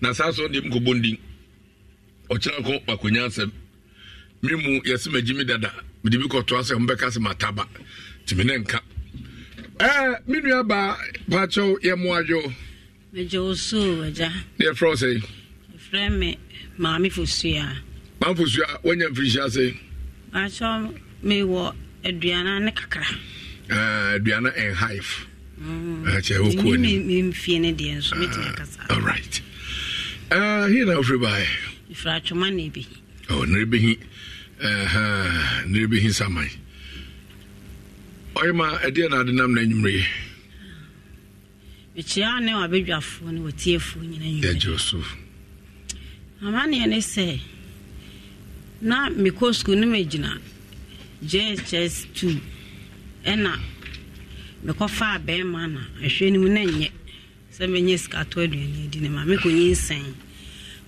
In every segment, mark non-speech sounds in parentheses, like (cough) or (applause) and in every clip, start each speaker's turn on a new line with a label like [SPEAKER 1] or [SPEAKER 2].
[SPEAKER 1] na saa so ɔde nkɔbɔ ndin ɔkyerɛ ko makonya asɛm me mu yɛsɛ magyi me dada mede bi kɔtoa sɛ mbɛka sɛ mataba nti me ne nka
[SPEAKER 2] ɛɛ me nua baa paakyɛw yɛmmoa dwo megye ne yɛfrɛ wo sɛi maame fosua
[SPEAKER 1] maame mfirihyia sɛi
[SPEAKER 2] aduana ne kakra
[SPEAKER 1] aduana e, uh, hive
[SPEAKER 2] mm. uh, okay, okay. right
[SPEAKER 1] Uh, here now, everybody.
[SPEAKER 2] If I try money be.
[SPEAKER 1] Oh, never he. Eh, uh, ah, never he some money.
[SPEAKER 2] ɔyɛma ɛdeɛ na ade
[SPEAKER 1] nam n'anwummere
[SPEAKER 2] mekyia ne wabɛdwafoɔ ne wɔtiefoɔ nyina yɛgye so amanneɛ ne sɛ na mekɔ sukuu ne magyina jhs 2 ɛna mekɔfaa bɛrima na ɛhwɛ no mu na nyɛ sɛ menye sikato aduane adi ne ma mekɔnyi nsɛn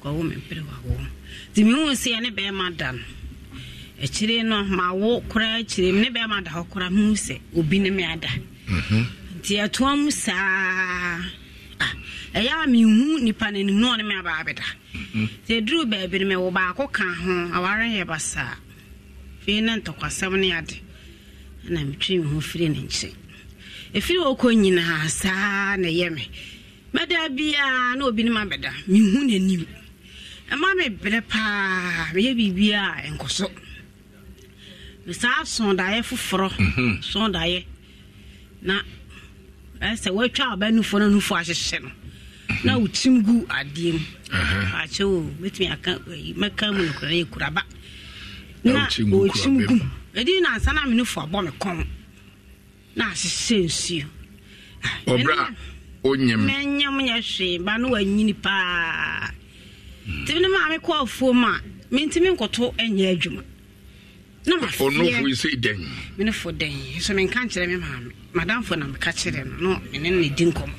[SPEAKER 2] kɔwo mepere wawo nti mehu sɛ ne bɛrima da no akyire no mawo koraa akyire m ne bɛrima da hɔ koraa mehu sɛ obi ne me ada mhm. nti ɛtoa mu saa ah, ɛyɛ a mehu nipa no anim na ɔne me abaa bɛda mhm. nti ɛduru baabi no mewɔ baako ka ho aware yɛ basaa fei na ntɔkwasɛm ne ade ɛna metwe me ho firi ne nkyɛn ɛfiri wɔkɔ nyinaa saa na ɛyɛ me mɛda bi na obi no ma bɛda mehu n'anim ɛma mebrɛ paa meyɛ biribiaa ɛnkɔ so mesaa sɔndaeɛ foforɔ mhm. sɔndaeɛ na ɛsɛ woatwa ɔba no nufoɔ ahyehyɛ no na mhm. wotim gu adeɛ mu akyɛ o mɛtumi mɛka mu yɛ kuraba na ɔtim gu ɛdi na ansa me nufoɔ abɔ me kɔn na ahyehyɛ nsuo
[SPEAKER 1] ah, ɔbrɛ onyam
[SPEAKER 2] n'enyam yɛ hwee ba no wanyini paa tìmí ni maame kɔ afuom a mintimi nkoto nyɛ adwuma na ma mene fo dɛn so menka nkyerɛ me maame madamfo na meka kyerɛ no na mene ne di nkɔmmɔ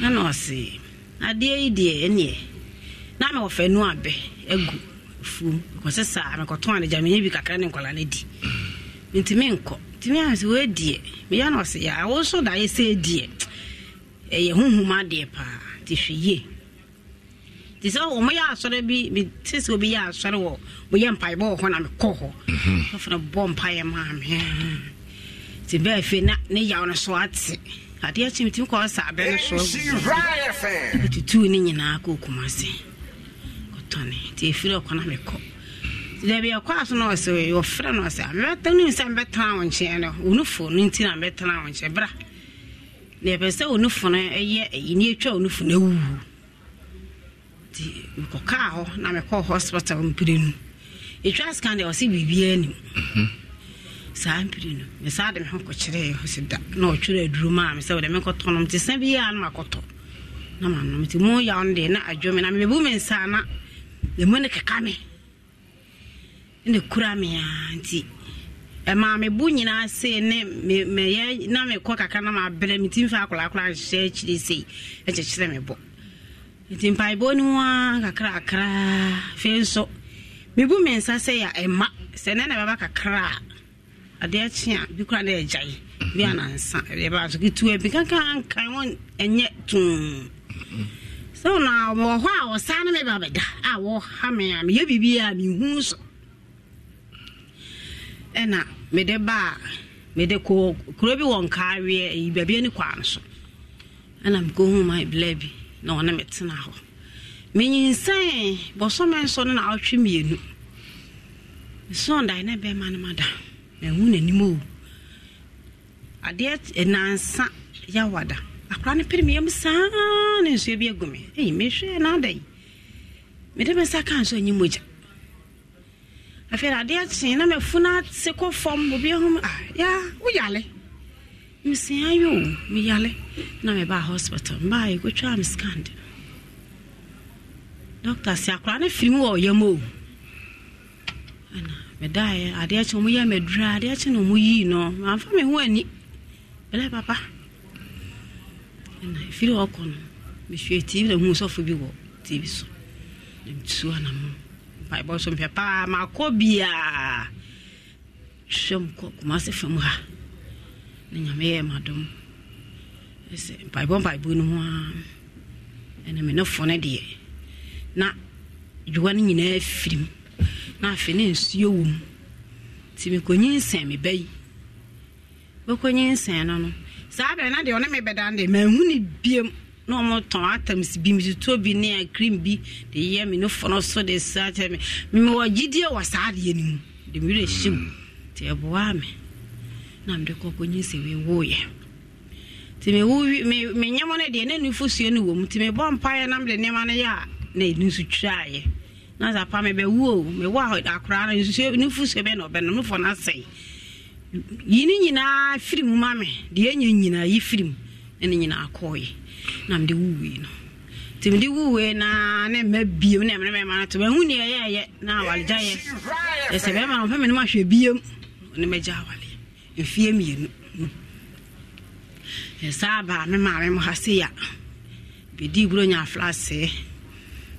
[SPEAKER 2] na na ɔse adeɛ yi deɛ ɛneɛ na mewɔ fa nu abɛ agu afuom ɛkɔsɛ saa mekɔtɔn ade gya menyɛ bi kakra ne nkɔla no di ntimi nkɔ ntimi a sɛ wɔadiɛ meya na ɔse yɛ a wo da yɛ sɛ adiɛ ɛyɛ honhom adeɛ paa nti hwɛ yie nti sɛ oh, ɔmo yɛ asɔre bi bi sɛ obi yɛ asɔre wɔ moyɛ mpaebɔ hɔ na mekɔ hɔ mhm. fɛfɛnɛ bɔ mpaeɛ maa me nti bɛɛ fie na ne yaw no so ate adeɛ kyim tim kɔɔ sɛ abɛ no so ɛtutuu ne nyinaa kɔ okuma se kɔtɔne nti ɛfiri ɔkɔ na mekɔ dabi ɛkɔ aso na ɔsɛ wɔfrɛ no ɔsɛ mɛta nim sɛ mbɛtena wo nkyɛn no wo no fo no nti na mbɛtena wo nkyɛn bra na yɛpɛ sɛ ɔno fono ɛyɛ ɛyi ne atwa ɔno fono awuwu nti mekɔkaa hɔ na mekɔɔ hospital mpire no ɛtwa scan deɛ ɔsɛ biribiaa nim mhm. saa mpire no mesaa de me ho kɔkyerɛɛ hɔ sɛ da na ɔtwerɛ aduro ma a me sɛ wode mekɔtɔ nom nti sa biaa no makɔtɔ na manom nti mu yaw no deɛ na adwo me na mebu me nsa na ɛmu ne keka me ne kura me a nti maame bu nyinaa se ne mɛyɛ na mekɔ kakra na mabrɛ me tim fa akorakora nhyɛ akyire sei ɛkyekyerɛ me bɔ nti mpaebɔ no mu kakra kakrakra fe nso mebu me nsa sɛ yɛ ɛma sɛ ne na bɛba kakra a adeɛ kye a bi kora na ɛgyae bi anansa ɛbɛba so ketewa bi kankankan wɔ ɛnyɛ
[SPEAKER 3] too
[SPEAKER 2] so na wɔwɔ hɔ a wɔsaa ne mɛba bɛda a wɔha me a meyɛ biribi a mehu so ɛna mede baa mede kɔ kuro bi wɔ nkaaweɛ ɛyi baabi ani kwaa so ɛna mekɔhu ma bla bi na ɔne metena hɔ menyinsɛn bɔsɔmɛ nso no na ɔtwe mmienu mesɔndae na bɛma no mada mahu n'anim o adeɛ nansa yawada akora no pere meyam saa ne nsuo bi agu me ei mehwɛ na ada yi mede me nsa ka nso anyi mogya afei adeɛ kyee na mafunu ase kɔ fam obi ho ah, ya woyale mesia yɛ meyale na mebaa hospital mbaa yɛkɔtwaa me scand doctor se akora ne firi mu wɔ ɔyam o ana medaeɛ adeɛ kye ɔmoyɛ madura adeɛ kye na ɔmoyii no mamfa me ho ani bɛlɛ papa na ɛfiri ɔkɔ no mehwɛ tv na hu sɔfo bi wɔ tv so na metuo anamu mpaebɔ so mpɛ paa makɔ biaa hwɛ m kɔ kuma se fam ha na nyame yɛ madom sɛ mpaebɔ mpaebɔ no ho ne fo na dwowa no nyinaa firim na afei ne nsuo wɔ mu nti mekɔnyi nsɛn meba saa bɛrɛ na deɛ ɔne mebɛda no deɛ mahu ne biam na ɔmo tɔn atams bi mitutuo bi ne cream bi de yɛ me ne fɔnɔ so de sa kyerɛ me mewɔ gyidie wɔ saa adeɛ no mu de mmerɛ hyɛ mu nti ɛboa me na mede kɔkɔnyi sɛ mewoyɛ nti menyɛmɔ no deɛ na nufosua no wɔ mu nti mebɔ mpaeɛ na mede nneɛma no yɛ a na ɛno nso twiraeɛ na sɛ pa mebɛwu o mewɔ akoraa no nufosua bɛ na ɔbɛno mefɔ no asɛe yi ne nyinaa firi mu ma me deɛ ɛnyɛ nyinaa yi firi mu ne ne nyinaa kɔɔeɛ na mede wowei no nti mede wowei na ne mma biom ne mene mɛma no to mahu ne ɛyɛɛyɛ na awaregyaeɛ ɛsɛ bɛma no ɔpɛ mene mahwɛ biom ne mɛgya awale mfie mmienu ɛsaa baa me maame mo ha sei a bɛdii buro nya aflaseɛ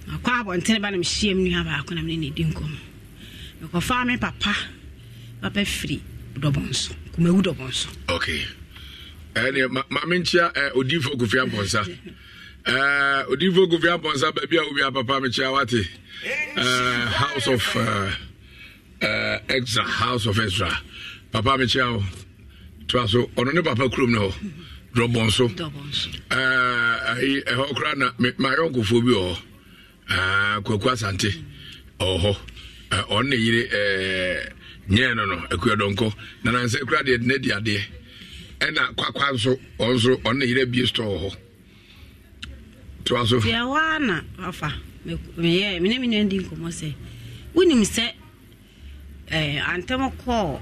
[SPEAKER 2] akɔ abɔntene ba na mehyia m nua baako na mene ne di nkɔm mekɔfaa me papa papa firi dɔbɔ nso kumawu dɔbɔ nso
[SPEAKER 4] okay
[SPEAKER 1] ɛne eh, maame nkyia eh, odifo kofi abɔnsa eh, odifo kofi abɔnsa baabi a wobi apapa mekyia wate house of uh, uh, house of extra papa mekyia wo toa so ɔno ne papa kurom ne hɔ dɔbɔn so ɛhɔ koraa na mayɛ nkofoɔ bi wɔ hɔ kwaku asante ɔwɔ hɔ ɔno ne yere nyɛɛ no no akuadɔnkɔ nanansɛ kora deɛ ne de adeɛ ɛna kwakwa nso ɔnso ɔno yerɛ bie store hɔ toa so
[SPEAKER 2] deɛ waa na afa meyɛ mene me nua di nkɔmmɔ sɛ wonim sɛ antɛm kɔɔ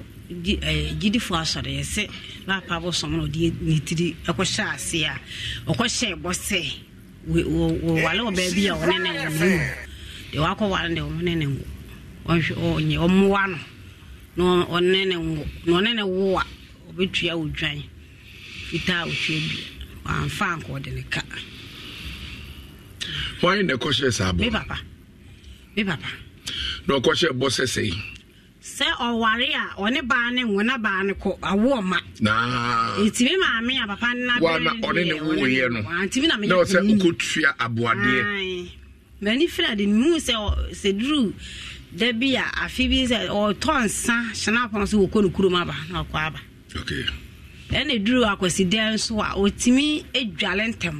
[SPEAKER 2] gyidifo asɔre yɛsɛ lapa bosom na ɔde ne tiri ɛkɔhyɛ ase a ɔkɔhyɛ bɔ sɛ wɔwale wɔ baabi a ɔne ne wo mu deɛ wakɔware deɛ ɔmone ne ngo ɔmmoa no na ɔne ne ngo na ɔne ne wo wobɛtua wo dwan fitaa wotua bia wamfa anka ɔde ne ka
[SPEAKER 1] hwan na ɛkɔ saa
[SPEAKER 2] bɔ papa me papa
[SPEAKER 1] na ɔkɔ hyɛ bɔ sɛ sɛi
[SPEAKER 2] sɛ ɔware a ɔne baa ne nwona baa ne kɔ awoɔ ma ɛtumi maame a papa nnawana ɔne ne woyɛ no ntimi na meyɛ sɛ wokɔtua aboadeɛ mani fira de mu sɛ sɛ duru da bi a afe bi sɛ ɔtɔ nsa hyena pɔn so wɔkɔ no kurom aba na ɔkɔ aba ɛna duru akwasidɛn nso a ɔtumi dwale ntɛm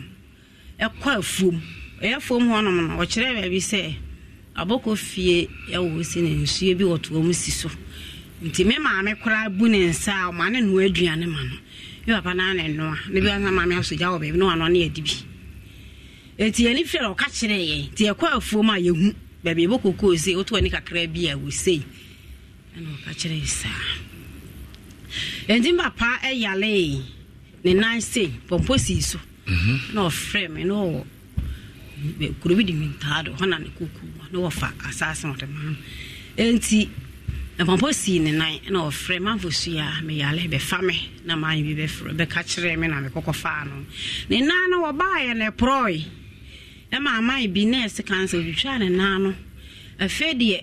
[SPEAKER 2] ɛkɔ afuom ɛyɛ fuom hɔnom no ɔkyerɛ baabi sɛ abɔkɔ fie ɛwɔ sɛ ne nsuo bi wɔtoɔ mu si so nti me maame koraa bu ne nsa a ɔma ne noa aduane ma no me papa naa ne noa ne bi ansa maame asogya wɔ baabi na wɔano ne yɛdi bi ɛti yɛne firi a ɔka kyerɛ yɛn nti yɛkɔ afuom a yɛhu baabi ɛbɔkɔkɔɔ se woto ani kakra bi a wɔ sei ɛna ɔka kyerɛ yɛ saa ɛnti papa ɛyale ne nan se pɔmpɔ sii so mhm. na ɔfrɛ me na ɔwɔ kuro bi di mi ntaa do hɔna ne koko na wɔfa asase wɔde ma no ɛnti pɔmpɔ sii ne nan na ɔfrɛ manfo sua meyale bɛfa me na maayɛ bi bɛfrɛ bɛka kyerɛ me na mekɔkɔ faa no ne nan no ne ɛma aman bi kansa otwitwa ne nan no deɛ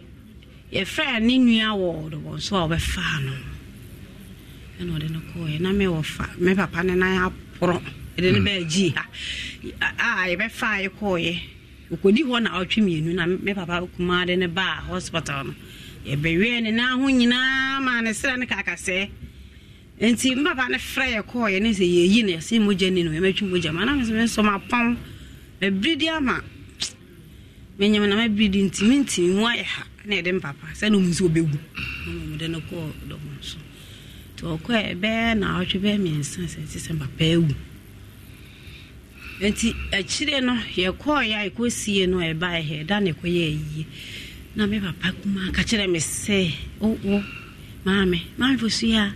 [SPEAKER 2] yɛfrɛ ne nua wɔ nso a ɛna ɔde no kɔɔɛ na mewɔ fa me papa ne nan aporɔ ɛde no mm. bɛɛ gyi ah, a yɛbɛfa a yɛkɔɔyɛ e e ɔkɔdi e. hɔ na ɔtwe mmienu na me papa kumaa de ne baa hospital no yɛbɛwɛɛ ne na ho nyinaa ma ne serɛ ne kakasɛɛ nti me papa ne frɛ yɛ kɔɔyɛ ne sɛ yɛyi no yɛse mogya ni no yɛmatwi mogya ma na mesɛ mesɔ mapɔn mabiridi ama menyam na mabiridi nti mentimi mu ayɛ ha na yɛde me papa sɛ ne ɔmu sɛ ɔbɛgu na mamede no kɔɔ dɔm so nti ɔkɔɛ bɛɛ na ɔtwe bɛɛ mmiɛnsa sɛ ɛte sɛ papa awu nti akyire no yɛkɔɔyɛ a ɛkɔsie no ɛbaɛ hɛ da ne ɛkɔyɛ ayie na me papa kuma ka kyerɛ me sɛ wo maame maame fo so a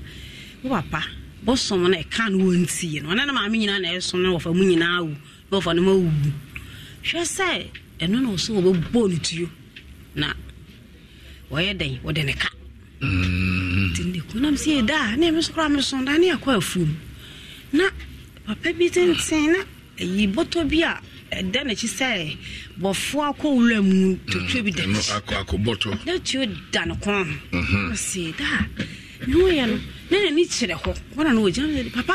[SPEAKER 2] wo papa bosom no ɛka no wɔntie no ɔne ne maame nyinaa na ɛsom no wɔfa mu nyinaa wu na wɔfa no ma wuwu hwɛ sɛ ɛno na ɔso wɔbɛbɔɔ no tuo na wɔyɛ dɛn wɔde ne ka nti ne kunam sɛ ɛda a na ɛme sokora meso da ne ɛkɔ afuom na papa bi tenten na ayi bɔtɔ bi a ɛda n'akyi sɛ bɔfoɔ akɔ wura mu totwe bi dati na tuo da no kɔn mhm. ho sɛ da a ne no na n'ani kyerɛ hɔ wɔna na ɔgyina sɛ papa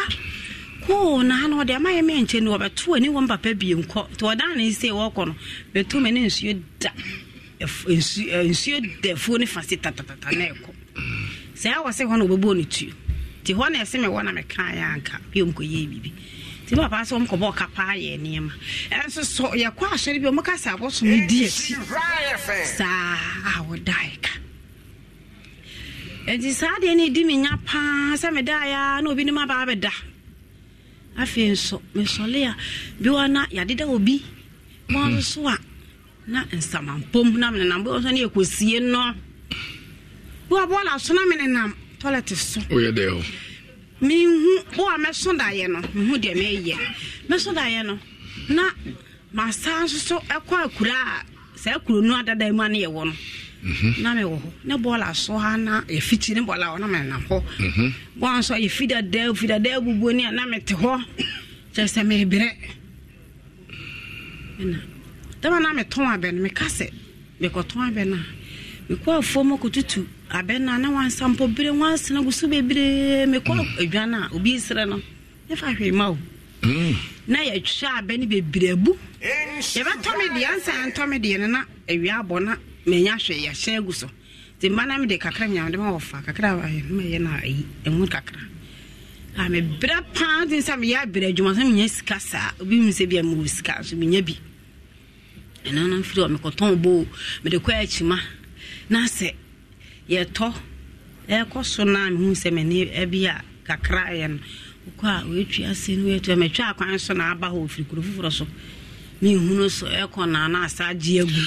[SPEAKER 2] koo naa na ɔde ama yɛ mɛ nkyɛn ni wɔbɛto ani wɔn papa bie nkɔ nti ɔdan ne nse wɔkɔ no bɛto mɛ ne nsuo da nsuo da afuo ne fa se tatatata na ɛkɔ sɛ awɔ se hɔ na ɔbɛbɔ no tuo nti hɔ na ɛse me wɔ na meka yɛ anka bio mkɔyɛ biribi nti papa sɛ ɔmkɔbɔ ɔka paa yɛ nneɛma ɛnso so yɛkɔ ahyɛre bi ɔmka sɛ abɔso no di akyi saa a ka saa deɛ ne ɛdi me nya paa sɛ medaeɛ a na obi na obi ma a na ɔbɔ la so na me nenam toilet so woyɛ dɛ hɔ mehu wo a mɛso daeɛ no mehu deɛ meyɛ mɛso daeɛ no na masaa nso so ɛkɔ akura a saa akuro nu adada mu a ne yɛwɔ no mhm. na mewɔ hɔ ne bɔɔla so ha na yɛfikyi ne bɔɔla hɔ na menenam hɔ mhm. bɔɔla nso yɛ fidadaa fidadaa bubuo ne a na mete hɔ kyerɛ sɛ mebrɛ ɛna dama na metɔn abɛ no meka sɛ mekɔtɔn abɛ no a mekɔ afuo mu akɔtutu abɛna na wansa mpɔ bere wansena gu so bebree mekɔ mm. adwana a obi serɛ no nefa hwee ma o mm. na yɛtwa abɛ no bebree abu yɛbɛtɔ me deɛ ansa yɛntɔ me deɛ no na awia abɔ na manya hwee yɛhyɛ agu so nti mma na mede kakra nyamede ma wɔfa kakra mayɛ no ayi ɛhu kakra a mebrɛ paa nti sɛ meyɛ abrɛ adwuma sɛ menya sika saa obi mu sɛ bia mewɔ sika so menya bi ɛno no mfiri hɔ mekɔtɔn boo mede kɔ akyima na y'a tọ ịkọ so na mehu sɛ m'ani bi kakra yɛ no wokɔ a wɔatwi ase no wɔatu matwa akwan so na aba hɔ ɔfiri kuro foforɔ so mehunu so ịkọ na na asa gye agu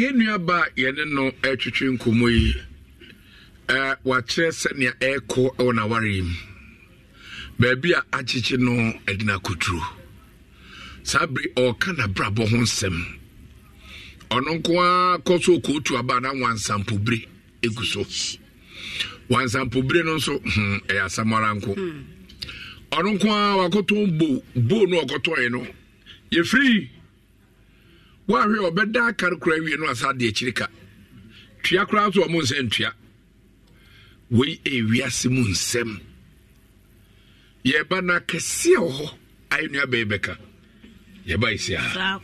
[SPEAKER 2] yɛn
[SPEAKER 1] nuaba yɛne no atwitwe nkɔmmɔ yi wakyerɛ sɛnea ɛrekɔ ɛwɔ n'awareɛ mu baabi a akyekye no adina koturo saa bere ɔreka n'abrabɔ ho nsɛm ɔno nko ara kɔ so kootu aba na wansampobere egu so wansampobere no nso hmm, ɛyɛ asamara nko hmm. ɔno nko ara wakɔtɔn bo bo no ɔkɔtɔn no yɛfiri wahwɛ ɔbɛda akare kora awie no asa de akyiri ka tua koraa so ɔmo nsɛ ntua wei ewiase mu nsɛm yɛba na kɛseɛ wɔ hɔ ayɛ nua bɛyɛ bɛka yɛba esi ha.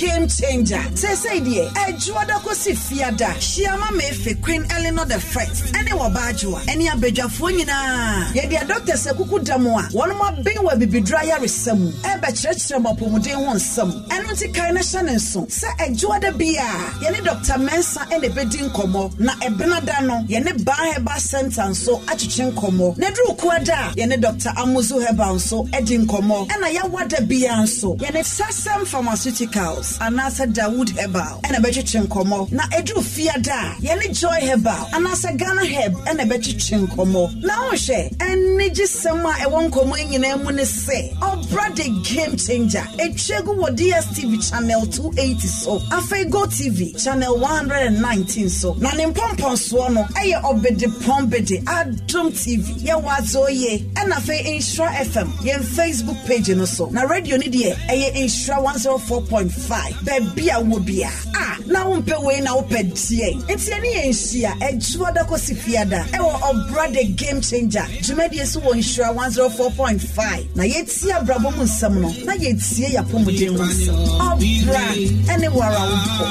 [SPEAKER 5] game changer seesei deɛ adwoɔ da kɔsi fiada hyia ma meefe queen eleanor the first ɛne wɔ baagyewa ɛne abadwafoɔ nyinaa yɛde adɔkta sɛ kuku da mu e e e a wɔnom abɛn wɔ abibidura yaresa mu ɛbɛkyerɛkyerɛ mɔpɔmuden ho nsɛm ɛno nti kan no hyɛ ne nso sɛ adwoɔ da bi a yɛne dɔkta mensa ɛne bɛdi nkɔmmɔ na ɛbena da no yɛne baa heba center nso akyekyere nkɔmmɔ na duru kuo da a yɛne dɔkta amuzu heba nso ɛdi nkɔmmɔ ɛna yɛawa da biara nso yɛne sasɛm pharmaceuticals herbals anaasɛ dawood herbal ɛna ɛbɛtwetwe nkɔmmɔ na ɛduru fiada a joy herbal anasa ghana herb ɛna ɛbɛtwetwe nkɔmmɔ na wohwɛ ɛnigye sɛm a ɛwɔ nkɔmmɔ nyinaa mu ne sɛ ɔbra de game changer ɛtwa gu wɔ dstv channel 280 so afei go tv channel 119 so na ne mpɔmpɔnsoɔ no ɛyɛ ɔbedepɔnbede adom tv yɛwɔ adze oye ɛna afei fm yɛn facebook page no so na radio no deɛ ɛyɛ 104.5 supply baabi a ah, wɔ bia a now wompɛ wei na wopɛ deɛ nti ɛne yɛ nhyia adwuma da kɔsi fiada ɛwɔ ɔbra the game changer dwumadie so wɔ nhyira 104.5 na yɛtie abrabɔ mu nsɛm no na yɛtie yɛapɔmuden ho nsɛm ɔbra ɛne warawodpɔ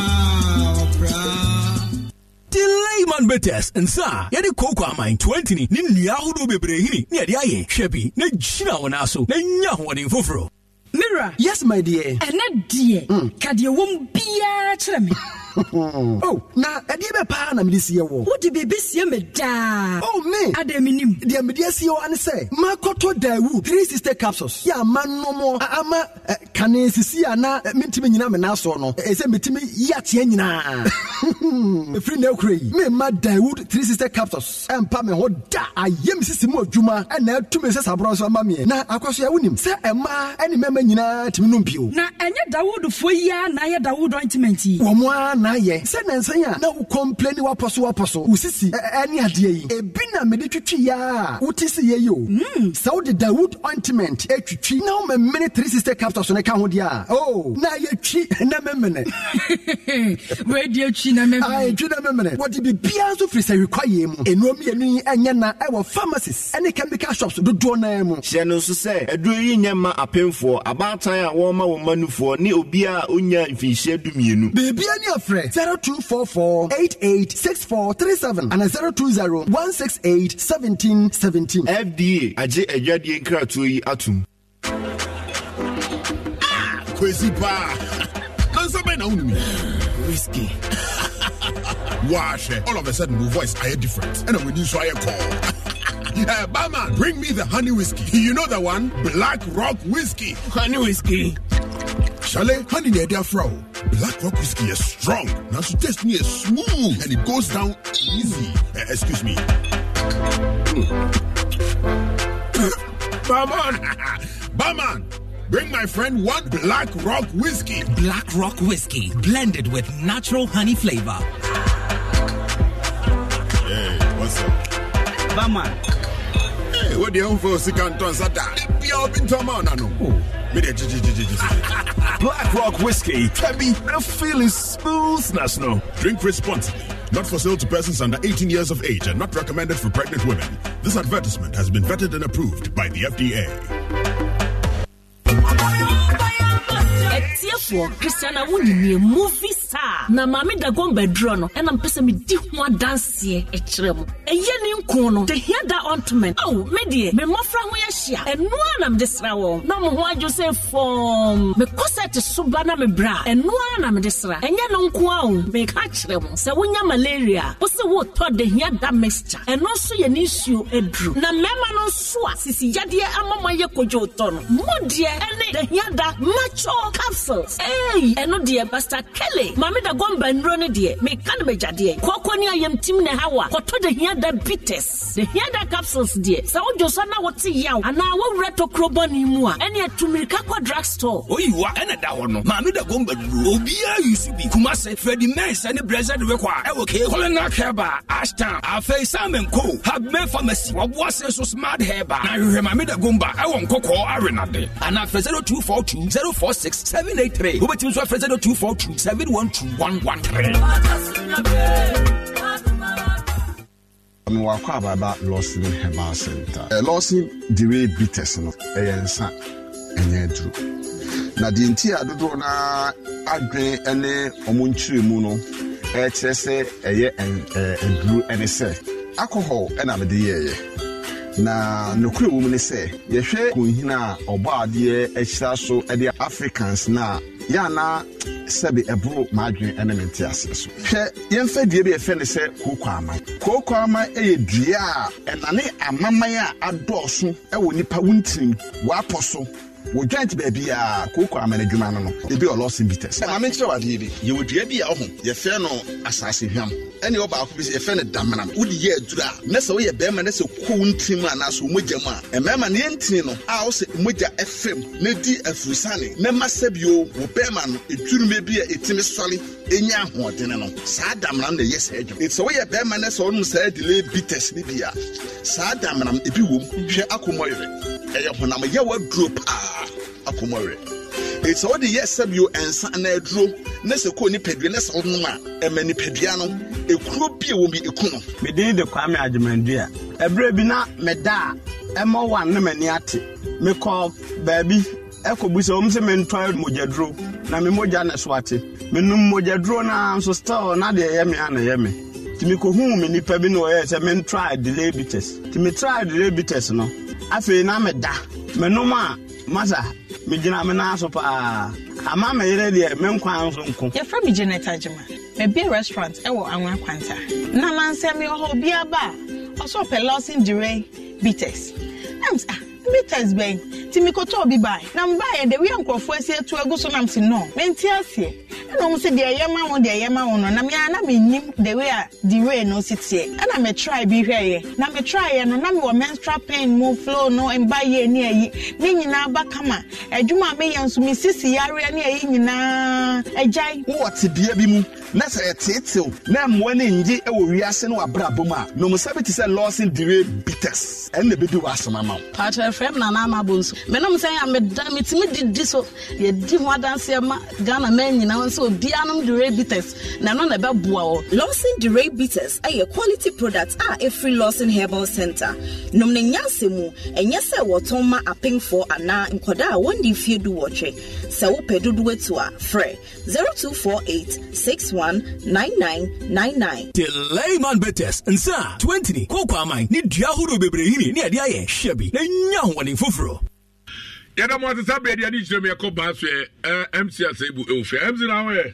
[SPEAKER 5] Layman Betes nsa yɛde kooko
[SPEAKER 6] aman 20 ne nnua ahodoɔ bebree hini ne ni ayɛ hwɛ bi na gyina wɔn aso na nya ahoɔden
[SPEAKER 7] foforɔ owura. yes my dear. ɛnɛ deɛ. Mm. kadeɛ wɔm biara kyerɛ me. (laughs) oh, na ɛdeɛ bɛ paa na mede sie wɔ wode biribi sie me daa oh, me adɛ menim deɛ mede asie wɔ ane sɛ makɔtɔ dawu 360 capsules yɛ ama nom ama kane sisi a na mentumi nyina me nasoɔ no ɛsɛ metumi yateɛ nyinaa (laughs) ɛfiri na akura yi memma dawu 360 capsules pa me ho da ayɛ me sisi mu adwuma ɛna ɛtumi sɛ saborɔ so ama meɛ na akɔ so yɛ wonim sɛ ɛmaa ɛne mɛma nyinaa tumi nom bio na ɛnyɛ dawodfoɔ yi a na ayɛ dawod ointment yi wɔn a na ayɛ sɛ nansan a na wokɔmpleni wapɔ so wapɔ so wo sisi ɛne adeɛ yi ebi na mede twitwi yɛ a wote sɛ yɛ yi o hmm. sɛ wode dawod ointment atwitwi na womamene 360 capsules ne ka ho deɛ a o oh, na yɛtwi na memene (laughs) wadi na memene atwi na memene wɔde biribiara nso firi sɛ hwekwayɛ mu ɛnuo mmienu ɛnyɛ na ɛwɔ pharmacies ɛne chemical shops dodoɔ naa
[SPEAKER 4] mu hyɛ no nso sɛ aduro yi nyɛ ma apemfoɔ abaa nhaatan a wɔma wɔn manufoɔ ne obia a onya mfinhyia dumienu. beebia
[SPEAKER 7] ni afrɛ zero two four four eight eight six four three seven and zero two zero one six eight seventeen seventeen. fda
[SPEAKER 8] agye adwadeɛ nkratoɔ yi atum.
[SPEAKER 9] Ah, kwesi paa nansa bɛn na wonumi whisky (laughs) wahwɛ all of a sudden my voice ayɛ different ɛna w'ani nso ayɛ kɔɔ Uh, barman, bring me the honey whiskey. You know the one? Black Rock Whiskey. Honey whiskey. Chalet, honey near their fro. Black Rock whiskey is strong. Now she tastes me as smooth and it goes down easy. Uh, excuse me. Barman, (laughs) barman, (laughs) bring my friend one Black Rock whiskey. Black Rock whiskey blended with natural honey flavor. Hey, what's up? Barman wɔde ɛhofo sika ntɔnsata bia obi ntɔma ɔna no oh. mede gyegyegyegyegye (laughs) black rock whiskey tabi a feeling smooth national drink responsibly not for sale to persons under 18 years of age and not recommended for pregnant women this advertisement has been vetted and approved by the fda
[SPEAKER 10] Christiana Wuni movie saa na maame dagon bɛdurɔ no ɛna mpɛ sɛ medi ho adanseɛ ɛkyerɛ mu ɛyɛ ne nko no the hair da ointment aw me deɛ me mmɔfra ho yɛhyia ɛno a na mede sra wɔn na mo ho adwo sɛ fɔm me kɔsɛte so ba na me bra ɛno a na mede sra ɛnyɛ no nko a o meka kyerɛ mo sɛ wonya malaria wo sɛ wotɔ the hair da mixture ɛno nso yɛ ne nsuo aduru na mmarima no nso a sisi yadeɛ ama mo ayɛ kodwo tɔ no mo deɛ ɛne the hair da mature capsules ɛɛyi ɛno deɛ pastor kelly maame da gɔmba nnuro no deɛ meka no magya deɛ kɔkɔ ne ayamtim ne hawa kɔtɔ da hia da bites da hia da capsules deɛ sɛ wodwo so na wote yaw anaa wowura tokuro bɔne mu a ɛne ɛto mirika kɔ drug store oyiwa ɛna da hɔ no maame da gɔmba nnuro obiaa yi bi kuma se
[SPEAKER 11] fredi mens ne brɛsɛ de wekɔ a ɛwɔ kee holena kɛba ashton afei simon co habme pharmacy wɔboa se so smart herba na hwehwɛ maame da gomba ɛwɔ nkɔkɔɔ arenade anaa
[SPEAKER 1] frɛ 0242 046 783 wobɛtumi so afrɛ 0242 71
[SPEAKER 12] 02113
[SPEAKER 13] mewakɔ ababa lawson herbal center eh, lawson dere bitters no ɛyɛ nsa ɛnyɛ aduro na deɛ nti a dodoɔ no adwene eh, eh, eh, ne ɔmo nkyerɛmu no ɛkyerɛ sɛ ɛyɛ aduro ɛne sɛ alcohol ɛna mede yɛɛyɛ na nokorɛ wɔ mu ne sɛ yɛhwɛ kɔnhina a ɔbɔ adeɛ so de africans no a yana sɛbi ɛboro maadwene ɛne ne nte ase so hwɛ yɛmfa dua bi yɛfɛ ne sɛ kooko aman kooko aman yɛ dua a ɛnane amaman a adɔɔso ɛwɔ nipa wuntirim wapɔ so wo joint baabi a kooko amana adwuma no no ebi ɔlɔ simbites na maame nkyerɛ wadeɛ bi yɛwɔ dua bi a ɔho yɛfrɛ no asase hwam ɛne ɔbaako bi sɛ yɛfrɛ no damanam wode yɛ aduru a na sɛ woyɛ bɛrima na sɛ kow ntim anaasɛ ɔmogya mu a mmarima no yɛntini no a wo sɛ mogya ɛfam na di afurusane na ma sɛ bio wo bɛrima no ɛdwurume bi a ɛtumi sɔre ɛnya ahoɔden no saa damanam na ɛyɛ saa adwuma sɛ woyɛ bɛrima na sɛ wonom saa delay bites ne bi a saa damanam ebi wom hwɛ akɔmmɔ yerɛ ɛyɛ honam yɛwɔ aduro paa akoma werɛ ɛti sɛ wode yɛ sɛbio ɛnsa anaa aduro na sɛ kɔɔ nipadua na sɛ
[SPEAKER 4] wonom a ɛma nipadua no ɛkuro bie wɔ bi ɛku no medin de kwame agyemandua ɛberɛ bi na meda a ɛma wan ne m'ani ate mekɔ baabi ɛkɔbu sɛ wɔm sɛ mentɔn mogyaduro na me mogya ne so ate menom mogyaduro na nso still na deɛ ɛyɛ me ana ɛyɛ me nti mekohuu me nnipa bi na ɔyɛɛ sɛ mentraa delay bites nti metraa delay bites no afei na meda menom a masa megyina me nan so paa ama me yere deɛ me nkwa nso nko yɛfrɛ me janet agyema
[SPEAKER 3] mabie restaurant
[SPEAKER 2] ɛwɔ anwa kwanta
[SPEAKER 3] na me ɔhɔ obiaba a ɔsɛ ɔpɛ lawson dere bites ɛms a ah, meters bɛn nti mekɔtɔɔ bi bae na mbaeɛ de wia nkurɔfoɔ asi atu agu so nam se no mente aseɛ ɛna ɔm sɛ deɛ ɛyɛ ma wo deɛ ɛyɛ ma wo no na mea na menyim de wei a de wei no si teɛ ɛna metrae bi hwɛeɛ na metraeɛ no na mewɔ menstral pain mu flow no mba yɛ ne ayi ne nyinaa ba kama adwuma a meyɛ nso mesisi yareɛ ne ayi nyinaa agyae wowɔ tedeɛ bi mu
[SPEAKER 13] na sɛ ɛteetew na mmoa ne ngye wɔ wiase no wabrabɔ mu a nomusa bi te sɛ lawson dewey bitters ɛnna ɛbɛdi wɔ asɛm ama
[SPEAKER 14] yɛfrɛ m nana ama nsu menom sɛ a meda
[SPEAKER 3] so ho ghana na
[SPEAKER 2] wɔ lawson dere bites ɛyɛ quality product a ɛfiri lawson herbal center nom ne nyansa mu ɛnyɛ sɛ wɔtɔn ma apemfoɔ anaa nkɔdaa a wɔnde fie du wɔtwe sɛ wopɛ dodoɔ atu a frɛ 0248 61
[SPEAKER 6] layman betes nsa 20 kokoaman ne dua ahorow bebrehini ne ɛde ayɛ hwɛ bi na nya ahoɔden foforɔ
[SPEAKER 1] yɛda mo ate sɛ baadia ne kyerɛ mu yɛkɔ baa so ɛ mc asɛ bu ɛwofɛ mc na woyɛ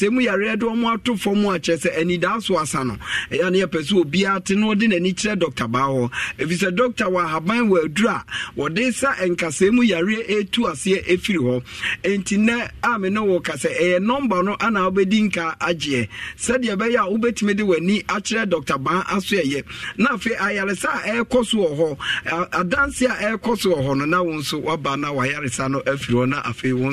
[SPEAKER 15] sɛ mu yareɛ de ɔmo ato fam a kyerɛ sɛ anidaa so asa no ɛyɛ ne yɛpɛ sɛ obiara te no ɔde n'ani kyerɛ dɔkta baa hɔ ɛfiri sɛ dɔkta wɔ ahaban wɔ aduru a wɔde sa nkasɛɛ mu yareɛ ɛtu aseɛ ɛfiri hɔ enti nɛ a me wɔ ka ɛyɛ nɔmba no ana wobɛdi nka agyeɛ sɛdeɛ ɛbɛyɛ a wobɛtumi de w'ani akyerɛ dɔkta baa aso ɛyɛ na afei ayaresa a ɛrekɔ so wɔ hɔ adanse a ɛrekɔ so wɔ hɔ no na wo nso woaba na waayaresa no afiri hɔ na afei wo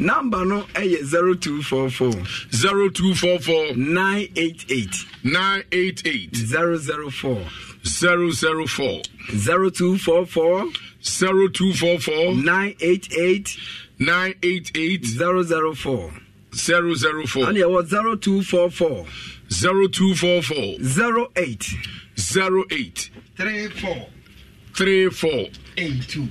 [SPEAKER 15] Number no ɛyɛ eh, zero two four four. zero
[SPEAKER 1] two four four. nine eight eight. nine eight eight. zero zero four. zero zero four. zero two four four. zero two four four. nine eight eight. nine eight eight. zero zero four. zero zero four. and yɛwɔ zero two four four. zero two four four. zero eight. zero eight. three four. three four. eight two.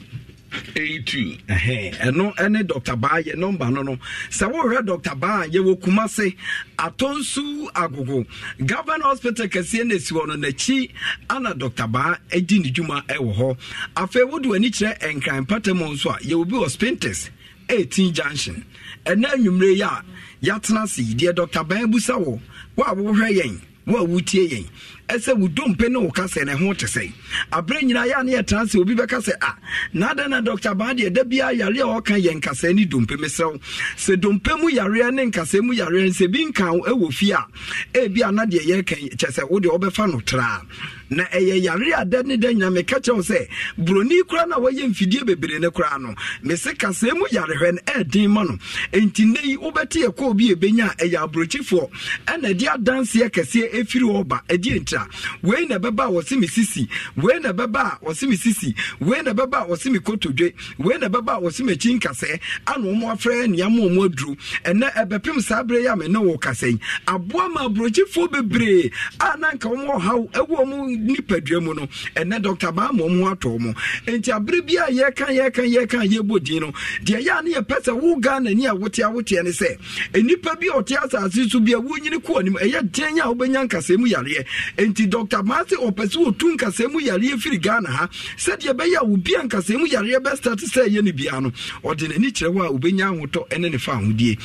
[SPEAKER 9] 82
[SPEAKER 15] ɛno ɛne dr baa yɛ nɔmba no no sɛ wohwɛ dr baa yɛwɔ kuma se atɔnsu agogo governor hospital kɛseɛ na ɛsi hɔ no n'akyi ana dr baa adi ne dwuma ɛwɔ hɔ afei wode w'ani kyerɛ ɛnkran patamu nso a yɛwɔ bi wɔ spintex 18 junction ɛna anwummerɛ yi a yɛatena se deɛ dr baa busa wɔ wo a wohwɛ yɛn wo a wotie yɛn ɛsɛ wo dompe ne wo ka sɛ ne ho te sɛ aberɛ nyinaa yɛ a ne yɛtena sɛ obi bɛka sɛ a ah, na adɛn na dɔkta baa deɛ da biaa yareɛ a ɔka yɛ nkasɛɛ ne dompe mesrɛ wo sɛ dompe mu yareɛ ne nkasɛɛ mu yareɛ sɛ bi nka wo ɛwɔ fie a ebia na deɛ yɛreka kyɛ sɛ wode wɔbɛfa no traa na ɛyɛ yare a dɛ ne dɛ nyina meka kyerɛw sɛ buroni koraa no a wɔyɛ mfidie bebree no koraa no mese kasɛɛ mu yarehwɛ no ɛɛden ma no enti nnɛ yi wobɛte yɛ kɔɔ bi ɛbɛnya a ɛyɛ aborɔkyifoɔ ɛna ɛde adanseɛ kɛseɛ ɛfiri hɔ ba ɛdi ntira wei na ɛbɛba a wɔse me sisi wei na ɛbɛba a wɔse me sisi wei na ɛbɛba a wɔse me kotodwe wei na ɛbɛba a wɔse m'akyi nkasɛɛ ana ɔmo afrɛ nneɛma ɔmo aduru ɛnɛ ɛbɛpem saa berɛ yi a me ne wɔ kasa yi aboa ma aborɔkyifoɔ bebree a na nka ɔmo ɔhaw ɛwɔ ɔmo nipadua mu no ɛnɛ dr baama mu atɔ mu nti abere bi a yɛka yɛka yɛka yɛbɔ din no deɛ yɛ a ne yɛpɛ sɛ wo ghana ni a wote awoteɛ ne sɛ nnipa bi a ɔte asase so bi a wonyini kɔ anim ɛyɛ den a wobɛnya nkasɛɛ mu yareɛ nti dr maase ɔpɛ sɛ ɔtu nkasɛɛ mu yareɛ firi ghana ha sɛdeɛ ɛbɛyɛ a wobi a nkasɛɛ mu yareɛ bɛstate sɛ ɛyɛ no bia no ɔde n'ani kyerɛ hɔ a wobɛnya ahotɔ ne ne fa ahodie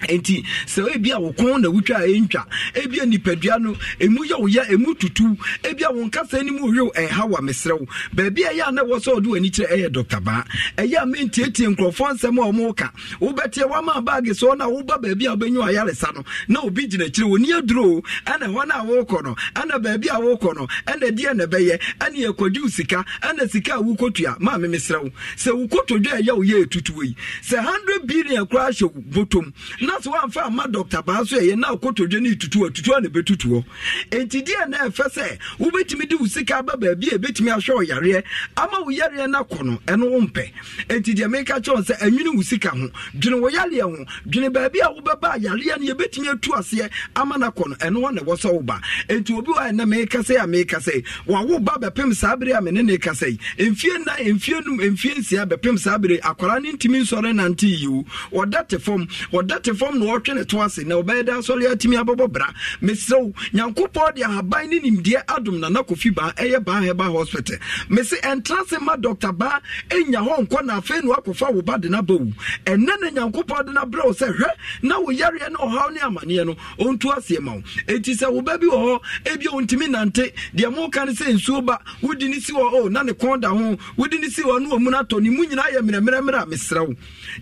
[SPEAKER 15] nti sɛ ebi a wɔkɔn na wotwa a ɛntwa ebi a nipadua no emu yɛ woyɛ emu tutu ebi a wɔn kasa anim wɔyɛ ɛha wa mesrɛw beebi a ɛyɛ a na wɔ sɛ ɔde wɔn ani kyerɛ ɛyɛ dɔkta baa ɛyɛ a mentietie nkurɔfoɔ nsɛm a wɔn ka wobɛtie wɔn baage so na woba beebi a wɔbɛnyi ayaresa no na obi gyina akyire wɔn nie duro ɛna wɔn a wɔrekɔ no ɛna beebi a wɔrekɔ no ɛna deɛ na ɛbɛyɛ ɛna ekɔdiw sika ɛna sika a wukotua maame mesrɛw sɛ wukotodwa ɛyɛ a woyɛ etutu yi sɛ hundred billion koraa ahyɛ botom na na sɛ woamfa ama dɔkta paa so ɛyɛ na wokɔtɔdwa no yɛtutu atutu a ne bɛtutu hɔ enti deɛ na ɛfɛ sɛ wobɛtumi de wo sika aba baabi a ɛbɛtumi ahwɛ wo yareɛ ama wo yareɛ no akɔ no ɛno wo mpɛ enti deɛ meka kyerɛ sɛ ɛnwene wo sika ho dwene wo yareɛ ho dwene baabi a wobɛba a yareɛ no yɛbɛtumi atu aseɛ ama no akɔ no ɛno hɔ na ɛwɔ sɛ woba enti obi wɔ ɛnɛ meka sɛ a meka sɛ wawo ba bɛpem saa bere a mene ne ka sɛ mfie na mfie num mfie nsia bɛpem saa bere akwara no ntumi nsɔre nante yiwo ɔda te fam ɔda te ɔte fam na ɔtwe ne to ase na ɔbɛyɛ da asɔre atumi abɔbɔ bra mesrɛ wo nyankopɔn de ahaban ne nimdeɛ adom na kofi baa ɛyɛ baa heba hospital mese ɛntra se ma dɔkta baa ɛnya hɔ nkɔ na afei na wakɔfa wo ba de no aba wu ɛnɛ na nyankopɔn de no abrɛ wo sɛ hwɛ na wo yareɛ ne ɔhaw ne amanneɛ no ɔntu aseɛ ma wo ɛnti sɛ wo ba bi wɔ hɔ ebia ɔntumi nante deɛ moka ne sɛ nsuo ba wodi ne si hɔ o oh, na ne kɔn da ho wodi ne si hɔ ne wɔ mu no atɔ ne mu nyinaa yɛ mmerɛmmerɛmmerɛ a mesrɛ wo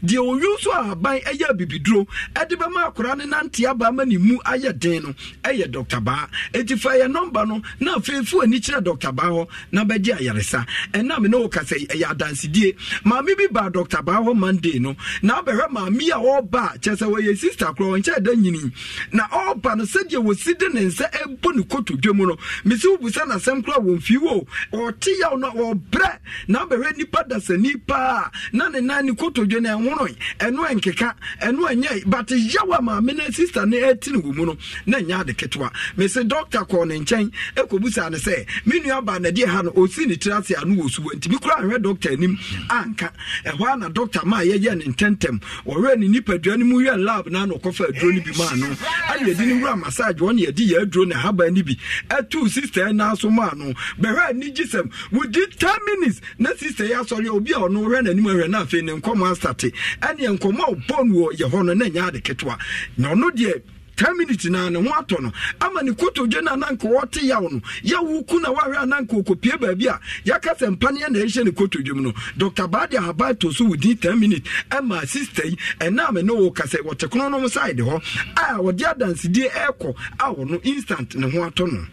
[SPEAKER 15] deɛ ɔwi so ahaban ɛyɛ abibiduro ɛde bɛma akora ne nante aba ma ne mu ayɛ den no ɛyɛ dr baa ɛti fa yɛ nɔmba no na afei fo ani kyerɛ dr baa hɔ na bɛgye ayaresa ɛna me ne wo kasa ɛyɛ adansedie maame bi baa dr baa hɔ monday no na abɛhwɛ maame a ɔreba a kyerɛ sɛ wɔyɛ sister korɔ ɔnkyɛ da nyini na ɔreba no sɛdeɛ wɔsi de ne nsa ɛbɔ ne kotodwa mu no mesi wobusa nasɛm koraa wɔ mfii wo ɔte yaw no ɔbrɛ na abɛhwɛ nnipa dasani paa na ne nan ne kotodwa no ɛhoroe ɛno ɛnkeka ɛno ɛnyɛ but yawa maame ne sista ne ɛti ne wɔ mu no na nya ade ketewa mesi dɔkta kɔɔ ne nkyɛn ekobusa ne sɛ me nua baa na deɛ ha no osi ne tiri ase ano wɔ suwa nti mi kura ahwɛ dɔkta anim anka ɛhɔ ana dɔkta maa yɛyɛ ne ntɛntɛm wɔwɛ ne nipadua ne mu yɛ lab na ano kɔfa aduro ne bi maa no ɛna yɛde ne wura massage wɔn yɛde yɛ aduro ne haban ne bi ɛtu sista yɛ nan so maa no bɛhwɛ ani gyi sɛm wodi ten minutes na sista yɛ asɔre obi a ɔno hwɛ n'anim ahwɛ n'afɛ ne nkɔmɔ asate ɛne nkɔmɔ a ɔbɔ no wɔ yɛ hɔ nyɛ ade ketewa na ɔno deɛ ten minutes na ne ho atɔ no ama ne kotodwe no ananka wɔte yaw no yawo ku na wahwɛ ananka ɔkɔpie baabi a yɛka sɛ mpaneɛ na ɛhyɛ ne kotodwe mu no dr baade ahaban to so wodin ten minutes ɛma sister yi ɛna ame ne wɔka sɛ wɔte kono no mu side hɔ a wɔde adansedie ɛɛkɔ a wɔno instant ne ho atɔ no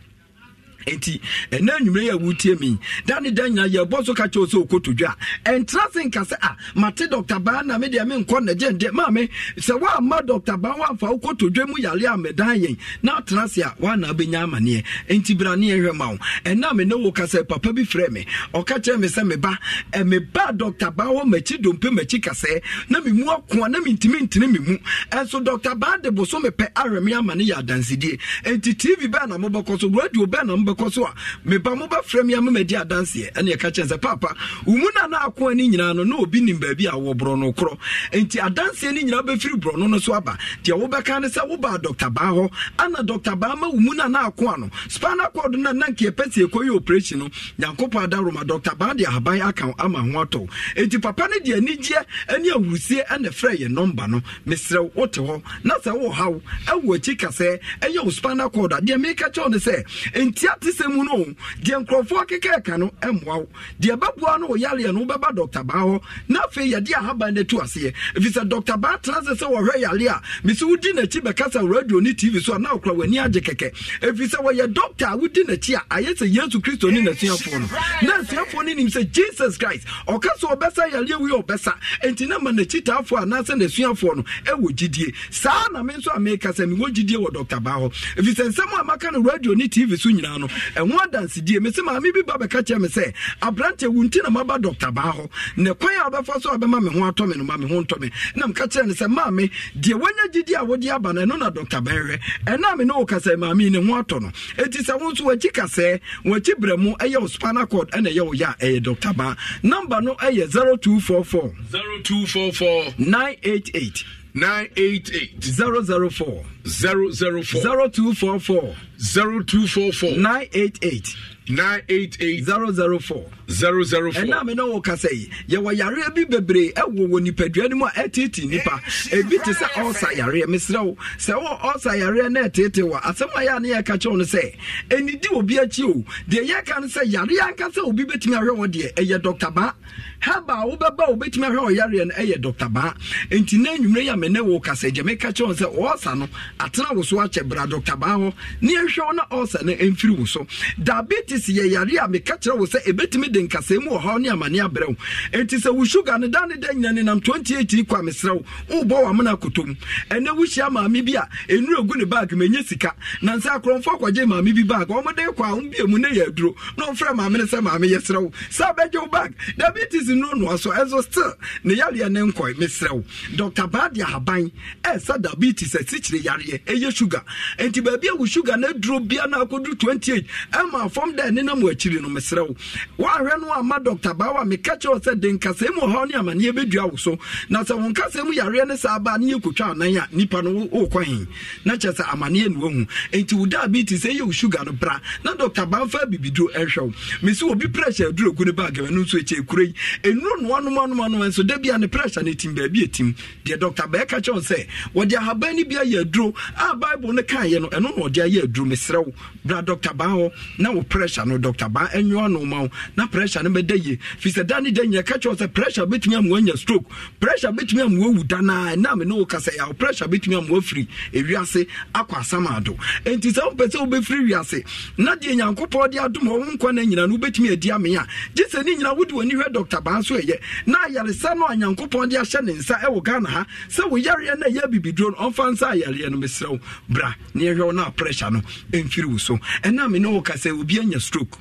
[SPEAKER 15] nti ɛnna nnwumire yɛ wutie mi dani dan nyinaa yɛ bɔ so ka kyɛw sɛ okoto dwa ɛntra se nka sɛ a mate dɔkta baa na mi deɛ mi nkɔ na gye nde maame sɛ wama dɔkta baa wafa okoto dwa mu yare a mɛ dan yɛn na atena se a wana abɛnya amaneɛ nti bra ne yɛhwɛ ma wo ɛnna mi ne wo kasa papa bi frɛ mi ɔka kyerɛ mi sɛ mi ba ɛ mi ba dɔkta baa wɔ mɛkyi dompe mɛkyi kasɛɛ na mi mu akoa na mi ntumi ntini mi mu ɛnso dɔkta baa de boso mi pɛ ahwɛ mi ama ne yɛ adansidie nti tv bɛɛ na mo bɛkɔ so radio bɛɛ na mo bɛkɔ akɔ so a meba mobɛfrɛ me ama madi adanseɛ ɛne ɛka kyɛn sɛ papa wo mu nana ako ani nyinaa no na obi nim baabi a wɔ no korɔ enti adanseɛ no nyinaa bɛfiri borɔno no so aba deɛ wobɛka ne sɛ wobaa dɔkta baa hɔ ana dɔkta baa ma wo mu nana akoa no spinal cord no nankeɛ pɛ sɛ ɛkɔyɛ operation no nyankopɔn ada roma dɔkta baa de ahaban aka ama ho atɔ enti papa no deɛ anigyeɛ ne ahurusie ɛne frɛ yɛ nɔmba no mesrɛ wote hɔ na sɛ wohaw ɛwɔ akyi kasɛɛ ɛyɛ wo spinal cord a deɛ meka kyɛw ne sɛ ɛntia te sɛ mu no deɛ nkurɔfoɔ kekɛɛka no mmoa wo deɛ ɛbɛboa no wo yareɛ no wobɛba dɔkta baa hɔ na afei yɛde ahaban no atu aseɛ ɛfiri sɛ dɔkta baa tena sɛ sɛ wɔhwɛ yare a mese wodi n'akyi bɛkasa radio ne tv so a na wokora w'ani agye kɛkɛ ɛfiri sɛ wɔyɛ dɔkta a wodi n'akyi a ayɛ sɛ yesu kristo ne n'asuafoɔ no na asuafoɔ no nim sɛ jesus christ ɔka sɛ ɔbɛsa yareɛ wi ɔbɛsa enti na ma n'akyitaafoɔ anaasɛ n'asuafoɔ no ɛwɔ gyidie saa na me nso a meka sɛ mewɔ gyidie wɔ dɔkta baa hɔ ɛfiri sɛ nsɛm a maka no radio ne tv so nyinaa no ɛho adansedie me sɛ maame bi ba bɛka kyerɛ me sɛ aberante wo nti na maba dɔkta baa hɔ ne kwan a wobɛfa so a wobɛma me ho atɔ me no ma me ho ntɔ me na meka kyerɛ no sɛ maame deɛ woanya gyidi a wode aba no ɛno na dɔkta bɛhwɛ ɛna me ne wo kasɛ maame ne ho atɔ no ɛnti sɛ wo nso wakyi kasɛɛ wakyi berɛ mu ɛyɛ wo spinal cord ɛna ɛyɛ wo yɛ a ɛyɛ dɔkta baa namba no ɛyɛ 0244
[SPEAKER 1] 0244 988 988 004 004
[SPEAKER 15] 0244 0244 988 988 004 004 ɛna me ne wo ka sɛ yɛwɔ yareɛ bi bebree ɛwɔ wɔ nipadua no mu a ɛtete nnipa ebi te sɛ ɔsa yareɛ meserɛ wo sɛ wɔ ɔsa yareɛ na ɛtete wɔ asɛm a yɛ a ne yɛka kyerɛw no sɛ ɛnidi obi akyi o deɛ yɛka no sɛ yareɛ ankasa obi bɛtumi ahwɛ wɔ deɛ ɛyɛ dɔkta baa haba a wobɛba a wobɛtumi ahwɛ ɔyareɛ no ɛyɛ dɔkta baa enti na anwummerɛ yɛ me ne wo ka sɛ gyɛ meka kyerɛw sɛ ɔsa no atena wo so akyɛ bra dɔkta baa hɔ ne wohwehwɛ wo na ulcer no ɛmfiri wo so diabetes yɛ yare a meka kyerɛ wo sɛ ɛbɛtumi de nkasɛe mu ɔhaw ne amane abrɛ wo enti sɛ wo sugar no da ne da nyina ne nam 28 kɔ a meserɛ wo wobɔ wamena akotom ɛnɛ wohyia maame bi a ɛnura gu ne baag manya sika nansa akorɔmfoɔ akɔgye maame bi baag ɔmode kɔ a wombie ne yɛ aduro na ɔmfrɛ maame no sɛ maame yɛserɛ wo sɛ bɛgye wo baag diabetes no so ɛnso still ne yareɛ ne nkɔe meserɛ wo dr baade ahaban ɛɛsɛ diabetes asikyire yareɛ ɛyɛ sugar enti baabi a wo sugar no aduro bia na akɔduru 28 ɛma fam dɛ ne nam akyiri no mesrɛ wo woahwɛ no ama dɔkta bawa wa meka kyerɛ sɛ de nkasɛe mu ɔhaw ne amanneɛ bɛdua wo so na sɛ wo nkasɛe mu yareɛ ne saa baa ne yɛkɔtwa anan a nnipa no wokɔ he na kyerɛ sɛ amanneɛ ne wahu enti wo diabetes ɛyɛ wo sugar no bra na dɔkta baa mfa bibiduro ɛhwɛ wo mesi obi pressure aduro ku ne baagama no nso ɛkyɛ kuro yi ɛnuro noanom anom nso da bia ne pressure no tim baabi ɛtim deɛ dɔkta baa ɛka kyerɛ wo sɛ wɔde ahaban no bi ayɛ aduro a bible no kaeɛ no ɛno na ɔde ayɛ aduro mesrɛ wo bra dɔctor baa hɔ na wo pressure no dɔctor baa ɛnwoa no ma wo na pressure no bɛda ye firi sɛ da ne da nyɛ ka kyerɛ sɛ pressure bɛtumi ama woanya stroke pressure bɛtumi ama woawu da naa ɛna me ne wo ka sɛ yawo pressure bɛtumi ama woafiri ewiase akɔ asamaado enti sɛ wopɛ sɛ wobɛfiri wiase na deɛ nyankopɔn de adom hɔ wo nkwa no nyina no wobɛtumi adi ame a gye sɛ ne nyina wode w'ani hwɛ dɔctor baa nso ɛyɛ na ayaresa no a nyankopɔn de ahyɛ ne nsa ɛwɔ ghana ha sɛ wo yareɛ no ɛyɛ abibiduro no ɔmfa nsa ayareɛ no mesrɛ wo bra na yɛhwɛ wo no a pressure no ɛmfiri wo so ɛna me ne wo ka sɛ obi anya stroke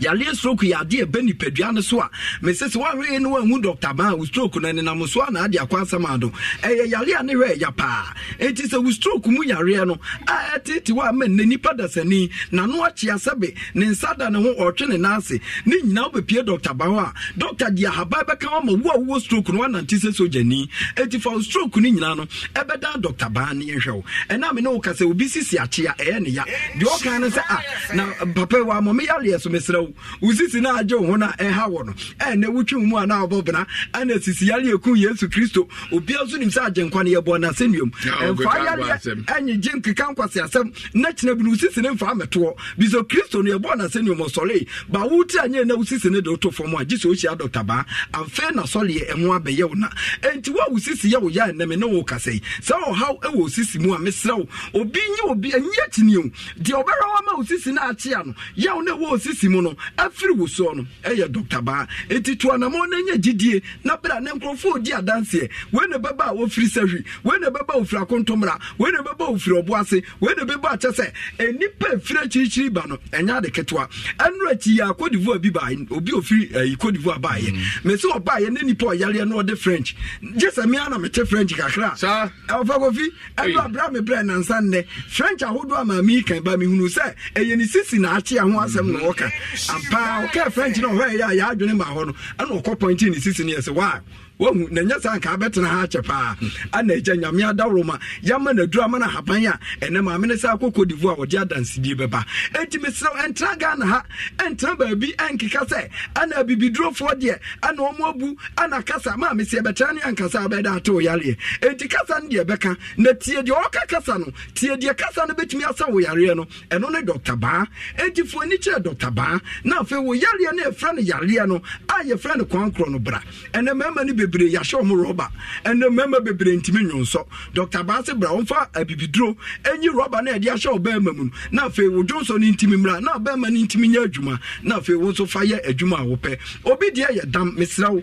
[SPEAKER 15] yàrá stroke yà adeɛ bɛ nipadua no so a mese sɛ wahwee no wahu dr ban wo stroke no nenam so a naade akɔ asɛm ado ɛyɛ yàrá ne hwɛ ɛyɛ paa enti sɛ wo stroke mu yàrá no a ɛtete hɔ a ma nne nipa dasani n'ano akyi asɛbe ne nsa da ne ho ɔtwe ne nan ase ne nyinaa wobɛpie dr ban hɔ a dr ahaba bɛka wɔ ma wo a wowɔ stroke no wanante sɛ sogyani enti fa wo stroke no nyinaa no ɛbɛda dr ban ne yɛhwɛ wo ɛna me ne wo ka sɛ obi sisi akyea ɛyɛ ne ya deɛ ɔkan no sɛ a ah, na papa wa amɔ me yàrá yɛ mesrɛ wo wosisi no agye wo ho no ɛha wɔ no ɛnɛ wotwe mu a na wobɔbena ɛna sisi yare yɛku yesu kristo obia so nim sɛ agye nkwa no yɛbɔ nasɛnnuam ɛmfa yareɛ ɛnye gye nkeka nkwase asɛm na kyena bi no wosisi no mfa metoɔ biso kristo no yɛbɔ nasɛnnuam ɔsɔree ba wote anyɛ na wosisi no de woto fam a gye sɛ wohyia dɔkta baa amfɛ na sɔreɛ ɛho abɛyɛ wo na ɛnti wo a wosisi yɛ wo yɛ ɛnɛme ne wo kasa yi sɛ ɔhaw ɛwɔ osisi mu a mesrɛ wo obi nye obi ɛnyɛ kyinio deɛ ɔbɛrɛ wɔ ma osisi no akye a no yɛwo ne ɛwɔ osisi mu mu no afiri wo soɔ no ɛyɛ dɔkta baa nti to na no anya gyidie na berɛ a ne nkurɔfoɔ ɔdi adanseɛ wei ne bɛba a wɔfiri sahwi wei ne bɛba a wɔfiri akontommra wei ne bɛba a wɔfiri ɔbo ase wei ne bɛba a kyɛ sɛ nnipa afiri akyirikyiri ba no ɛnyɛ ade ketewa ɛnora akyi yɛ a cote divoire bi baa obi ofiri ɛyi eh, cote divoire baayɛ mhm. me sɛ ɔbaayɛ ne nipa ɔyareɛ na ɔde french gye sɛ mea na mete french kakra eh, ɔfakɔfi ɛno abrɛ me brɛ nansa nnɛ french ahodoɔ a maame yi kan ba mehunu sɛ ɛyɛ ne sisi na akye ho asɛm na ɔka ampa wo kɛ fɛn kyerɛ hɔ ɛyɛ a yɛadwene ma hɔ no ɛna ɔkɔ pɔnte ne sisi ne yɛ sɛ waa wahu na ɛnyɛ saa nka abɛtena ha akyɛ paa ana agya nyame adaworo ma yɛama naduru ama no haban a ɛnɛ maame ne sɛ akɔkɔ divo a wɔde adansedie bɛba ɛnti mesrɛ ɛntena ghana ha ɛntena baabi ɛnkeka sɛ ana abibidurofoɔ deɛ ana ɔmo abu ana kasa ma mesɛ bɛkyerɛ ne ankasa bɛda ate wo yareɛ ɛnti kasa no deɛ bɛka na tie deɛ ɔka kasa no tie deɛ kasa no bɛtumi asa wo yareɛ no ɛno ne dɔkta baa ɛnti fo ani kyerɛ dɔkta baa na afei wo yareɛ no yɛfrɛ no yareɛ no a yɛfrɛ no kwankorɔ no bra ɛnɛ mmarima no bi bebree yɛahyɛ ɔmo rɔba ɛnɛ mmarima bebree ntumi nwo nsɔ dr baase bra wɔmfa abibiduro ɛnyi rɔba no ɛde ahyɛ ɔbɛrima mu no na afei wo dwonsɔ no ntumi mmra na ɔbɛrima no ntumi nyɛ adwuma na afei wo nso fa yɛ adwuma a wopɛ obi deɛ yɛ dam mesrɛ wo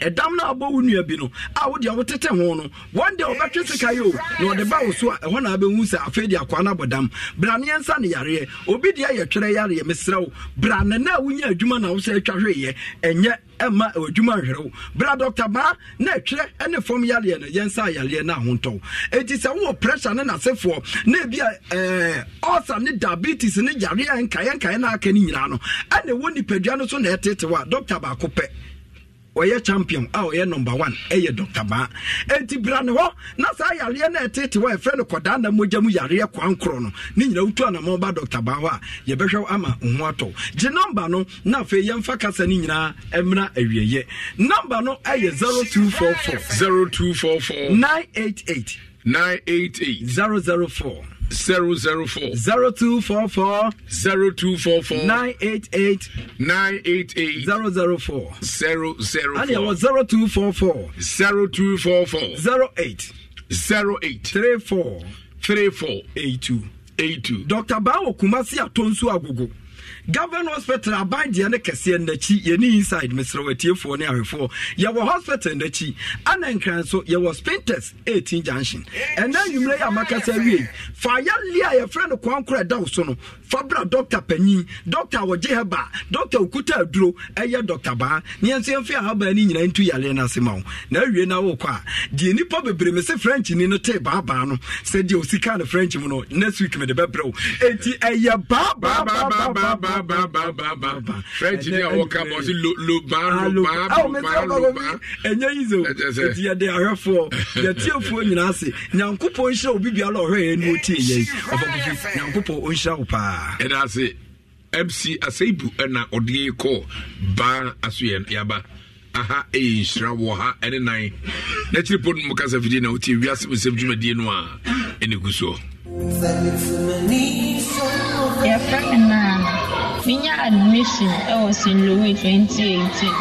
[SPEAKER 15] ɛdam no abɔ wo nua bi no a wode a wotete ho no one day ɔbɛtwe sika yi o na ɔde ba wo so a ɛhɔ na abɛhu sɛ afei de akoa no abɔdam bra ne yɛnsa ne yareɛ obi deɛ yɛ twerɛ yareɛ mesrɛ wo bra ne na wonya adwuma na wo sɛ atwa hweeɛ ɛnyɛ ɛma adwuma nhwerɛ wo bra dɔkta baa na ɛtwerɛ ne fam yareɛ no yɛnsa yareɛ no ahontɔ ɛnti sɛ wowɔ pressure ne nasefoɔ na ebi a ulcer ne diabetes ne yareɛ nkaeɛ nkaeɛ no aka no nyinaa no ɛna ɛwɔ nipadua no so na ɛtetew a dɔkta baako pɛ ɔyɛ champion a ɔyɛ number one ɛyɛ dr baa eti bira ne hɔ na saa yareɛ na ɛtete hɔ ɛfrɛ no kɔdaa na mogya mu yareɛ kwankorɔ no ne nyina wotu anamɔ ba dr baa hɔ a yɛbɛhwɛ ama ho atɔ gye namba no na afei yɛmfa kasa no nyinaa ɛmena awieyɛ namba no ɛyɛ
[SPEAKER 1] 0244 0244 988 988 004 zero zero four zero two four four zero two four four nine eight eight nine eight eight zero zero four zero zero and it was zero two four four zero two four four zero eight zero eight three four
[SPEAKER 15] three four eight two eight two. Dr. Bawo Kumasi Atonsu Agogo govern hospital aban deɛ no kɛseɛ n'akyi yɛne inside mesrɛ watiefoɔ ne ahwɛfoɔ yɛwɔ hospital n'akyi ana nkran nso yɛwɔ spintex 18 junction ɛnɛ anwummerɛ yɛ amakasa wie fa yɛle a yɛfrɛ no kwankora ɛda wo so no fa bra dɔkta panyin dɔkta wɔgye hɛba dɔkta okuta aduro ɛyɛ dɔkta baa ne yɛnso yɛmfe ahabaa no nyinaa ntu yare no ase ma wo na awie no wokɔ a deɛ nnipa bebree me sɛ french ni no tee baabaa no sɛ deɛ
[SPEAKER 1] osika no french mu no next week mede bɛbrɛ wo enti ɛyɛ baabaabaabaabaa ba ba ba ba ba ba ni àwọn kan bọ sí lo ba lo ba lo ba.
[SPEAKER 15] ẹ̀yẹ́ yìí zò ètò yẹ̀dẹ̀ ahẹ́fọ́ yẹ̀tí èfó nyina ase nyankopɔn nhyira obi biara ɔhwɛ yẹn ni o ti yẹ ọfọ fufu nyankopɔn o paa.
[SPEAKER 1] ẹ dá ase mc aseibu ɛna ɔde yɛ baa aso yɛ yaba aha ɛyɛ nhyira wɔ ha ɛne nan n'akyiri po mu kasa fidie na wotie wiase mu nsɛm dwumadie no a ɛne gu soɔ
[SPEAKER 5] yɛfrɛ me naa
[SPEAKER 2] menya admission ɛwɔ st louis twenty eighteen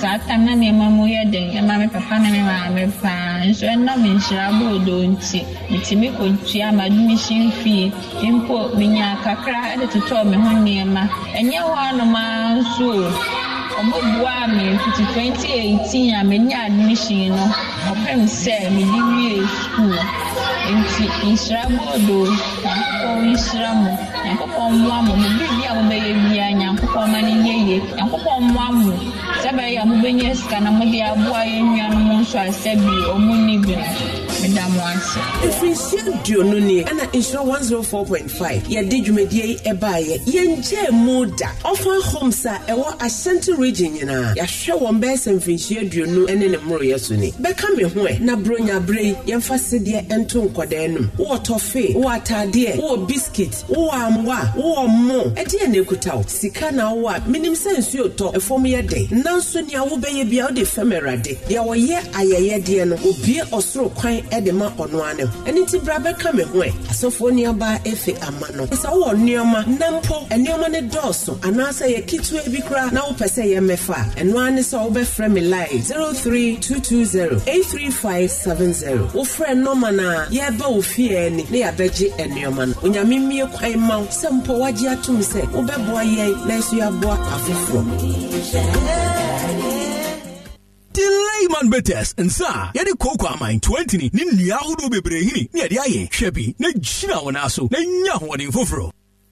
[SPEAKER 2] saa tam na nneɛma mu yɛ den ɛma me papa ne me maame paa nso ɛna me nhyira boodo nti metumi kɔtua ama admission fee mpo menya kakra ɛde totɔɔ me ho nneɛma ɛnyɛ hɔ anom ara nso o wɔbua me mfiti 2018 a menya
[SPEAKER 3] admission no ɔpɛ me sɛ mede wie sukuu nti nhyira bɔɔdo nyankopɔn nhyira mo nyankopɔn mmoa mo mo biribi a mobɛyɛ biara nyankopɔn ma no nyɛ yie nyankopɔn mmoa mo sɛ bɛyɛ a mobɛnya sika na mode aboa yɛ nnuanom nso a sɛ bi ɔmo nni bi no ɛda mo ase. efirinhyia duonu nie ɛna nsira one zero four point five yɛde dwumadie yi ɛbaayɛ yɛnkyɛn mu da ɔfan homes a ɛwɔ ashanti region nyinaa yɛahwɛ wɔn bɛyɛ sɛ mfirinhyia duonu ɛne ne mmoroyɛ so ni bɛka mi ho ɛ na bronyabere yi yɛmfa sedeɛ ɛnto nkɔdaa nom wɔɔ tɔfe wɔɔ ataadeɛ wɔɔ biscuit wɔɔ amoa wɔɔ mo ɛdeɛ na nekuta o sika na awo a minim sɛ nsuo tɔ ɛfɔm yɛ den nanso nea wobɛyɛ bia wode fɛm ɛwurade deɛ wɔyɛ ayɛyɛdeɛ no obie ɔsoro ayɛ de ma ɔno ano ɛne ti bra bɛka me ho ɛ asɔfoɔ nneɛma efe ama no sɛ wowɔ nneɛma na mpo nneɛma ne dɔɔso anaasɛ yɛ ketewa bi koraa na wopɛ sɛ yɛ mɛfa ɛno ara ne sɛ wobɛfrɛ me live 03220 zero wofrɛ nɔma no a yɛreba wo fie ani na yɛabɛgye nneɛma no onyame mmie kwan ma wo sɛ mpo wagye atom sɛ wobɛboa yɛn na ɛso yɛaboa afoforɔ Yeah delay
[SPEAKER 6] layman betters nsa yɛde kooko aman 20 ne nnua ahodoɔ bebree hini ne yɛde ayɛ hwɛ bi
[SPEAKER 7] na gyina wo naa so na nya ahoɔden foforɔ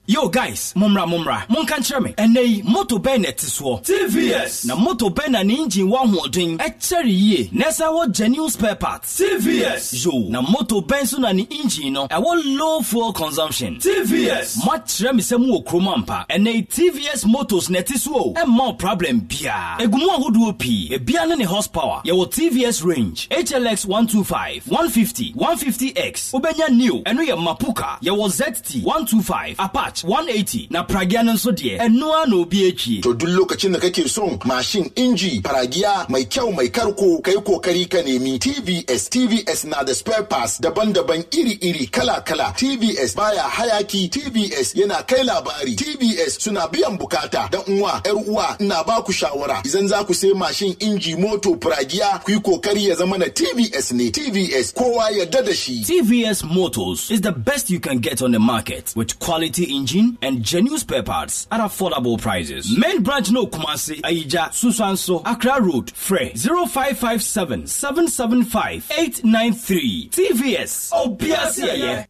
[SPEAKER 7] yo guys mumra mumra monka nkyerɛ me ɛnɛ yi moto bɛn na soɔ tvs na moto bɛn na ne engine wɔ ahoɔden ɛkyɛre yie na ɛsan wɔ genuine spare part tvs yo na moto bɛn so na ne engine no ɛwɔ low fuel consumption tvs moakyerɛ me sɛ mu wɔ kurom ampa ɛnɛ yi tvs motos na ɛte so o ɛmma wo problem biaa ɛgu mu ahodoɔ pii ebia ne ne horsepower yɛwɔ tvs range hlx 125 150 150x wobɛnya new ɛno yɛ mapuka yɛwɔ zt 125 apache 180 na pragiya no nso deɛ ɛnoa
[SPEAKER 16] na obi akyi. To duk lokacin da kake son mashin inji faragiya mai kyau mai karko
[SPEAKER 13] kai kokari ka nemi TVS TVS na da spare parts daban-daban iri-iri kala-kala TVS baya hayaki TVS yana kai labari TVS suna biyan bukata dan uwa yar uwa ina ba ku shawara idan za ku sai mashin inji moto faragiya ku yi kokari ya zama na TVS ne TVS kowa ya dada
[SPEAKER 7] shi. TVS Motors is the best you can get on the market with quality engine engine and genuine spare parts at affordable prices. Main branch no Kumasi, Aija, Susanso, Accra Road, Fre 0557 775 893. TVS, Obiasia.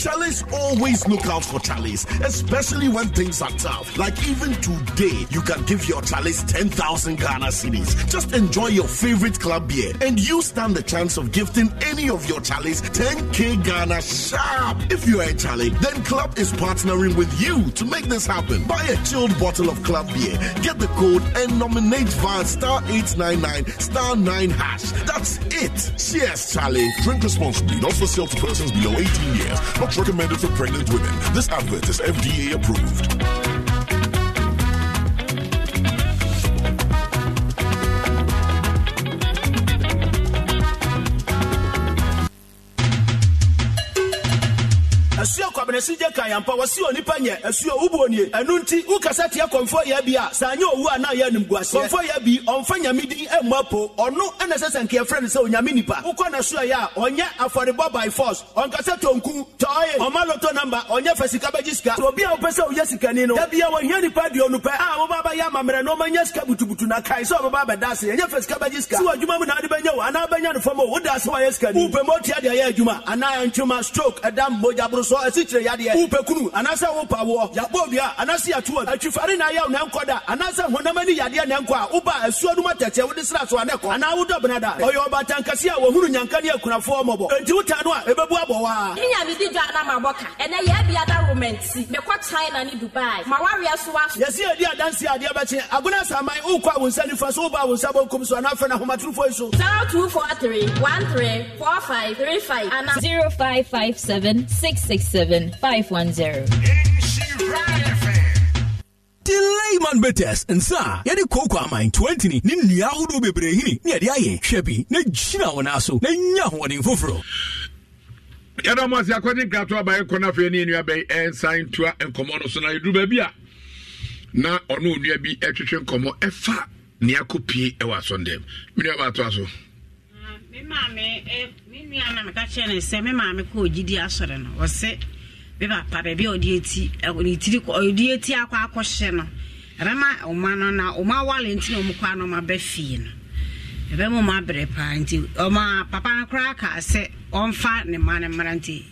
[SPEAKER 13] Chalice always look out for Chalice, especially when things are tough. Like even today, you can give your Chalice 10,000 Ghana cedis. Just enjoy your favorite club beer and you stand the chance of gifting any of your Chalice 10k Ghana sharp. If you are a Chalice, then Club is partnering with you to make this happen. Buy a chilled bottle of club beer, get the code, and nominate via star 899 star 9 hash. That's it. Cheers,
[SPEAKER 9] Charlie. Drink responsibly. Not for sale to persons below 18 years recommended for pregnant women. This advert is FDA approved.
[SPEAKER 4] ɛsuo kwabenesi gye kan yampa wɔsi onipa nyɛ ɛsuo wubu onie ɛnu nti wukasa tia kɔnfɔ yɛ bi a saa nye owu a naa yɛ nimguaseɛ kɔnfɔ yɛ bi ɔnfɛ nyame din ɛmu e apo ɔno ɛna sɛ sɛ nkeɛfrɛ ne sɛ onyame nipa wokɔ na suo yɛ a ɔnyɛ afɔrebɔ by force ɔnkasa tonku tɔɔye ɔma loto namba ɔnyɛ fɛ sika bɛgye sika obi a wopɛ sɛ woyɛ sikani no dabi a wɔhia nipa deɛ ɔnupɛ sika butubutu na kae sɛ ɔbɛba bɛda ase ɛnyɛ fɛ sika bɛgye sika na wode bɛnya wo anaa bɛnya no fam o woda ase woayɛ sikani wopɛ ma otia deɛ stroke ɛda mmogya boro sɔ asikyire yadeɛ. wò pɛ kunu anasɛ wò pa wɔ. yabɔ wia anasɛ yatu wɔ. atwifari na ayaw na nkɔ da anasɛ hɔnamani yadeɛ na nkɔ a woba asuaduma tɛtɛ wode sra so anɛ kɔ. anaa wodɔ bena da. ɔyɛ ɔbatan kɛse a wɔhunu nyanka ne mɔbɔ. enti wota no a ɛbɛbu abɔ waa. mi
[SPEAKER 10] nya mi di dwa na ma bɔ ka ɛnɛ yɛ bi ada romanti mɛkɔ china ni dubai ma wareɛ so wa. yɛsi edi adansi adeɛ bɛkye agona saman
[SPEAKER 4] wokɔ a nifa so woba wo nsa bɔnkum so anaa fɛ na ahomatorofo yi so. zero two four three one
[SPEAKER 10] three four five three five ana. zero five five seven six six. 567 510
[SPEAKER 6] man betes nsa yɛde kooko aman 20 ne nnua ahodoɔ bebree hini ne yɛde ayɛ hwɛ bi na gyina wo naa so na nya
[SPEAKER 1] ahoɔden foforɔ yɛda mo ase akɔde nkrato abayɛ kɔ no afei ne nnua bɛyi ɛnsan toa nkɔmmɔ no so na yɛduru baabi a na ɔno onua bi ɛtwetwe nkɔmmɔ ɛfa nea kɔpie ɛwɔ asɔndɛm menua baatoa so
[SPEAKER 2] me maame eh, me nua na meka kyerɛ ne sɛ me maame no ɔse me papa baabi a ɔde ati ne no ɛbɛma ɔma na ɔma wale nti na ɔmo no ɛbɛma ɔmo abrɛ paa nti papa no koraa kaa ne mma ne mmara nti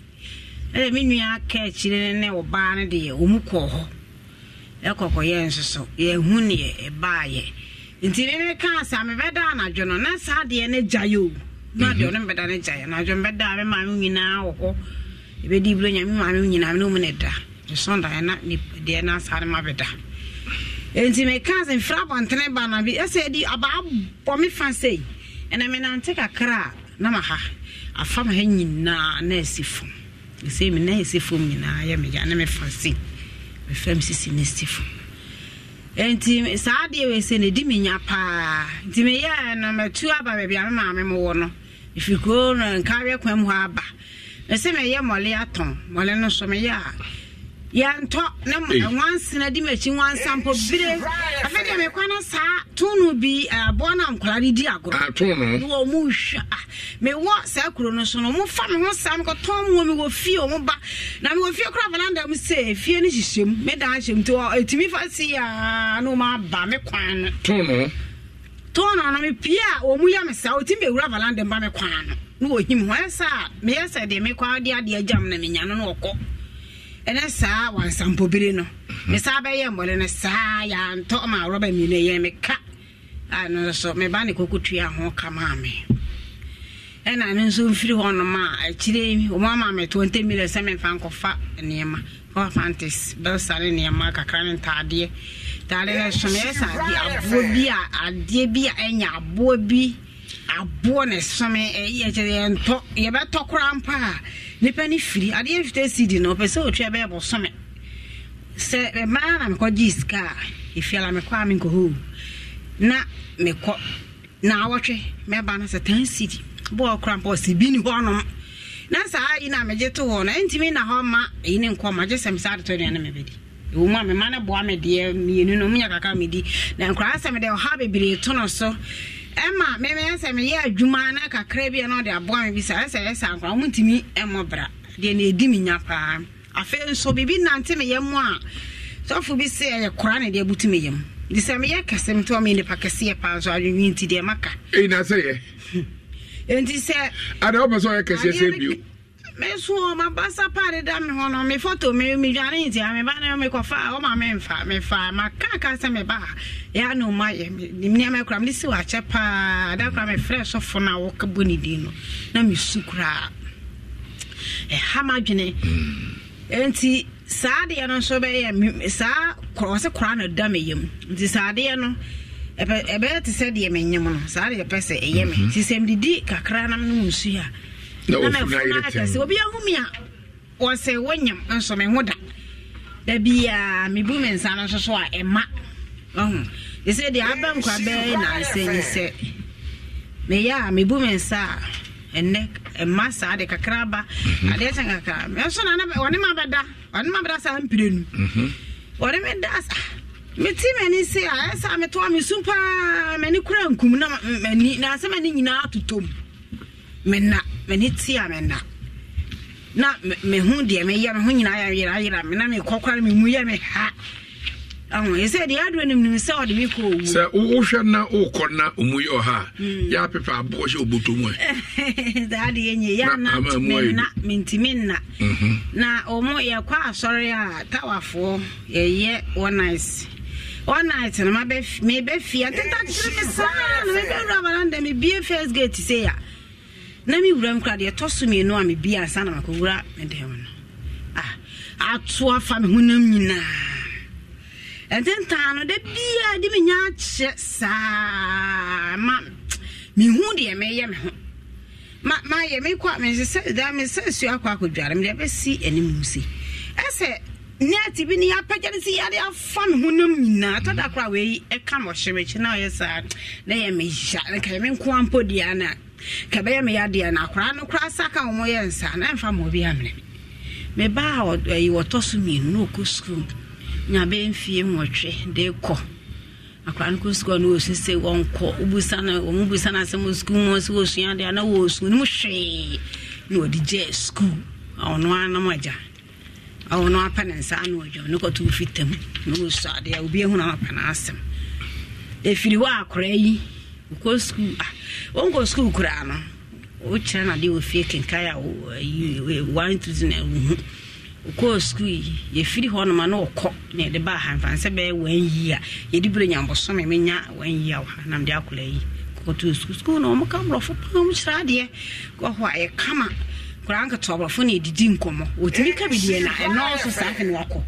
[SPEAKER 2] ɛdɛ me nua ne ne ɔbaa no deɛ ɔmo kɔɔ hɔ ɛkɔkɔ yɛ nso ne ne kaa sɛ amebɛda na saa deɛ ne na mhm. deɛ ɔno mbɛda ne gyaeɛ na adwo mbɛda a me maame nyinaa wɔ hɔ ɛbɛdi berɛ nya me maame nyinaa me ne mu ne da na deɛ no asaa ne ma bɛda enti meka sɛ mfiri abɔntene ba na bi ɛsɛ di me fa sei ɛna menante kakra a na maha afa ma ha nyinaa na asi fam ɛsɛ mi na ɛsi fam nyinaa yɛ meya ne mefa sei mefa m sisi ne si fam nti saa adeɛ wei sɛ ne di me nya paa nti meyɛ no matu aba baabi a me maame mowɔ no ɛfiri kuro no nkareɛ kwan mu hɔ aba me sɛ meyɛ mmɔle atɔn mmɔle no so meyɛ a yɛntɔ ne nwansena di makyi nwansa mpo bire ɛfɛdeɛ mekwa no saa to bi eh, aboa no nkwara no di agorɔ wɔ mu hwa mewɔ saa kuro no so no mofa me ho saa mekɔtɔn mu mewɔ fie ɔ ba na mewɔ fie kora balanda mu sɛ fie no hyehyɛ mu medan hyɛ mu nti ɛtumi eh, fa si a ɔma aba me kwan no
[SPEAKER 17] tɔn
[SPEAKER 2] no mepie a wɔ yɛ me saa ɔtumi bɛwura balanda mba me kwan no na wɔhim hɔ ɛsɛ a meyɛ sɛ deɛ mekɔ de adeɛ agyam na menya no na ɔkɔ ɛnɛ saa wansampobire no mhm. me saa bɛyɛ mmɔre no saa yɛantɔ ma rɔba mmienu ɛyɛ meka ano nso meba ne kokotua ho kamaa me ɛna no nso mfiri hɔ nom a akyire ɔmo ama me twenty million sɛ memfa nkɔfa nneɛma fantis belsa ne nneɛma kakra ne ntaadeɛ ntaadeɛ no so meyɛ sɛ adeɛ aboɔ bi a adeɛ bi a ɛnya aboɔ bi aboɔ ne some ɛyɛ eh, kyerɛ yɛntɔ yɛbɛtɔ koraa mpa a nnipa no firi adeɛ mfita cd no ɔpɛ sɛ ɔtwa bɛyɛ bɔsome sɛ eh, mmaa na mekɔgye sika a ɛfiala mekɔ a menkɔhɔ na mekɔ na awɔtwe mɛba no sɛ tan cd bɔɔ koraa mpa ɔsɛ bi ne hɔnom na saa yi na megye to hɔ na ɛntumi na hɔ ma ɛyi ne nkɔ ma gye sɛ mesaa adetɔ aduane mebɛdi ɛwɔ mu a mema no boa me deɛ mmienu no munya kakra medi na nkoraa sɛ mede ɔha bebree to no so ɛma mɛmɛ sɛ meyɛ adwuma na kakra bi na ɔde aboa me bi sɛ ɛsɛ ɛsɛ ankora montumi mmɔ bra deɛ na ɛdi me nya paa afei nso biribi nante meyɛ mu a sɔfo bi sɛ ɛyɛ kora ne deɛ butu meyɛ mu de sɛ meyɛ kɛse m tɔ me nipa kɛseɛ paa nso adwenwi nti deɛ maka ɛyina sɛ yɛ ɛnti sɛ ade
[SPEAKER 1] wopɛ sɛ ɔyɛ kɛseɛ sɛ bio
[SPEAKER 2] meso mabasa paade da me hɔ no me foto me medwane ntia meba ne mekɔfa a ɔma memfa mefa makaka sɛ meba a ɛa ne ɔma nneɛma kora mede si wɔ akyɛ paa da kora mefrɛ sɔfo no a wɔbɔ ne din no na mesu koraa ɛha e madwene hmm. nti saa adeɛ no nso bɛyɛ saa ɔ se koraa na da me yam nti saa adeɛ no ɛbɛyɛ e e te sɛ deɛ menyem no saa adeɛ pɛ sɛ ɛyɛ me nti mhm. sɛ mededi kakra nam no mu nsu a nanaɛfunakasɛ obi ahu me a sɛ wonyam nso me ho da da bia mebu me nsa no nso so a ɛma ɔhu te sɛ deɛ aba nkwa bɛyɛ nansɛ ni sɛ meyɛ a mebu me nsa a ɛnɛ ɛma saa de kakra adeɛ kyɛn kakra ɛnso na ma bɛda ɔne ma bɛda saa mpire nu
[SPEAKER 12] ɔne mm-hmm.
[SPEAKER 2] me da meti m'ani se a ɛsa e metoa me paa m'ani kura nkum na m'ani na asɛm ani nyinaa totom mena mene ti a mena na me hu deɛ meyɛ me ho nyinaa yɛyera yera me na mekɔkware me mu yɛ me ha ɛsɛ deɛ adoɛ no mnim sɛ ɔde me kɔ sɛ wohwɛ na wokɔ
[SPEAKER 1] na ɔmu yɛ ya yɛapepɛ aboɔ hyɛ ɔbɔtɔ mu
[SPEAKER 2] ɛdeɛnyɛyɛna mentimi nna na ɔmu yɛkɔ asɔre a tawafoɔ yɛyɛ ɔnice ɔnight no mebɛfie ntetakyere me saa na mebɛwura ma no ndɛ mebie first gate se ya na me wura mu kora deɛ ɛtɔ so mmienu a mebia ansa na makɔwura me dɛm no ah, atoa fa me honam nyinaa ɛntentaa no da biaa de menya akyerɛ saa ma mehu deɛ meyɛ me ho ma mayɛ mekɔ a mesesɛ da mesɛ suo akɔ akɔdware mede bɛsi anim mu se ɛsɛ net bi ne yɛapagya no sɛ yɛde afa me honam nyinaa tɔda kora wei ɛka mɔhyerɛkyi na ɔyɛ saa na yɛ mehya nka yɛ me nkoa mpo deɛ no ka ɛbɛyɛ me yadeɛ no akoraa no koraa sa ka yɛ nsa na ɛmfa ma obi amene me mebaa eh, wɔtɔ so mmienu na ɔkɔ sukuu nya mfie nwɔtwe de kɔ akoraa no kɔ sukuu no wɔsu sɛ wɔnkɔ wobusa no wɔn busa no asɛm wɔ mu sɛ wɔsua na no mu na wɔde ɔno agya ɔno ne nsa ɔdwa kɔto fitam na obi asɛm efiri hɔ kɔ skul wɔnkɔ skul koraa o wokyerɛ no a wantusin wohu wokɔɔ skul yi yɛfiri hɔ noma na wɔkɔ na yɛde baa hamfane sɛ e bɛyɛ wan yi a yɛde bere nyambosome menya wan yi a wɔha na mede yi ya skul skul na ɔmka borɔfo kyerɛ adeɛ a borɔfo na yɛdidi nkɔmmɔ wɔtumi ka bideɛ na ɛnɔɔso saa wakɔ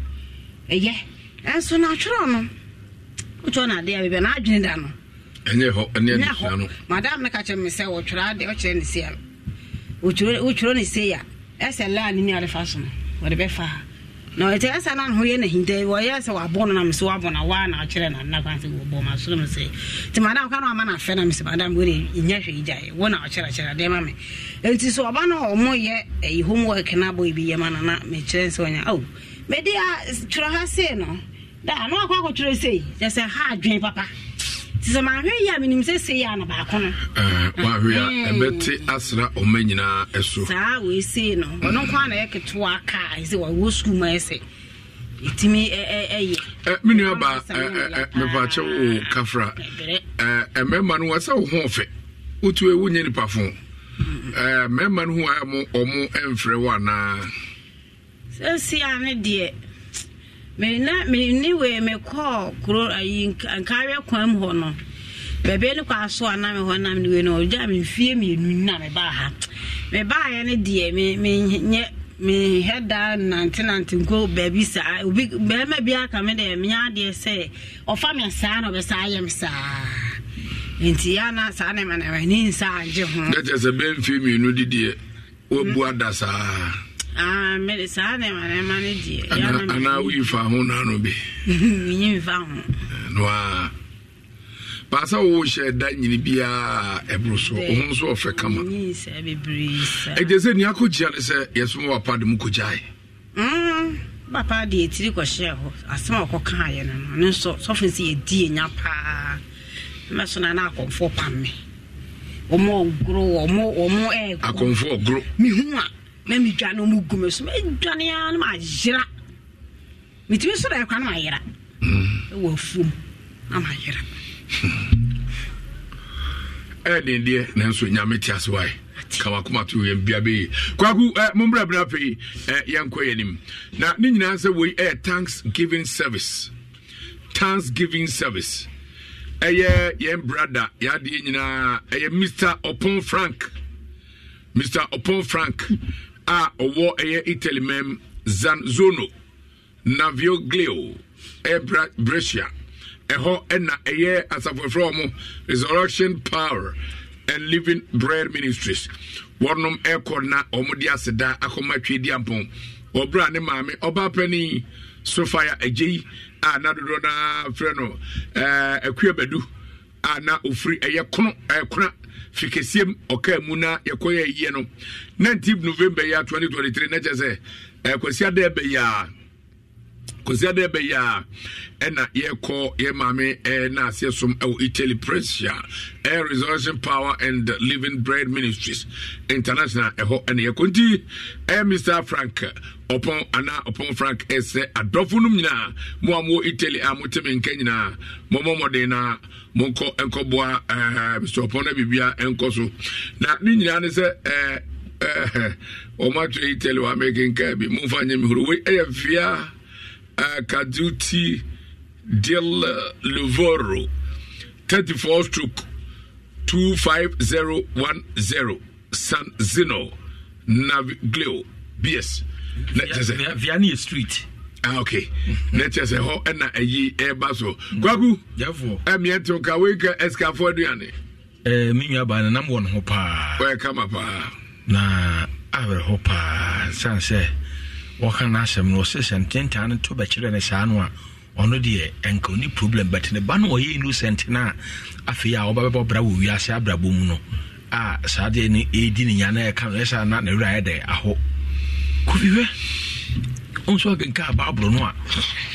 [SPEAKER 2] ɛyɛ na atwerɛ no wotɔ ya adeɛ a na adwene da no
[SPEAKER 1] ɛnyɛ hɔ ɛnyɛ adesua no
[SPEAKER 2] Madame no ka kyerɛ me sɛ wɔtwerɛ ade ɔkyerɛ ne sei a wotwerɛ ne sei a ɛsɛ laa ne nuade fa so no wɔde bɛfa ha na ɔte ɛsɛ no ne ho yɛ no hinta wɔyɛ sɛ wɔabɔ no na me sɛ woabɔ no waa na ɔkyerɛ no nna kwan sɛ wɔbɔ ma soro me sɛ nti madam ka no ama no afɛ na me sɛ madam wode ɛnya hwɛ yi gyae wo na ɔkyerɛkyerɛ adeɛ ma me ɛnti so ɔba no ɔmo yɛ ɛyi eh, homework na abɔ bi yɛ ma no na mekyerɛ sɛ ɔnya ao oh, mede a twerɛ ha sei no da na wakɔ akɔtwerɛ sei kyɛ sɛ ha adwen papa sɛ mahwɛ yi a menim sɛ sei a na baako no eh, wahwe a ɛbɛte
[SPEAKER 1] asra ɔma nyinaa ɛso
[SPEAKER 2] saa wɔɛsei no ɔno nko a na yɛ ketewa kaa sɛ wawɔ skul ma ɛsɛ
[SPEAKER 1] ɛtumi ɛyɛ eh, me nua baa mepaakyɛ wo kafra eh, mmarima no wa sɛ wo ho ɔfɛ wotue wonyɛ nipa fo mmarima no ho a ɔmo ɛmfrɛ wo anaa
[SPEAKER 2] sɛsia ne deɛ na ne wei mekɔɔ kuro ayi nkareɛ kwan mu hɔ no baabi ne kɔ aso a na me hɔ nam ne wei no ɔgya me mfie mmienu na mebaa ha mebaayɛ no deɛ menyɛ mehɛ daa nantenante nko baabi saa obi bɛrima bi aka me dɛ menyɛ adeɛ sɛ ɔfa me saa na saa yɛ me saa nti ya na saa ne manama ne nsa agye ho na kyɛ
[SPEAKER 1] sɛ bɛmfie mmienu de deɛ wabu ada saa
[SPEAKER 2] Ah, mede saa na
[SPEAKER 1] (laughs) hyɛ da nyini biaa ɛboro so wo ho ɔfɛ kama ɛgye sɛ nni akɔgyia ne sɛ yɛsom wapa de mu kɔgyae
[SPEAKER 2] mm, papa de ɛtiri kɔhyɛɛ hɔ asɛm a ɔkɔkaayɛ no no ne nso sɔfo sɛ yɛdi ɛnya paa mɛso na na akɔmfoɔ pam me ɔmo ɔgoro ɛɛkɔ akɔmfoɔ ɔgoro mehu na medwane ɔmu gu me so medwane a na mayera metumi so daɛkwa na mayera ɛwɔ afuom na mayera hmm.
[SPEAKER 1] ɛden deɛ nanso nyame te ase wae kawakoma to yɛnkɔ yɛ na ne nyinaa sɛ wei ɛyɛ thanks service Thanksgiving service ɛyɛ yɛn brada yɛadeɛ nyinaa ɛyɛ mr ɔpon frank mr ɔpon frank a ɔwɔ ɛyɛ italy mɛm zanzono navio gleo ɛbra brescia ɛhɔ ɛna ɛyɛ asafofrɛ ɔmo resurrection power and living bread ministries wɔnom ɛkɔ na ɔmo de aseda akɔma twe di ampɔn ɔbra ne maame ɔbaa panyin sofia agye yi a na dodoɔ naa frɛ no ɛɛ akuabadu a na ofiri ɛyɛ kono ɛɛ kona firi kɛseɛ ɔkaa mu na yɛkɔyɛ yie no 19 november yɛ 2023 na kyɛ sɛ ɛkwasi ada ɛbɛyɛ a kòsi ɛdɛ bɛyɛ a ɛna yɛkɔ yɛ maame ɛna e aseɛ som ɛwɔ e italy presia air e resurrection power and living bread ministries international ɛhɔ ɛna yɛkɔ nti ɛyɛ mr frank ɔpɔn ana ɔpɔn frank ɛsɛ adɔfo nom nyinaa mo a mo italy a mo tɛmɛ nkɛ nyinaa mo mo mɔden na mo nkɔ nkɔboa ɛɛ mr ɔpɔn na bibia nkɔ so na ne nyinaa ne sɛ ɛɛ ɛɛ wɔn atwere italy wɔ america nkaa bi mo nfa nyɛ mi horo wei ɛyɛ fia. Kaduti Del Luvoro, 34 stroke 25010, San Zeno, Naviglio, BS. Via, Vianney Street. Ah, okay. Let's just say, how and a ye air basso. Kwaku, therefore, I'm yet to Kawika Escafodiani.
[SPEAKER 16] a Minya by the number one hopa. Where come up? Na, I will hopa, Sanse wɔka n'asɛm no ɔsɛ sɛ ntentaa no to bɛkyerɛ ne saa no a ɔno deɛ ɛnka ɔni problem but ne ba no ɔyɛ inu no a afei a wɔbɛbɛbɔbra wɔ wiase abrabɔ mu no a saa deɛ no ɛdi ne nya na ɛka no ɛsɛ
[SPEAKER 6] na ne werɛ ayɛ dɛ ahɔ kofihwɛ ɔn so akenka baabolo no a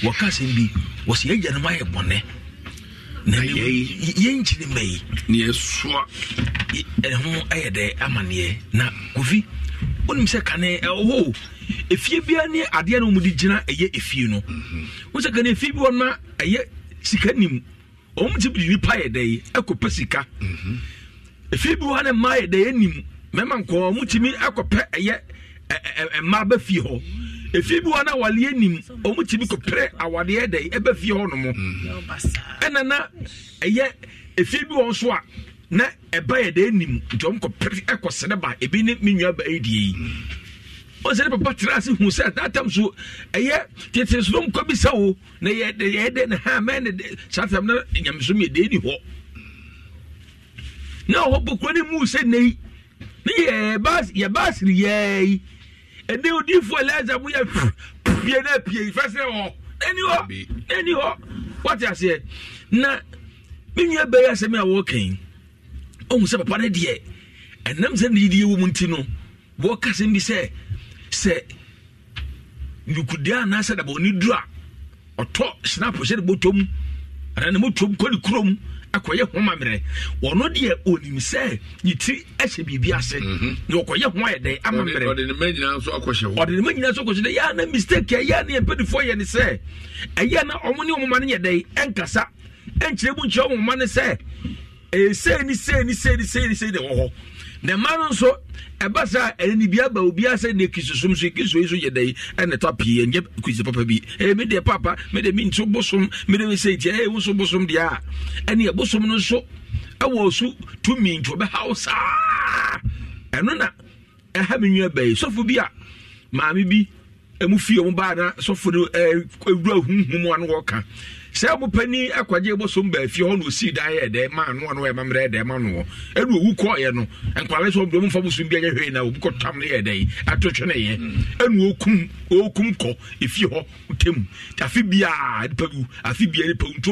[SPEAKER 6] wɔka asɛm bi wɔsɛ yɛagya no mu ayɛ bɔne yɛnkyiri mma yi ne yɛsoa ɛho ɛyɛ dɛ amanneɛ na kofi wonim sɛ kane ɛwɔ efie biara ne adeɛ no mu de gyina ɛyɛ efie no
[SPEAKER 1] mhm. wɔn sɛ kane efie bi wɔ na ɛyɛ sika nim wɔn ti bi nipa yɛ dɛ yi ɛkɔ pɛ sika mhm. efie bi wɔ na mmaa yɛ dɛ yɛ nim mɛma nkɔɔ wɔn ti mi ɛkɔ pɛ ɛyɛ ɛɛ mmaa bɛ fie hɔ efie bi wɔ na awaleɛ nim wɔn ti mi kɔ pɛ awaleɛ dɛ yi ɛbɛ fie hɔ nom mhm. ɛnana ɛyɛ efie bi wɔ nso a na ɛba yɛ de anim nti ɔmkɔ pere ɛkɔ sene ba ebi ne me nua baa die yi ɔsɛ ne papa tena ase hu sɛ datam so ɛyɛ tete so nkɔ bi sɛ wo na yɛyɛ dɛ ne ha mɛ ne de satam na nyamesom yɛ de ni hɔ na ɔhɔ bokura ne mu sɛ ne yi ne yɛba yɛba ne yɛɛ yi ɛnɛ odiifo ɛlɛɛza mo yɛ pie na pie fɛsɛ hɔ n'ani hɔ n'ani hɔ wɔte aseɛ na me nua bɛyɛ asɛm a wɔkɛn ɔhu sɛ papa no deɛ ɛnam sɛ ne yideɛ wɔ mu nti no wɔka sɛm bi sɛ sɛ nukudeɛ anaasɛ daba ɔne duru a ɔtɔ snap hyɛ ne bɔtɔm anaa ne mɔtɔm kɔ ne kurom akɔyɛ ho mammerɛ ɔno deɛ ɔnim sɛ ne tiri ɛhyɛ biribi ase mhm. na ɔkɔyɛ ho ayɛ dɛn amammerɛ ɔde ne ma nyinaa nso akɔhyɛ hɔ ɔde ne ma nyinaa nso akɔhyɛ dɛ yɛa na mistake a yɛa ne yɛmpadifoɔ yɛ ne sɛ ɛyɛ na ɔmo ne ɔmoma no yɛ dɛn ɛnkasa ɛnkyerɛ mu nkyerɛ ɔmoma no sɛ sei ni sei ni sei ni sei ni sei de wɔ hɔ na mma no nso ɛba saa ɛne ne bi aba obiara sɛ ne kirisosom so kiriso yi so yɛ dɛyi ɛna ta pii ɛnyɛ kirisi papa bi ɛyɛ mi deɛ papa mi deɛ mi nso bosom mi deɛ mi sɛ etia ɛyɛ woso bosom deɛ a ɛne bosom no nso ɛwɔ so tumi nti ɔbɛha wo saa ɛno na ɛha mi nwi ɛbɛyi sɔfo bi a maame bi ɛmu fie mu baa na sɔfo no ɛɛ ewura mu ano wɔka. sɛ mopani akwagye bosom baafie hɔ na ɔsii dan yɛ dɛ ma anoa no ɛma mmerɛ dɛ ma noɔ ɛne ɔwu kɔɔyɛ no nkwale sɛ ɔbdɔ mfa bosom bianyɛ hwei na ɔbu kɔtam no yɛ dɛ ato kɔ hɔ nipa bia nipa nti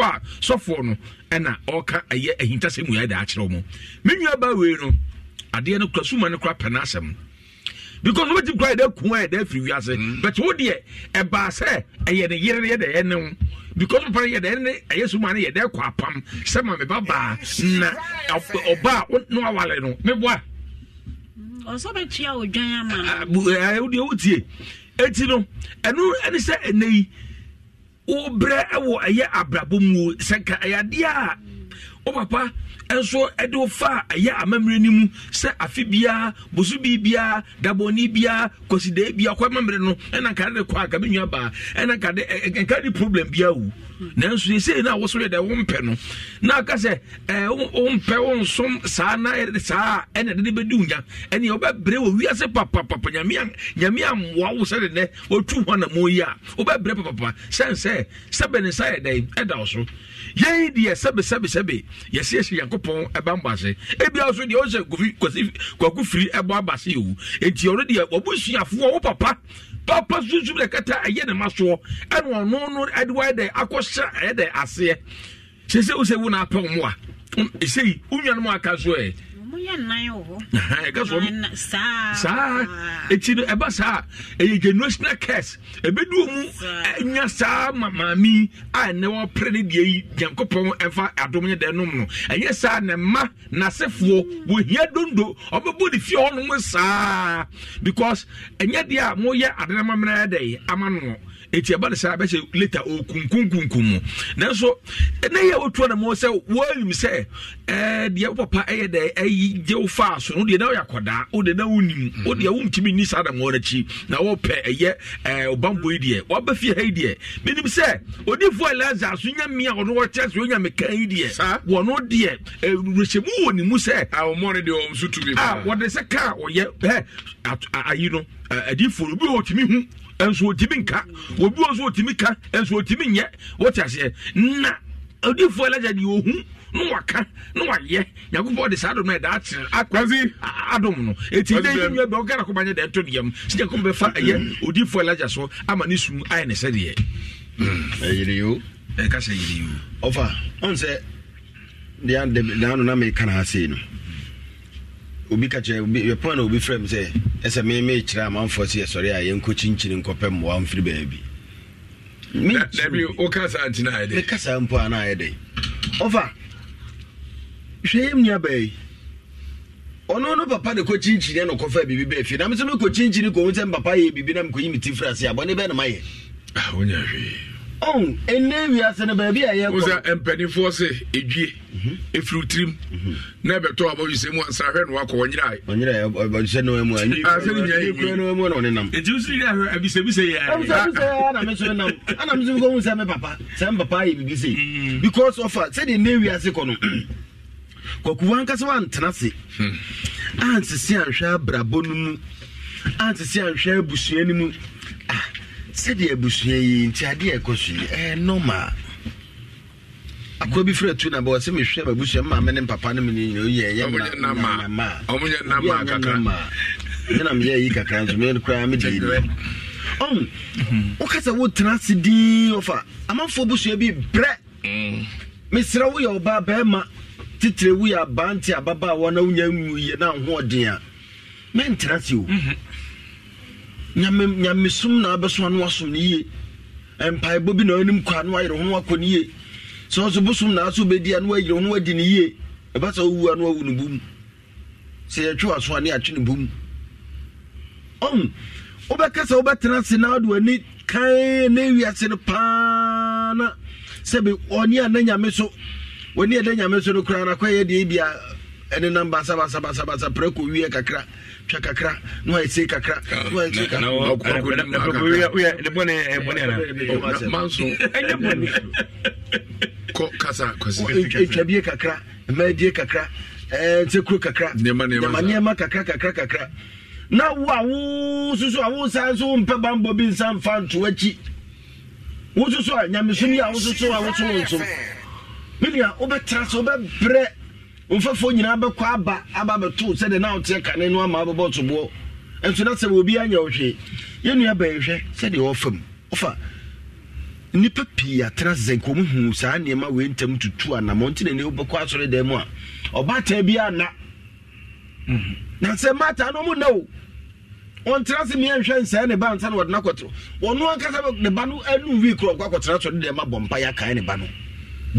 [SPEAKER 1] a sɔfoɔ no ɛna ɔka ɛyɛ yɛ akyerɛ me nua ba wei no adeɛ no kura suma no kura pɛ mm. but deɛ because papa yɛ dɛ ne ɛyɛ suma ne yɛ dɛ kɔ apam sɛ maame ba no awale no me boa. ɔsɔ bɛ tia o dwan ama. ɛɛ o tie eti no ɛnu eh, ɛni sɛ ɛnɛ eh, yi o oh, brɛ ɛwɔ eh, ɛyɛ abrabɔ mu ka ɛyɛ adeɛ a o oh, papa nso de wofa ɛyɛ amammerɛ no mu sɛ afe biara bosu bi biara dabɔni biara kɔsidee biara kɔ amammerɛ no ɛna nkade de kɔ a ka baa ɛna nkade nkade e, e, e, problem biara wu nanso yɛsei no a wo so yɛ dɛ wompɛ no na aka sɛ wompɛ wonsom saa na saa ɛna dede bɛdi wo nya ɛneɛ wobɛbrɛ wɔ wiase papapapa nyame ammoa wo sɛde nɛ wɔtu hɔ na mɔyi a wobɛbrɛ papapa sɛne sɛ sɛbɛ ne nsa yɛ dɛn ɛda wo so yɛn deɛ sɛbesɛbesɛbe yɛsiesie nyankopɔn ɛbambɔ ase ebia so deɛ wo sɛ kwaku firi ɛbɔ aba se yɛwu enti ɔno deɛ wɔbo suafoɔ wo papa papa sunsun de kata ɛyɛ ne ma soɔ ɛna ɔno no ɛde wa ɛdɛ akɔhyɛ ɛyɛ dɛ aseɛ sɛ sɛ wosɛ wo na apɛ wɔn a ɛsɛ yi wo nua no mu aka so yɛ.
[SPEAKER 2] (laughs) ɛka sɔ saa
[SPEAKER 1] ɛkyi no ɛba saa ɛyɛ generational curse ɛbɛduo mu ɛnya saa maami a ɛnɛ wɔpere ne deɛ yi nyankopɔn ɛfa adom ne dɛ nom no ɛnyɛ saa ne mma n'asefoɔ wɔhia dondo ɔbɛbɔ ne fie hɔ saa because ɛnyɛ deɛ a moyɛ adenamammerɛ dɛ ama noɔ ɛti ɛba ne saa bɛhyɛ later ɔkunkunkunkun mu nanso ɛnɛ yɛ wotua na mo sɛ wɔayim sɛ ɛɛ deɛ papa ɛyɛ dɛ ɛyi gye wo faa so no deɛ na ɔyɛ akɔdaa o deɛ na wonim o deɛ wontumi ni saa dam wɔn akyi na wɔpɛ ɛyɛ ɛɛ ɔbambɔ yi deɛ wɔaba fie ha yi deɛ menim sɛ odiifo elazar so nya mmea ɔno wɔkyɛ so onya meka yi deɛ wɔno deɛ ɛwurɛhyɛmu wɔ ne mu sɛ a ɔmɔ ne deɛ ɔm so tumi paa a wɔde sɛ kaa ɔyɛ ɛ ayi no adiifoɔ obi nso otimi nka obi wɔ nso otimi ka nso otimi nyɛ wɔte aseɛ na odiifoɔ ɛlɛgya deɛ ohu ne waka ne wayɛ nyankopɔn de saa adom no ɛda akyerɛ akwasi adom no ɛti dɛ nwa bɛ ɔgana kɔma nyɛ dɛ ɛto deɛm sɛ nyankopɔn bɛfa ɛyɛ mm. odiifoɔ ɛlɛgya so ama ne sum ayɛ ne sɛdeɛ mm. ɛyere yo ɛka sɛ yere yo ɔfa ɔn sɛ
[SPEAKER 16] deɛ ano na meka na ha sei no obi ka kyerɛ yɛpɔn na obi frɛ m sɛ ɛsɛ memekyerɛ amanfoɔ sɛ yɛsɔre a yɛnkɔ kyinkyini nkɔpɛ mmoa mfiri baabi dabi woka saa nti na ayɛ dɛ meka saa mpo a na ayɛ dɛ ɔfa hwɛ yɛm nua baa ɔno no papa de kɔ kyinkyini ɛna ɔkɔfa biribi bɛɛ fie na mesɛ mekɔ kyinkyini kɔhu sɛ mpapa yɛ biribi na mekɔyi me ti frɛ ase a bɔne bɛɛ na mayɛ ah, wonya
[SPEAKER 1] hwee ɔn ɛnɛ wiase no baabi a yɛkɔ sɛ mpanimfoɔ sɛ ɛdwie ɛfiri tirim na ɛbɛtɔ abɔdwe sɛ mu asrahwɛ no wakɔ
[SPEAKER 16] ɔnyeraɛnamsɛmkɔhu sɛ me papa sɛ me papa yɛ biribi sei mm. because ɔfa sɛdeɛ nɛ wiase kɔ no (clears throat) kwakuwa ankasa wantena se hmm. ansese anhwɛ abrabɔ no mu ansese anhwɛ abusua no mu ah, sɛdeɛ abusua yi nti adeɛ ɛkɔ so yi ɛyɛ normal akoa bi fira tu na bɛ wɔsɛ mehwɛ ma abusua maame ne papa ne mene nyina oyɛ ɛyɛ menam yɛ yi kakra nso mene koraa mede yi ɔm wokasɛ wotena ase din ɔfa amanfoɔ busua bi brɛ mesrɛ woyɛ ɔbaa bɛɛma titire woyɛ abaa nti ababaa wɔ na wonya yɛ na ahoɔden a mɛntena se o nyame nyame sum na abɛso ano asom ne yie mpaebɔ bi na ɔnim kwa no ayere ho no akɔ ne yie sɛ ɔso bosom na aso bɛdi ano ayere ho no adi ne yie ɛbɛ sɛ wowu ano awu ne bom sɛ yɛtwe aso ane atwe ne bom ɔm wobɛka sɛ wobɛtena ase na wode w'ani kan na wiase no paa na sɛbi ɔne a na nyame so w'ani a da nyame so no koraa na kɔyɛ deɛ bia ɛne basabasabasabasa prɛ kɔ wie kakra twa kakra na wayɛ kakra ɛtwa kakra madie eh, kakra nsekuro kakra nyamanneɛma kakra kakra kakra na wo a wo susu a wo san so wompɛ bambɔ bi nsa mfa nto akyi wo susu a nyamesom yi a wo susu a wo so wo nsom menua wobɛtena so wobɛbrɛ mfɛfoɔ nyinaa bɛkɔ aba aba bɛto sɛdeɛ na woteɛ kane no ama wobɛbɔ soboɔ nso na sɛ obi anyɛ wo hwee yɛnnua bɛnhwɛ sɛdeɛ wɔfa mu wofa nnipa pii atena sɛ nka ɔmuhu saa nneɛma wei ntam tutu anammɔ nti na ne wobɛkɔ asɔre dan mu a ɔbaataa bi anna mhm. na sɛ mmaataa no ɔmu nna o ɔntena se meɛnhwɛ nsɛe ne ba nsa na wɔde no akɔtoro ɔno ankasa ne ba no anu wii korɔ ɔkɔ akɔtena sɔre dan mu abɔ mpa yɛakae ne ba no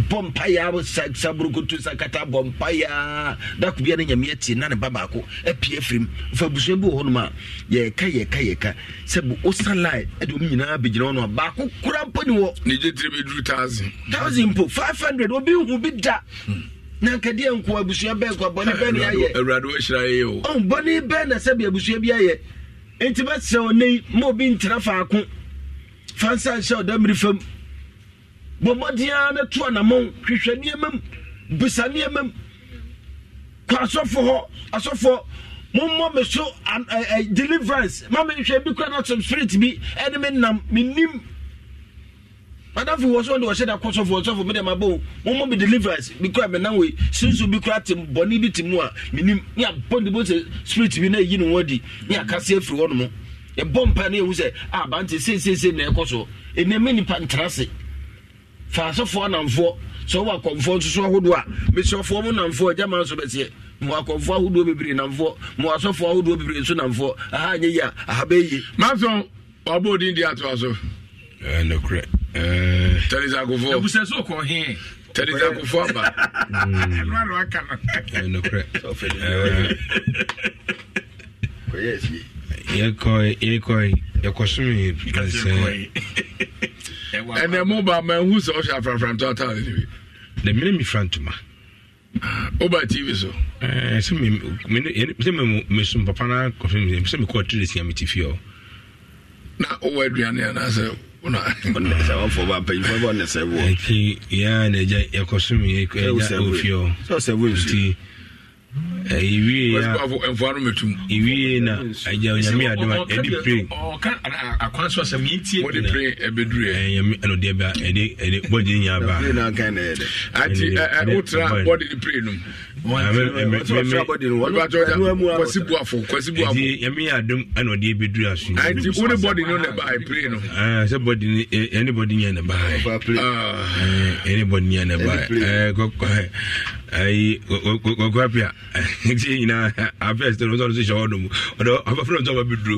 [SPEAKER 16] bɔ mpaeɛ sa burukutu sa kata bɔ mpaeɛ dako ba baako apie afirim fa abusua bi wɔ hɔnom a yɛka yɛka yɛka sɛ wosa lie ɛde ɔm nyinaa bɛgyina hɔ no a baako kora mpo ne wɔ
[SPEAKER 1] ne gye tiri bɛduru thousand
[SPEAKER 16] thousand mpo 500 obi hu bi da na nko abusua bɛn kɔ bɔne bɛn ne ayɛ awurade
[SPEAKER 1] wɔhyira yɛ
[SPEAKER 16] o bɔne bɛn na sɛbe abusua bi ayɛ enti bɛsɛ ɔnei ma obi ntena faako fa nhyɛ ɔda fam bɔmmɔdea no to anamɔ hwehwɛ nneɛma mu bisa nneɛma mu kɔ asɔfo hɔ asɔfo mommɔ me so deliverance ma mehwɛ bi kora no som spirit bi ɛne me nam menim madamfo wɔ so wɔde wɔhyɛ da kɔ sɔfo ɔsɔfo mede mabɔ mommɔ me deliverance bi kora menam wei sunsu bi kora te bɔne bi te mu a menim ne abɔ ne bo sɛ spirit bi no ayi ne wɔ di ne akase ah, afiri hɔ no mu yɛbɔ mpa no yɛhu sɛ abante seeseesei na ɛkɔ so ɛnɛ me oh. nipa ntra se faasefoɔ namfoɔ sɛ wowɔ akɔmfoɔ nsoso ahodoɔ a mesuafoɔ mu namfoɔ agya ma nso bɛteɛ mowɔ akɔmfoɔ ahodoɔ bebree namfoɔ mowɔ asɔfoɔ ahodoɔ bebree nso
[SPEAKER 1] namfoɔ aha nyɛ yi a aha bɛyie maso wabɔ odin de atoa so nokorɛ tɛlisa akofoɔ abusɛ so kɔ he tẹlifisa ko fọ ba.
[SPEAKER 16] yẹ kọ yẹ kọ yẹ kọ sumi
[SPEAKER 1] ɛnɛ ba ma ɛhu ah, sɛ ɔhyɛ afrafrantɔ ataa no nibi
[SPEAKER 11] dɛ mene mefra ntoma
[SPEAKER 1] woba tv so
[SPEAKER 11] eh, sɛ mesum papa no kɔfɛ
[SPEAKER 1] sɛ mekɔɔ tre sia mete fie ɔ na wowɔ aduane anaasɛ yɛa na agya yɛkɔsomyɛfie
[SPEAKER 16] ɔ ewie eh,
[SPEAKER 1] ya wotra bɔde pray nom kwasi buafo kwasi buafo. yẹmi yà dum ẹna ọdi ebi duru asu. ayi ti wọn ni eh, bọdi ni ọna eh, eh, (laughs) ah, ba ayi pire no. ẹ sẹ bọdi ni ẹ ni bọdi ni ẹ na ba ayi ẹ ni bọdi ni ẹ na ba ayi ẹ kọkọ ayi kọkọ apia ẹ ti nyina apia ẹ sẹ ọdún sọdún sọ ọdún mu ọdún afọlọ nsọ ọba bi duro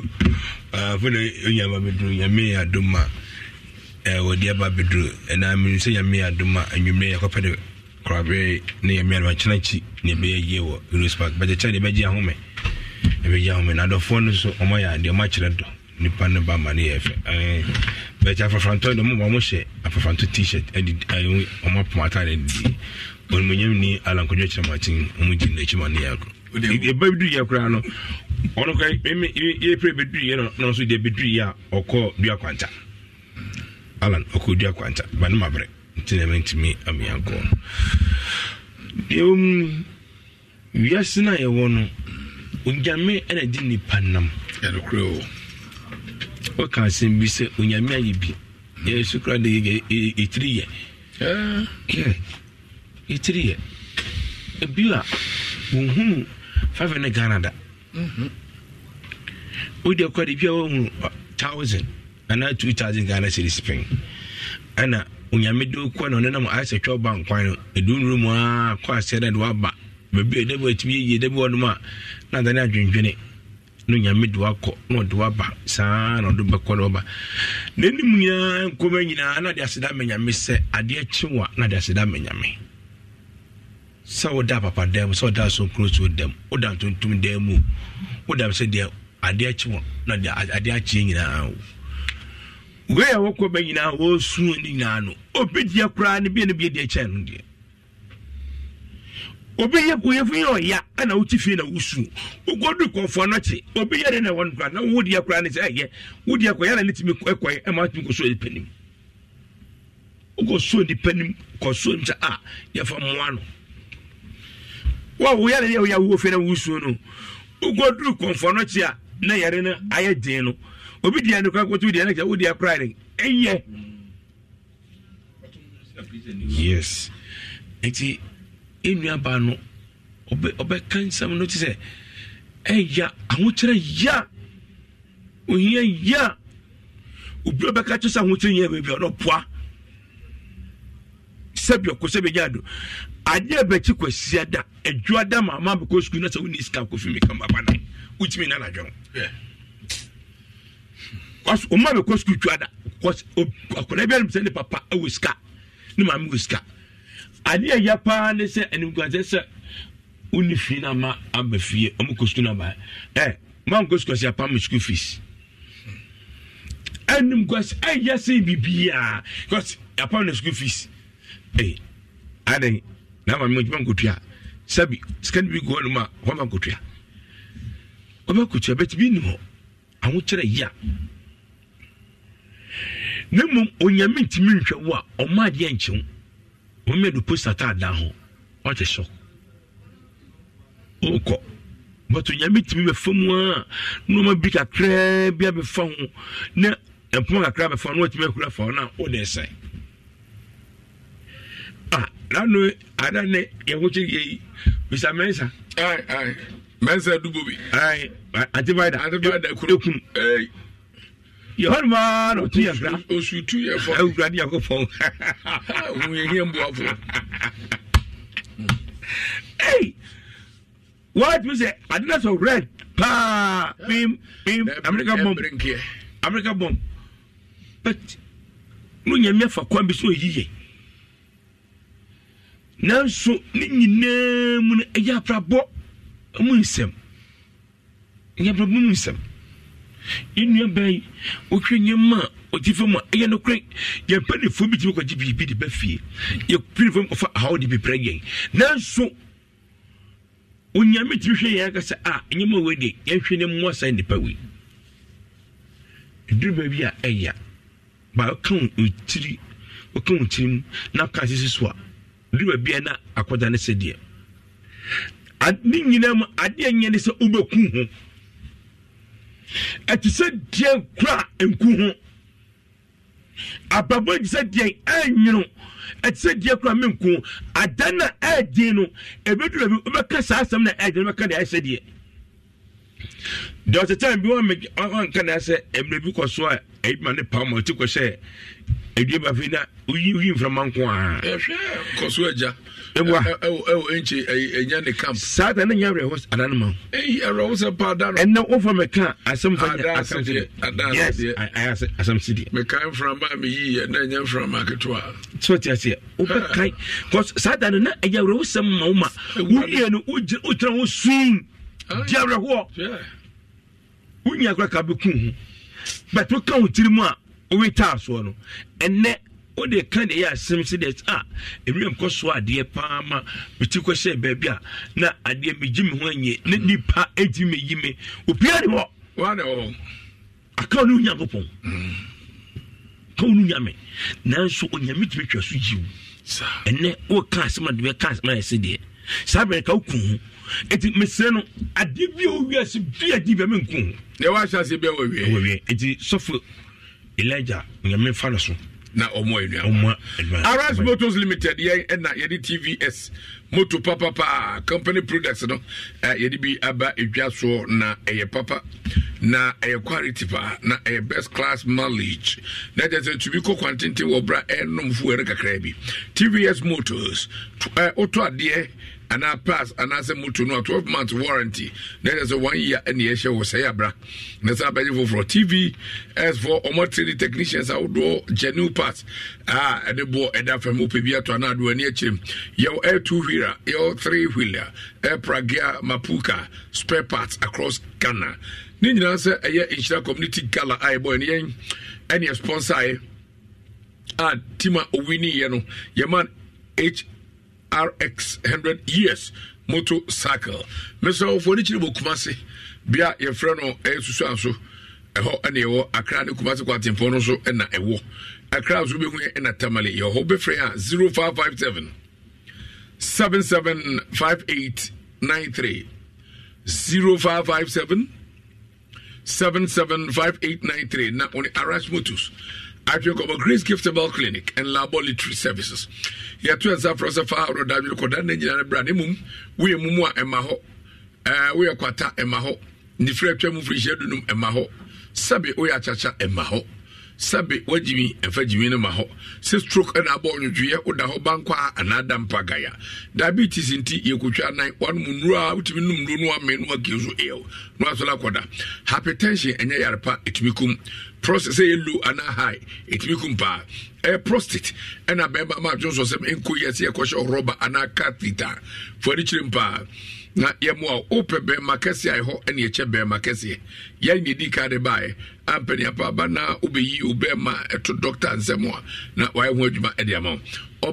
[SPEAKER 1] afọlọ onyaa ọba bi duro yẹmi yà dum a ẹ wọdi ẹba bi duro ẹna mi nsọ yẹmi yà dum a ẹnwumire yẹ kọpẹ de korabe ne yɛ
[SPEAKER 16] mmiɛnoma kyena akyi ne ɛbɛyɛ yie wɔ rose park bɛgye kyɛ de ɛbɛgye ahome ɛbɛgye na adɔfoɔ no nso ɔmo yɛ adeɛ ɔmo ba ma ne yɛ fɛ ɛɛ bɛgye afrafrantɔ de
[SPEAKER 1] ɔmo t-shirt ɛdi ɛɛ ɔmo apoma ataade didi ni alankodwa kyerɛ martin ɔmo gyina n'akyi ma ne yɛ du yɛ koraa no ɔno kora ɛmɛ du yɛ no na nso du yɛ a ɔkɔ dua kwanta alan ɔkɔ dua kwanta ba ne ma ntina mɛntumi ameankɔ deɛm wiase no a yɛwɔ no onyame ɛna di nnipa nam woka asɛm bi sɛ onyame ayɛ bi yɛsu kora de yɛtiri yɛ yɛtiri yɛ ebi a wɔnhunu fafe ne ghana da mhm. wode kɔ de bi a wɔhunu thousand anaa two thousand ghana series pɛn ɛna onyame do kɔ na ɔnenam ayɛsɛ twɛ ba nkwan no ɛdunuru mu a kɔ aseɛ dɛ de waba baabi a dabi atumi yɛyie dabi wɔnom a na adane adwendwene na onyame de wakɔ na ɔde waba saa na ɔde bɛkɔ na ɔba n'anim nyinaa nkɔma nyinaa na de aseda ma nyame sɛ adeɛ kye wa na de aseda ma nyame sɛ woda papa dan mu sɛ woda sonkuro so da mu woda ntontom dan mu woda sɛ deɛ adeɛ kye wa na deɛ adeɛ akyeɛ nyinaa wo wei ya wɔkɔ ba nyinaa wɔsu ne no obi deɛ koraa ne ya ne bia deɛ kyɛn no deɛ obi yɛ kuyɛfo yɛ ɔya ɛna wote fie na wosu wokɔdu kɔfoɔ no kye obi ya na na wodeɛ koraa ne sɛ nipa nim nipa nim a yɛfa mmoa no wa wo yɛre yɛ woyɛ wowɔ fie na wosu no wokɔduru kɔmfoɔ no kye a na yɛre na obi di ɛnu kwan kotu di ɛnu kyɛ wodi ɛkura yɛ ɛyɛ. yes nti enua baa no ɔbɛ ɔbɛ ka nsɛm no ti sɛ ɛya ahokyerɛ ya ohia ya obi ɔbɛka kyerɛ sɛ ahokyerɛ ya beebi ɔno poa sɛbi ɔkɔ sɛbi gya do adeɛ bɛkyi kɔ sia da adwa da maama bɛkɔ sukuu na sɛ wɔn ni sika kɔ fi mi kan baba na wotumi na na dwɔn. Yeah ɔma bɛkɔ sukuu twa da akwadaa bi anim sɛ ne papa wɔ sika ne maame wɔ sika adeɛ a yɛ paa ne sɛ animguansɛ sɛ wone fie no ama aba fie ɔmo kɔ sukuu no aba ɛ ma nkɔ ya, sɛ apam sukuu fees anim kɔs ɛyɛ sɛ biribiaa kɔs apam no sukuu fees ɛ adan na maame ɔgyima nkɔtua sabi sika no bi gu hɔnom a hɔma nkɔtua ɔbɛkɔtua bɛtumi nim hɔ ahokyerɛ yia na mmom onyame ntumi nhwɛ wo a ɔma adeɛ nkyew ɔma de posta ta ada ho ɔte so ɔkɔ but onyame tumi bɛfa mu a nneɛma bi kakraa bi abɛfa ho na mpoma kakra bɛfa ho na watumi akura fa ho na wode sɛe ah lano ada ne yɛhokyere yɛyi bisa mɛnsa mɛnsa dubobi ante bida ekunu hɔ noma na ɔtu yɛ gra ɔsutu yɛ fɔ awurade nyankopɔn yɛhia mboafoɔ ei wɔatumi sɛ ade no sɛ red paa america bom america bom but no
[SPEAKER 4] nyame afa kwan bi sɛ ɔyiyɛ nanso ne nyinaa mu no ɛyɛ e, aprabɔ mu nsɛm ɛyɛ e, aprabɔ mu nsɛm
[SPEAKER 1] nnua bɛn wotwe nneɛma a ɔgye fam a ɛyɛ nokorɛ yɛn mpanimfoɔ bi tumi kɔgye biribi de ba yɛpiri fam ɔfa ahaw de bebrɛ yɛn nanso onyame tumi hwɛ yɛn akasa a nneɛma wei de yɛnhwɛ ne mmoa saa nnipa wei duru baabi a ɛya ba ɔka wo tiri ɔka wo tiri mu na ɔka sisi so a baabi a na akɔda ne sɛdeɛ ne nyinaa mu adeɛ nyɛ ne sɛ wobɛku ho ɛte sɛ deɛ kura nku ho abrabɔ
[SPEAKER 4] te sɛ deɛ ɛnwono ɛte sɛ deɛ kura me nku ada na ɛɛdin no ɛbɛduru bi wobɛka saa asɛm na ɛɛdin no bɛka deɛ ɛsɛ deɛ dɔkita
[SPEAKER 1] tan bi wɔn nka na sɛ mmerɛ bi kɔ so a ɛyi ma ne pam ɔte kɔ sɛ edua na oyi oyi nko aa. ɛhwɛ kɔ so agya ɛboa ɛnkyɛ ɛnya ne camp saa da ne nya awerɛ hɔ ada no ma ɛyi awerɛ hɔ sɛ pa ada no ɛnɛ wofa mɛka asɛm fa nya asɛm sedeɛ yes asɛm sedeɛ mekae mframa a meyiiɛ na ɛnyɛ mframa ketewa so te aseɛ wobɛkae bcause saa da no na ɛyɛ awerɛ hɔ sɛm ma wo ma woyɛ no wogyina ho sum di awerɛhoɔ wonya kora ka bɛku ho but woka wo tiri mu a wowetaa soɔ no ɛnɛ wode ka deɛ ɛyɛ asɛm sɛ deɛ a ɛwia ah, nkɔ eh, so adeɛ paa ma meti kɔhyɛ baabi a na adeɛ megye me ho anyɛ ne nipa ɛgyi me yi me obia de hɔ wane wɔ akaw ne onyankopɔn akaw ne onyame nanso onyame tumi twa so gyiw ɛnɛ woka asɛm a deɛ ka asɛm ayɛ sɛ deɛ saa bɛrɛ ka woku ho nti mesrɛ no adeɛ bi a wɔwie bi adi bɛ menku ho deɛ wahyɛ ase bia wɔwie ɛnti sɔfo elija onyame fa no so na ɔmo anua aras motors limited yɛn ɛna yɛde tvs moto papapa pa, company products no uh, yɛde bi aba edwa soɔ na ɛyɛ papa na ɛyɛ quality paa na ɛyɛ best class mileage na ɛkyɛ sɛ tumi kɔ kwantenten wɔ bra ɛnom fuwɛre kakraa bi tvs motors wotɔ adeɛ anaa pass anaasɛ moto no a 12 month warranty na ɛsɛ sɛ one year ɛne ɛhyɛ wɔ sɛe abra na sɛ abɛgye foforɔ tv As for ɔmɔ trade technicians ah, a wodoɔ gya new pass a ɛde boɔ ɛda fam wopɛ bi ato anaa adoani akyirim yɛwɔ air two wheeler yɛwɔ three wheeler air pragea mapuka spare parts across ghana ne nyinaa sɛ ɛyɛ nhyira community gala a ɛbɔ ɛne yɛn ɛneɛ sponsor a team a ɔwiniiɛ no yɛma h rx 100 years motorcycle mesɛ ɔfoɔ no kyiri bɔ kumase bia yɛfrɛ no ɛyɛ susua so ɛhɔ ɛna ɛwɔ akra ne kumase kɔ atempɔn no so ɛna ɛwɔ akra nso bɛhu yɛ ɛna tamale yɛ hɔ bɛfrɛ a 0557 775893 0557 775893 na ɔne arash motors atwenkɔmɔ grace giftable clinic and laboratory services yɛto ɛnsa frɛ sɛ fa awrodadwe no kɔda nna nyina no bra ne mmom woyɛ mumu a ɛma hɔ woyɛ kwata ɛma hɔ nifiri atwa mu firihyia dunum ɛma hɔ sɛbe woyɛ akyakya ɛma hɔ sɛbe wagyimi ɛfa gyimi no ma hɔ sɛ stroke ɛna abɔ nwodweɛ woda hɔ bankɔ a anaa da mpa gaya diabetes nti yɛkotwa anan wanom nnuro a wotumi nom nnuro no ame no wakio so ɛɛw na wasɔre akɔda hypertension ɛnyɛ pa ɛtumi kum process sɛ yɛ low anaa high ɛtumi kum paa ɛyɛ prostate ɛna bɛrima ma adwonsɔ sɛ nkɔ yɛ sɛ yɛkɔhyɛ rɔba anaa catheter fɔ ani kyerɛ mu paa na yɛmo a wopɛ bɛrima kɛseɛ a ɛhɔ ɛne ɛkyɛ bɛrima kɛseɛ yɛn ne di ka de baeɛ ampaniapa aba na wobɛyi wo bɛrima ɛto dɔkta nsɛm a na wayɛ ho adwuma ɛde ama wo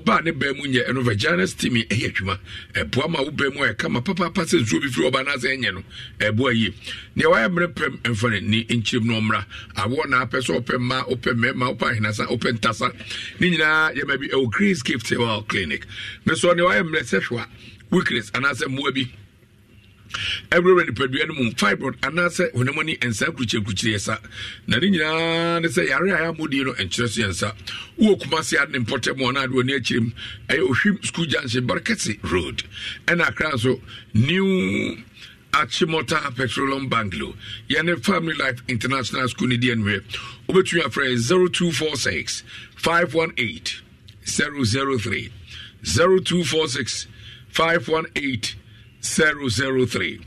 [SPEAKER 1] ɔbaa ne bɛn mu nyɛ ɛno vaginas timi ɛyɛ adwuma ɛboa ma wo bɛn mu a ɛkama papaapa sɛ nsuo bi firi ɔba no asɛ ɛnyɛ no ɛboa yie neɛ wayɛ mmerɛ pɛm ɛmfa ni nkyerɛm no ɔmmra awoɔ na apɛ sɛ wopɛ mma wopɛ mmarima wopɛ ahenasa wopɛ ntasa ne nyinaa yɛma bi ɛwɔ grace gift clinic mesɔ neɛ wayɛ mmerɛ sɛhwe a weakness anaasɛ mmoa bi ɛwurɛwurɛ nipadua no mu fibroid anaasɛ honam ani nsa nkurukyire nkurukyire na ne nyinaa ne sɛ yare a yɛamɔdie no nkyerɛ so yɛnsa wowɔ kuma se ade ne mpɔtɛ mu ɔno adeɛ ɔne akyiri mu ɛyɛ ohwim school junction barkɛse road ɛna akra nso new achimota petroleum banglo yɛne family life international school ne deɛ nomerɛ wobɛtumi afrɛ 0246 518 003 0246 518 zero zero three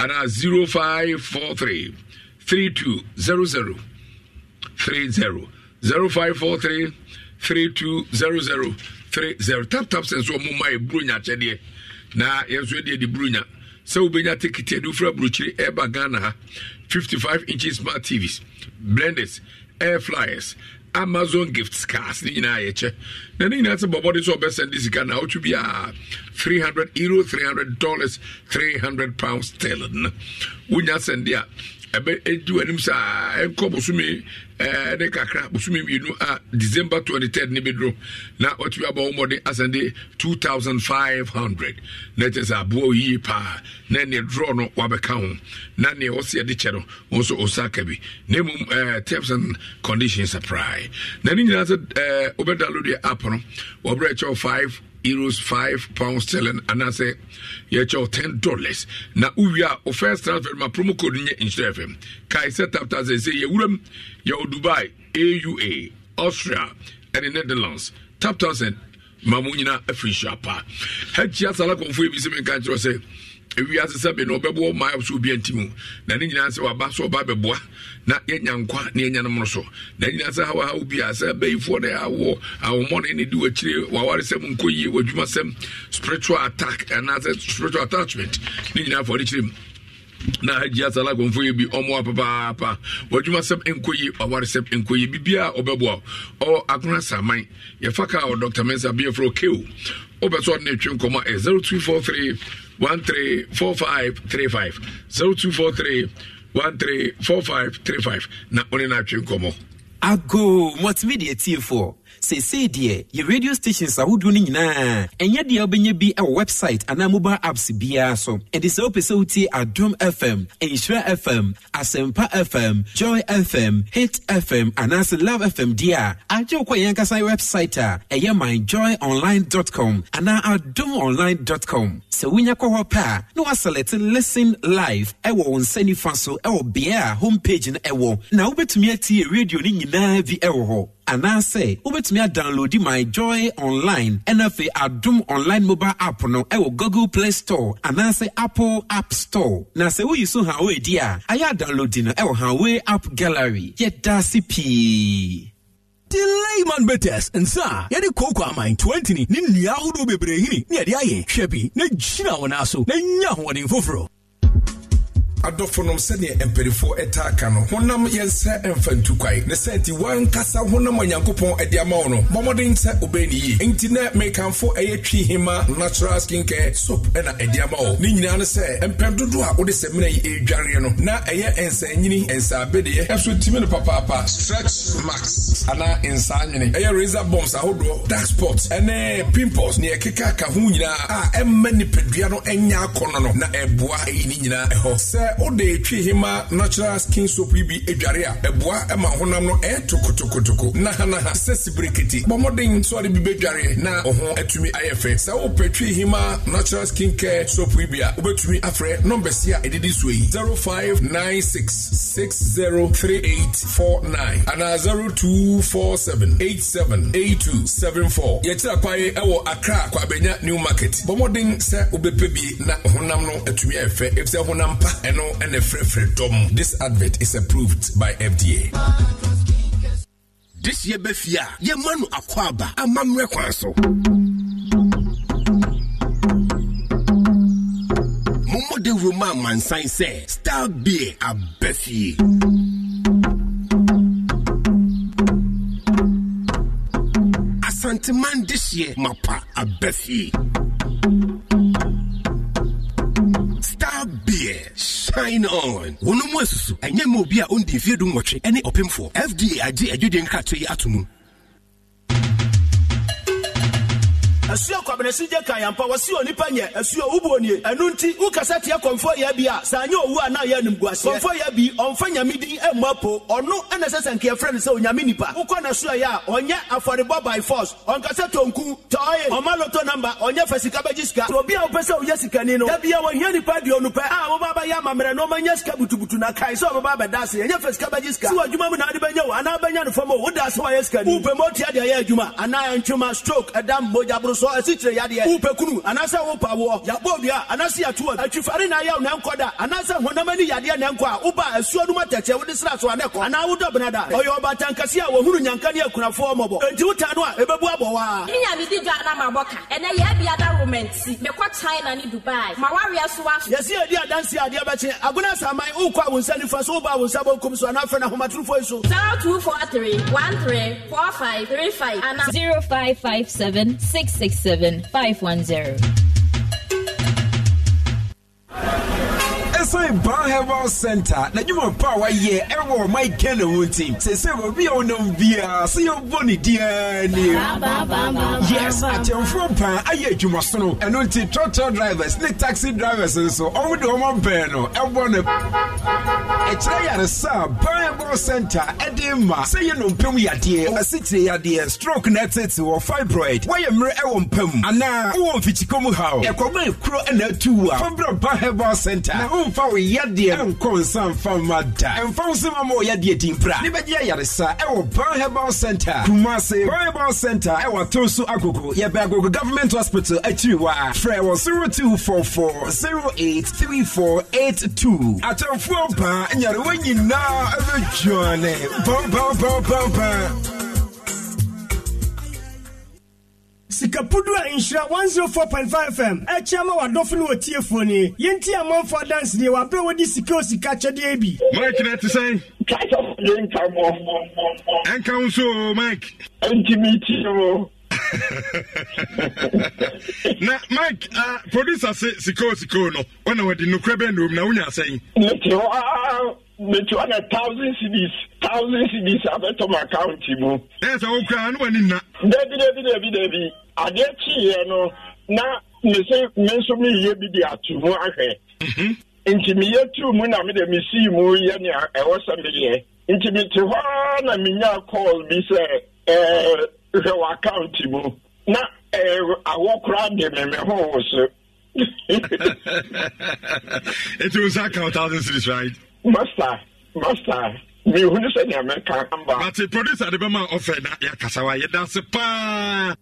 [SPEAKER 1] and a zero five four three three two zero zero three zero zero five four three three two zero zero three zero tap tap sɛ nso ɔmo ma yɛ buronya kyɛdeɛ na yɛn nso yɛde yɛde buronya sɛ wobɛnya tikiti ɛde wofura burokyiri ghana ha fifty five inches smart tvs blenders air flyers amazon gift cars ne nyinaa yɛ kyɛ na ne nyinaa sɛ bɔbɔde sɛ ɔbɛsɛn de sika na wotu bi a 300 euro 300 dollars 300 pounds sterling no wonya sɛnde a ɛbɛ ɛdi e, w'anim saa ɛnkɔ e, bosome ɛɛ ne kakra bosome mmienu a december twenty third ne bi duro na ɔtumi abɔ wɔn mɔden asan two thousand five hundred na kyerɛ sɛ aboɔ yie paa na nea duro no wabɛka ho na nea ɔsi ɛde kyɛ no wɔn nso ɔsa ka na emu ɛɛ e, terms and conditions apply na ne nyinaa sɛ ɛɛ ɔbɛda lodi app no wɔbrɛ kyɛw five euros five pounds sterling anaasɛ yɛkyɛw ten dollars na wowie a wo first transfer ma promo code no nyɛ nhyerɛ fm kae sɛ tapta sɛ sɛ yɛwuram yɛwɔ dubai aua austria ɛne netherlands tap thousand ma mo nyina afiri hyɛ apaa hakyia sala kɔmfoɔ bi sɛ menka kyerɛ sɛ ewiase sɛ bi na ɔbɛboa ɔma so obi anti mu na ne nyinaa sɛ waba so ɔba bɛboa na yɛnya nkwa na yɛnya no moro so na nyinaa sɛ hawa haw bia sɛ bɛyifoɔ na yɛawoɔ awomɔne ne di wakyire wawaresɛm nkɔ yie wadwumasɛm spiritual attack anaasɛ spiritual attachment ne nyinaa fɔ ne kyerɛ mu na agye asala akɔmfo yɛ bi ɔmoa papaapa wadwuma sɛm nkɔye ɔwaresɛm nkɔye biribiaa ɔbɛboa ɔ akona saman yɛfa ka ɔ dr mensa biɛfrɛ keo wobɛ sɛ ɔde ne twe nkɔmmɔ ɛ 0243 one three four five three five zero two four three one three four
[SPEAKER 11] five three five na ɔne no atwe nkɔmmɔ ago mɔtumi deɛ tiefoɔ seesei deɛ yɛ radio stations ahodoɔ no nyinaa ɛnyɛ deɛ wobɛnya bi wɔ website anaa mobile apps biara so ɛde sɛ wopɛ sɛ wotie adom fm nhyira fm asɛmpa fm joy fm hit fm anaasɛ love fm deɛ a agye wokɔ yɛn ankasa website a ɛyɛ myjoyonline.com anaa adomonline.com sɛ wonya kɔ hɔ pɛ a na waselɛte listen live ɛwɔ wo nsa nifa so ɛwɔ bea a homepage no ɛwɔ na wobɛtumi atie radio no nyinaa bi ɛwɔ hɔ anaasɛ wobɛtumi adownloadi my joy online ɛna afei adom online mobile app no ɛwɔ google play store anaasɛ apple app store na sɛ woyi so hawei di a ayɛ adownloadi no ɛwɔ hawei app gallery yɛda ase pii di layman betters.
[SPEAKER 6] nsa yɛde kooko aman 20 ne nnua ahodoɔ bebree hini ne yɛde ayɛ hwɛ bi na gyina wɔn
[SPEAKER 1] aso na nya ahoɔden foforɔ adɔfo nom sɛdeɛ mpanimfoɔ ɛta aka no honam yɛnsɛ mfa ntu kwae ne sɛ nti wankasa honam onyankopɔn de ama wo no bɔmmɔden sɛ obɛɛ ne yie enti nɛ mekamfo ɛyɛ twi hema natural skin care soap ɛna ɛde ama wo ne nyinaa no sɛ mpɛn dodoɔ a wode sɛmina yi ɛredwareɛ no na ɛyɛ nsanyini nsabedeɛ ɛso tumi no papaapa stretch max anaa nsaanwene ɛyɛ razor bombs ahodoɔ dark spots ɛne pimples ne ɛkeka ka ho nyinaa a ɛmma nipadua no ɛnyɛ akɔnɔ no na ɛboa ɛyi ne nyinaa ɛhɔ sɛ sɛ wode twi hema natural skin soap yi bi adware a ɛboa ma honam no ɛɛto kotokotoko nahanaha sɛ sibirekete bɔ mmɔden nso ade bi bɛdware na wo ho atumi ayɛ fɛ sɛ wopɛ twi hema natural skin care soap yi bi a wobɛtumi afrɛ nɔmbɛse a ɛdidi so yi 0596603849 anaa 0247878274 yɛkyerɛ kwae ɛwɔ akra kwabɛnya new market bɔ mmɔden sɛ wobɛpɛ bi na honam no atumi ayɛ fɛ ɛfisɛ honam pa ɛno no and a This advert is approved by FDA. This year bɛfie ah, a yɛma no akɔ
[SPEAKER 11] aba amammerɛ kwan so mommɔde wuroma amansan sɛ star bie aba fie asanteman de hyeɛ mapa a fie shine on wɔnom asusu ɛnyɛ ma obi a
[SPEAKER 7] ɔndi mfeɛ du nwɔtwe ne ɔpemfoɔ fda agye adwudeɛ nkrato yi ato mu
[SPEAKER 4] ɛsuo kwabenesi gye kan yampa wɔsi onipa nyɛ ɛsuo wubu onie ɛnu nti wukasa tia kɔnfɔ yɛ bi a saa nye owu a na yɛ nim guaseɛ kɔnfɔ yɛ bi ɔnfɔ nyame din ɛmu e apo ɔno ɛna sɛ sɛnkeɛ frɛ no sɛ onyame nipa wokɔ na suo yɛ a ɔnyɛ afɔrebɔ by force ɔnkasa tonku tɔɔye ɔma loto namba ɔnyɛ fɛ sika bɛgye sika obi a wopɛ sɛ woyɛ sikani no a wɔhia nipa aduonu pɛ a ah, wobaa bɛyɛ amammerɛ na ɔmanya sika butubutu na kae sɛ ɔbɛba bɛda ase ɛnyɛ fɛ sika bɛgye sika sɛ wadwuma mu na wode bɛnya wo anaa bɛnya no fam o woda ase wɔyɛ sikani wopɛ ma otia deɛ ɛyɛ adwuma anaa ntwoma stroke ɛda mmogya boro so asikyire yadeɛ wopɛ kunu anaasɛ wopa woɔ yɛabɔ dua anaasɛ yɛatoa atwifare na ayɛ na nkɔ da anaasɛ honam ani yadeɛ na nkɔ a woba asuo no mu atɛkyɛ wode sra so ne kɔ anaa wodɔ bena da ɔyɛ ɔbatankɛse a wɔhunu nyanka ne akunafoɔ mmɔbɔ enti wota no a ɛbɛbu abɔ waa ne
[SPEAKER 10] nyamedi dwa na mabɔ ka ɛnɛ yɛ bia da romanti mekɔ china ne dubai mawareɛ so aso yɛsi
[SPEAKER 4] yɛdi adanse adeɛ bɛkye agona asaman wokɔ a wo nsa nifa so woba wo nsa bɔnkum so anaa afɛ no ahomatorofo yi so 0243
[SPEAKER 10] 13 45 35 ana 0557 66 567 510.
[SPEAKER 11] ɛsiane ban herbal center n'adwuma pa a wayɛ ɛwɔ ɔman ghana ho nti sɛsɛ baabi a wonam biara sɛ yɛbɔ ne diaa nie yes pan, paa ayɛ adwumasono ɛno nti trɔtɔ drivers ne taxi drivers nso ɔmo de ɔmo bɛn no ɛbɔ no
[SPEAKER 12] ɛkyerɛ
[SPEAKER 11] yaresa a ban herbal center ɛde ma sɛ yɛ nompɛm yadeɛ asitire yadeɛ stroke na ɛtete wɔ fibroid wayɛ mmerɛ ɛwɔ mpam anaa wowɔ mfikyikɔ mu haw ɛkɔma ɛkuro ɛna atu wo a fabra ban herbal center ɛmfa wo yadeɛ nkɔ nsa mfa mma da ɛmfa wo sɛ ma ma ɔyadeɛ din pra ne bɛgye ayaresa ɛwɔ brown herbal center kumase brown herbal center ɛwɔ ato so agogo yɛbɛ agogo government hospital akyiri hɔ a frɛ wɔ 0244 083482 atɔmfoɔ nyarewa nyinaa ɛbɛdwane bam bam bam bam bam
[SPEAKER 7] sikapudu a nhyira 104.5 fm ɛkyɛ ma wadɔfo ne
[SPEAKER 4] wɔtiefoɔ ni yɛnti amanfoɔ dance deɛ wabrɛ wodi sika o sika kyɛdeɛ bi mike na ɛte sɛn ɛnka wo so mike ɛntimi tie
[SPEAKER 1] o na mike uh, producer se sikoo
[SPEAKER 8] sikoo no ɔna wɔde nokorɛ bɛ nom na wonya asɛn mete hɔ mete hɔ na thousand cds thousand cds abɛtɔ m account mu ɛ eh, sɛ wokura ne w'ani nna dabi dabi dabi dabi adeɛ kyeeɛ no na me sɛ me nso meyɛ bi de
[SPEAKER 1] ato mu ahwɛ mhm. nti meyɛ tu mu na mede mesii mu yɛ nea ɛwɔ e sɛ
[SPEAKER 11] meyɛ nti mete hɔ na menyaa call bi sɛ hwɛ wɔ account mu na eh, awɔ koraa de me me ho wo so nti wo sɛ account thousand series right master master mehunu sɛ nea mɛka bate producer de bɛma ɔfɛ na kasa wa yɛda se
[SPEAKER 6] paa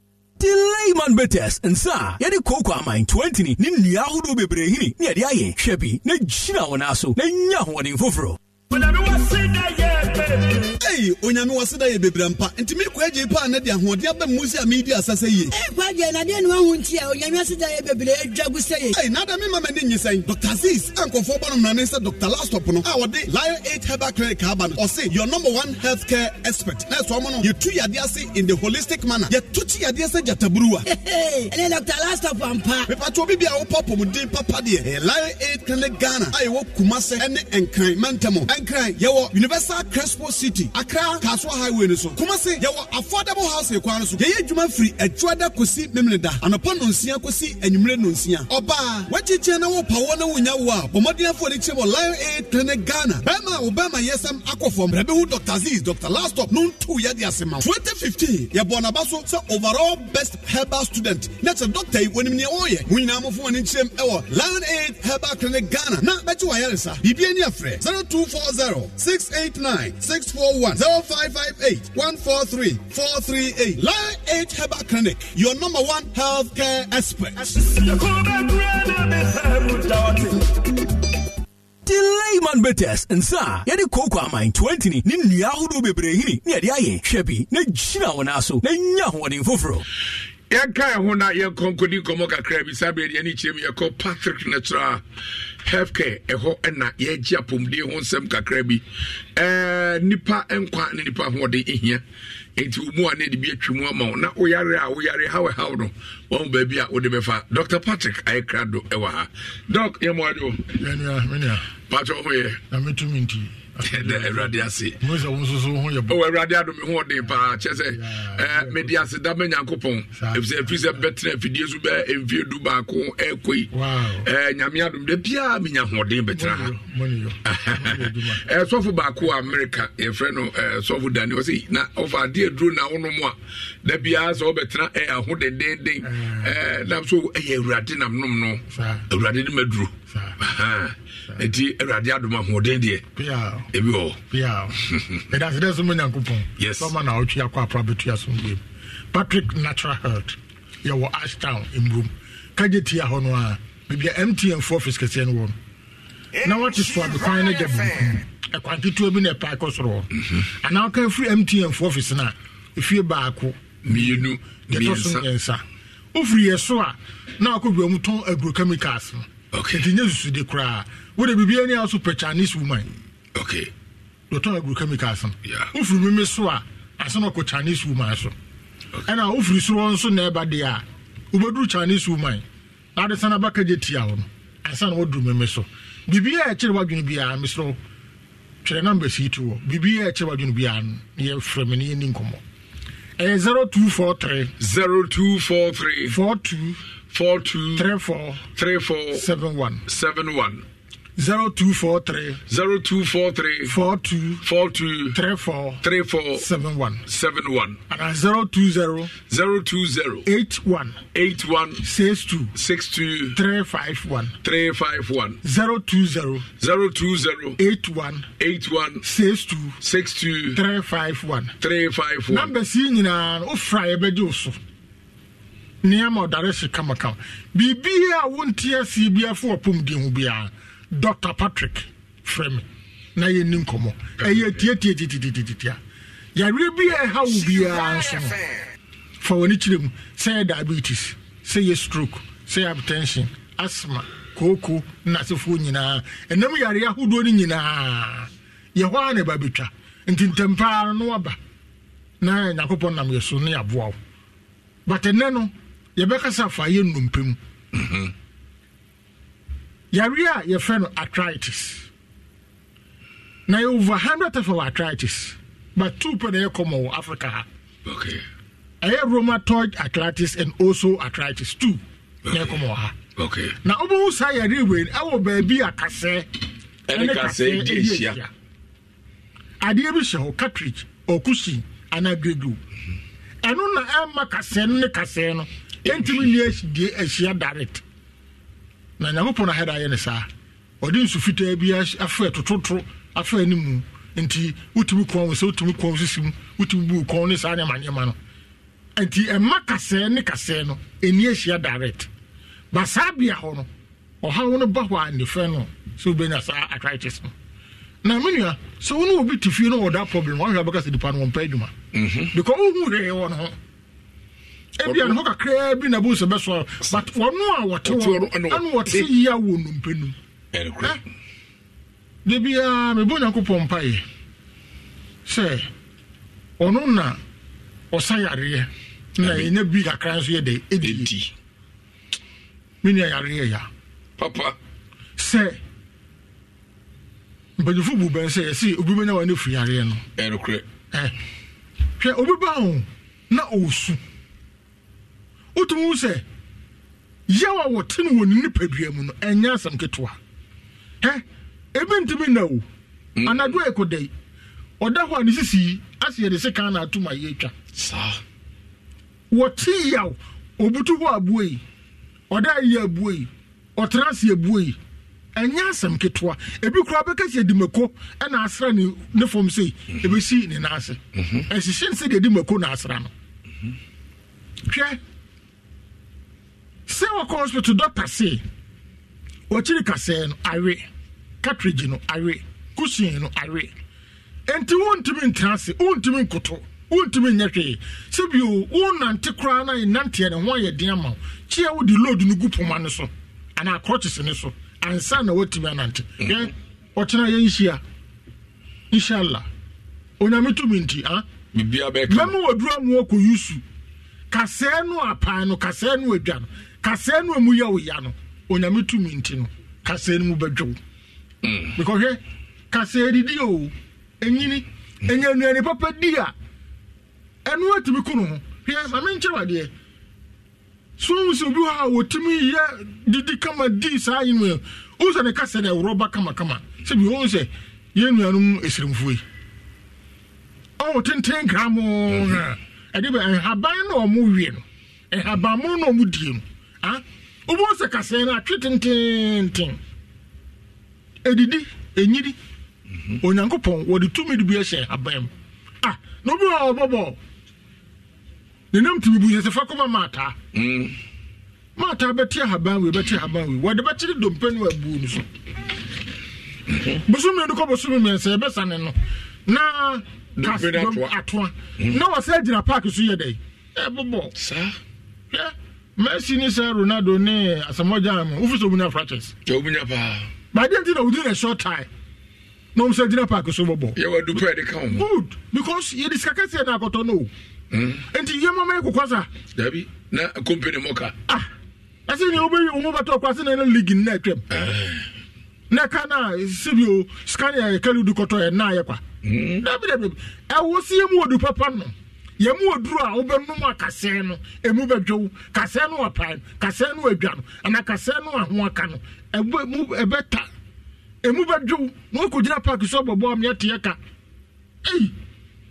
[SPEAKER 6] man Betes nsa yɛde koko aman 20 ne nnua ahodoɔ bebree hini ne yɛde ayɛ hwɛ bi na gyina wo naa so na nya ahoɔden foforɔ
[SPEAKER 13] Hey, onyame wɔ se da yɛ bebree mpa nti mekɔ agye pa a na de ahoɔden aba mu sɛ a medi asa sɛ yie ɛkɔ agye na deɛ ne waho nti a onyame se da yɛ bebree adwa gu sɛ yɛ ei nada mema m'ani nye sɛn dr zis ankɔfoɔ bɔ no mmarane sɛ dr lastop no a wɔde lion 8 herbal clinic aba no ɔse your number one health care expert na ɛsɔ mo no yɛtu yadeɛ ase in the holistic manner yɛto kye yadeɛ sɛ gyataburuwa ɛne dr lastop ampa mepatoɔ bibi a wopɔ pɔmuden papa deɛ lion 8 clinic ghana a yɛwɔ kuma sɛ ne nkran mantam nkran yɛwɔ universal credit expo city accra kasuwa highway ni so kumasi yɛwɔ affordable housing kwan so yɛyɛ adwuma firi adwada kosi mimida anapa nonsia kosi enyimire nonsia ɔbaa wagyigye na wɔ pawo na wonya wo a bɔmmɔdenafo ni kyerɛ wɔ lion aid clinic ghana bɛrima a ɔbɛrima yɛsɛm akɔ fam bɛrɛ bi hu dr aziz dr lastop no ntu yɛ de ase ma twenty fifteen yɛbɔ n'aba so sɛ overall best herbal student na kyerɛ doctor. yi wɔnim nea ɔyɛ mo nyinaa mo fún wɔn ni nkyɛn ɛwɔ lion aid herbal clinic ghana na bɛgye wɔ ayɛresa biribi ani afrɛ zero two four zero six eight nine. 641 0558 438. Lion 8 Herbal Clinic, your number one healthcare expert.
[SPEAKER 6] delay man betters nsa yɛde kooko aman 20 ne nnua ahodoɔ bebree hini ne yɛde ayɛ hwɛ bi na gyina wo naa so
[SPEAKER 1] yɛnka ɛho na yɛnkɔ nkɔdi nkɔmmɔ kakra bi saa berɛ deɛ ne kyerɛ mu yɛkɔ patrick natural healthcare ɛhɔ ɛna yɛgye apɔmuden ho nsɛm kakra bi ɛɛ nkwa ne ahoɔden nti mu a ne de bi atwi mu ama na woyare a woyare haw no wɔn a bɛfa dr patrick ayɛ krado ɛwɔ ha o yɛ na yɛda awurade ase awurade adome ho ɔden paa kyɛ sɛ eh, mede ase da ma nyankopɔn ɛfisɛ ɛfiri sɛ bɛtena afidie so bɛ mfie du baako ɛkɔi eh, nyame adom da biaa menya hoɔden bɛtena ha (laughs) eh, sɔfo baako amerika yɛfrɛ no sɔfo dani ɔ sɛ na ɔfa adeɛ duro na wo no mu a da biaa sɛ wobɛtena ɛyɛ ho dendenden nam so ɛyɛ awurade nam nom no awurade de maduro (laughs) nti awurade adom ahoɔden deɛ ebi wɔ
[SPEAKER 18] ɛdase (laughs) dɛ so mu nyankopɔn sɛma na ɔtwe akɔ apra bɛtua so mbiem patrick natural health yɛwɔ ashtown mmurom kagye tia hɔ no a bibia mtmfo office kɛseɛ no wɔ no na wɔte soabe kwan no gya benkum ɛkwan ketewa bi na ɛpae kɔ soro hɔ mhm. anaa woka firi mtmfo office no a ɛfie baako mmienu yɛtɔ so mmiɛnsa wofiri yɛ so a na wakɔ wiamu tɔn agro chemicals no ɛnti nyɛ susude koraa wode biribia ni a so pɛ chinese woman okay dɔtɔn agrochemicals no yeah. wofiri mimi so a asɛ no kɔ chinese woman so ɛna okay. wofiri soro nso na ɛba deɛ a wobɛduru chinese woman na ade sana baka gye tia wo no ansa na woduru mimi so biribiaa ɛkyerɛ w'adwene biara mesrɛ wo twerɛ namba sii to wɔ biribiaa ɛkyerɛ w'adwene biara no yɛfrɛ me ne yɛni nkɔmmɔ ɛyɛ three
[SPEAKER 1] four three four seven one seven one zero two four three zero two four three four two four two three four three four seven one seven one and zero two zero zero two zero eight one eight one six two six two three five one three five one zero two zero zero two zero eight one eight one six two six two three five one three five one
[SPEAKER 18] number si nyinaa o fura yɛ bɛ di o so. nneɛma ɔdare hye kamakama biribiaa wonteɛ sii biaa fo wapɔmden ho biara dr patrick frɛ me na yɛnni nkɔmmɔ ɛyɛ e tiatiatititititia yareɛ bi a e ɛha wo biara nso no fa w'ani kyerɛ mu sɛ yɛ diabetes sɛ yɛ stroke sɛ yɛ hypertension asthma kooko na asefoɔ nyinaa ɛnam yareɛ ahodoɔ no nyinaa yɛhɔ a na ɛba bɛtwa nti ntɛm paa no waba na nyankopɔn nam yɛ so ne yɛaboa wo but ɛnɛ no yɛbɛkasa fa yɛ nnompɛ mu mhm yare a yɛfrɛ no arthritis na yɛ over hundred type of arthritis but two pɛ na yɛ common wɔ africa ha okay. ɛyɛ rheumatoid arthritis and also arthritis two okay. na yɛ common wɔ ha okay. na wobɛhu saa yare wei ɛwɔ baabi a kasɛɛ ɛne kasɛɛ di ahyia adeɛ bi hyɛ hɔ cartridge or cushion anaa gregu ɛno na ɛma kasɛɛ no ne kasɛɛ no ɛntumi ne ahyia direct na nyankopɔn ahɛda ayɛ ne saa ɔde nsu fitaa bi afa tototoro afa ne mu nti wotumi kɔn wo sɛ wotumi kɔn wo sisi mu wotumi bu kɔn ne saa nneɛma nneɛma no nti ɛma kasɛɛ ne kasɛɛ no ɛni ahyia direct ba saa bea hɔ no ɔhaw no ba hɔ a nefɛ no sɛ wobɛnya saa atritis no na me nua sɛ wo ne obi te fie no wɔ problem wahwɛ bɛka sɛ nipa no wɔmpɛ adwuma mhm. because wohu hwee wɔ no ho ebi anọ kakra bi na ebuso bɛsɔ but wɔn a wɔte wɔte wɔ debi a sɛ ɔno na ɔsa yareɛ na ɛnya bi kakra nso yɛ yareɛ ya papa sɛ mpanyinfo bu bɛn sɛ yɛsi obi bɛ nya ne fi yareɛ no hwɛ obi ba ho na ɔwɔ su. wotumi hu sɛ yaw a wɔte no wɔ ne nipadua mu no ɛnyɛ asɛm ketewa hɛ ebi ntumi na o mm. anadwo yɛ kodai ɔda hɔ a ne sisi ase yɛde sika na atum a yɛatwa saa wɔte yaw obutu hɔ abue yi ɔda ayi abue yi ɔtena ase abue yi ɛnyɛ asɛm ketewa ebi koraa bɛka sɛ edimako ɛna asra ne ne fam sei mm-hmm. ebesi ne nan ase mm-hmm. ɛsisi ne sɛ deɛ edimako na asra no mm-hmm. hwɛ sɛ wɔkɔ hospital dɔkta se wɔkyiri kasɛɛ no awe cartridge no awe cushion no awe enti wontumi ntena ase wontumi nkoto wontumi nyɛ hwee sɛ bio wonante koraa na nanteɛ ne ho ayɛ den ama wo kyeɛ wode load no gu poma no so anaa crotches ne so ansa na woatumi anante mhm. yɛn ɔkyena yɛnhyia inshallah onyame tumi nti ah? a mɛma wɔduru amoɔ kɔ yusu kasɛɛ no apaa no kasɛɛ no adwa no kaseɛ no a mu yɛ wo ya no onyame tumi nti no kaseɛ no mu bɛdwow mm. because hwɛ kaseɛ didi o ɛnyini ɛnyɛ nnuane papa di a ɛno atumi ku no ho hwɛ ma menkyerɛ wadeɛ sohu sɛ obi hɔ a wɔtumi yɛ didi kama di saa yi no wohu sɛ ne kaseɛ no ɛworɔ ba kamakama sɛ bi wɔhu sɛ yɛn nuanom ɛsirimfuo ɔwɔ tenten kra mo mhm. ɛde bɛ nhaban na ɔmo wie no nhaban na ɔmo die no wobɛhu ah? sɛ kaseɛ no atwe tententen ɛdidi ɛnyiri mhm. onyankopɔn wɔde tumi de bi ahyɛ aban m ah, na obi a ɔbɔbɔ ne nam timibu sɛ sɛ fa kɔma bati mm. ahaban wei bati ahaban wei wɔde bɛkyere dompa no abu no so mhm. bosom mmienu kɔ bosom mmiɛnsa yɛbɛsane no na kas dom atoa mhm. na wɔsɛ gyina park so yɛ dɛn ebubo. saa messi ni sɛ ronaldo ne asamoah mu wofi sɛ omunya fractures. kɛ omunya paa. baadeɛ nti na within a short time na wɔn sɛ gyina park so bɔbɔ. yɛ wɔ dupɛ de ka wɔn. good because yɛ de sika kɛseɛ na akɔtɔ no. Hmm. nti yɛ mɔmɔ yɛ kɔkɔ sa. dabi na
[SPEAKER 1] kompani mɔ ka. ah
[SPEAKER 18] ɛsɛ ni obe omo bɛtɔ kɔ ɛsɛ na yɛ ligi nna twɛm. Eh. na ɛka na sebi o scan yɛ kɛlu di kɔtɔ yɛ nna yɛ kwa. Hmm. dabi dabi ɛwɔ si yɛ mu wɔ dupɛ pa no. yɛmu oduro a wobɛnom a no ɛmu bɛdwo wo no ɔpae no no no ana kaseɛ no ahoaka no ɛbɛta ɛmu na park so bɔbɔ meɛteɛ ka ei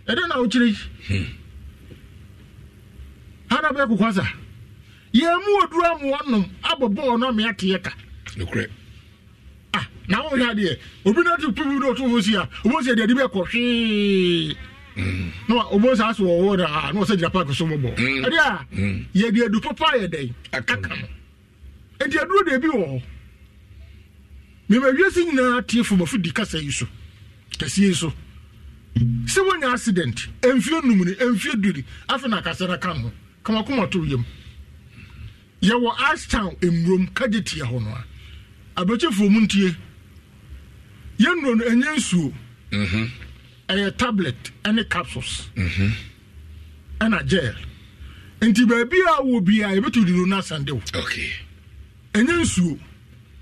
[SPEAKER 18] ɛdɛ na wokyerɛ yi hmm. hana bɛyɛ kokɔ sa yɛmu oduro a mowɔnom abɔbɔɔ no meɛteɛ ka ah, na wohwɛ adeɛ obi no ɔtomfo si a na ɔbɔ saa so wɔwɔ da a na ɔsɛ gyina paaki so mɔbɔ mm. ɛde a mm. yɛde adu papa yɛ dɛn aka no nti aduro de bi wɔ hɔ mɛmɛ wiase nyinaa tie fomafo di kasa yi so kasi yi so sɛ woanya accident ɛmfie num ni ɛmfie duri afei na akasa no ka no ho kamakoma to yam yɛwɔ astown mmurom kagye tie hɔ no a abɛkyɛfoɔ mu ntie yɛnnuro no ɛnyɛ nsuo mm-hmm. ɛyɛ tablet ɛne capsules mhm. ɛna gel nti baabi a wɔ biara yɛbɛto duro no asande wo ɛnyɛ nsuo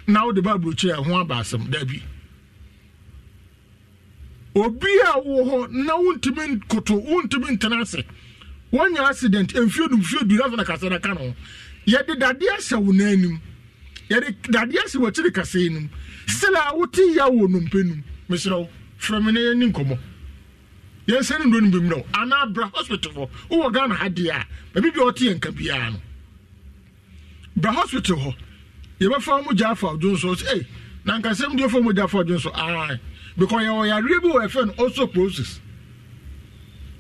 [SPEAKER 18] na wode ba aburokyi a ɛho abaasɛm daabi obi a wɔ hɔ na wontumi nkoto wontumi ntena ase wɔnyɛ accident mfio dum fio dum afei na kasa na ka no yɛde dadeɛ ahyɛ wo nan anim yɛde dadeɛ ahyɛ wɔ akyiri kasa anim sɛlɛ a wote yɛ wɔ nnompe num mesrɛ wo frɛ me na yɛni nkɔmmɔ yɛnsɛ no nduro no bim no anaa bra hospital hɔ wowɔ ghana ha deɛ a baabi bia ɔte yɛnka biara no bra hospital hɔ yɛbɛfa mo gya afa adwo nso sɛ ei na deɛ fa mo gya afa adwo nso ae because yɛwɔ yareɛ bi wɔ ɛfɛ no osteoporosis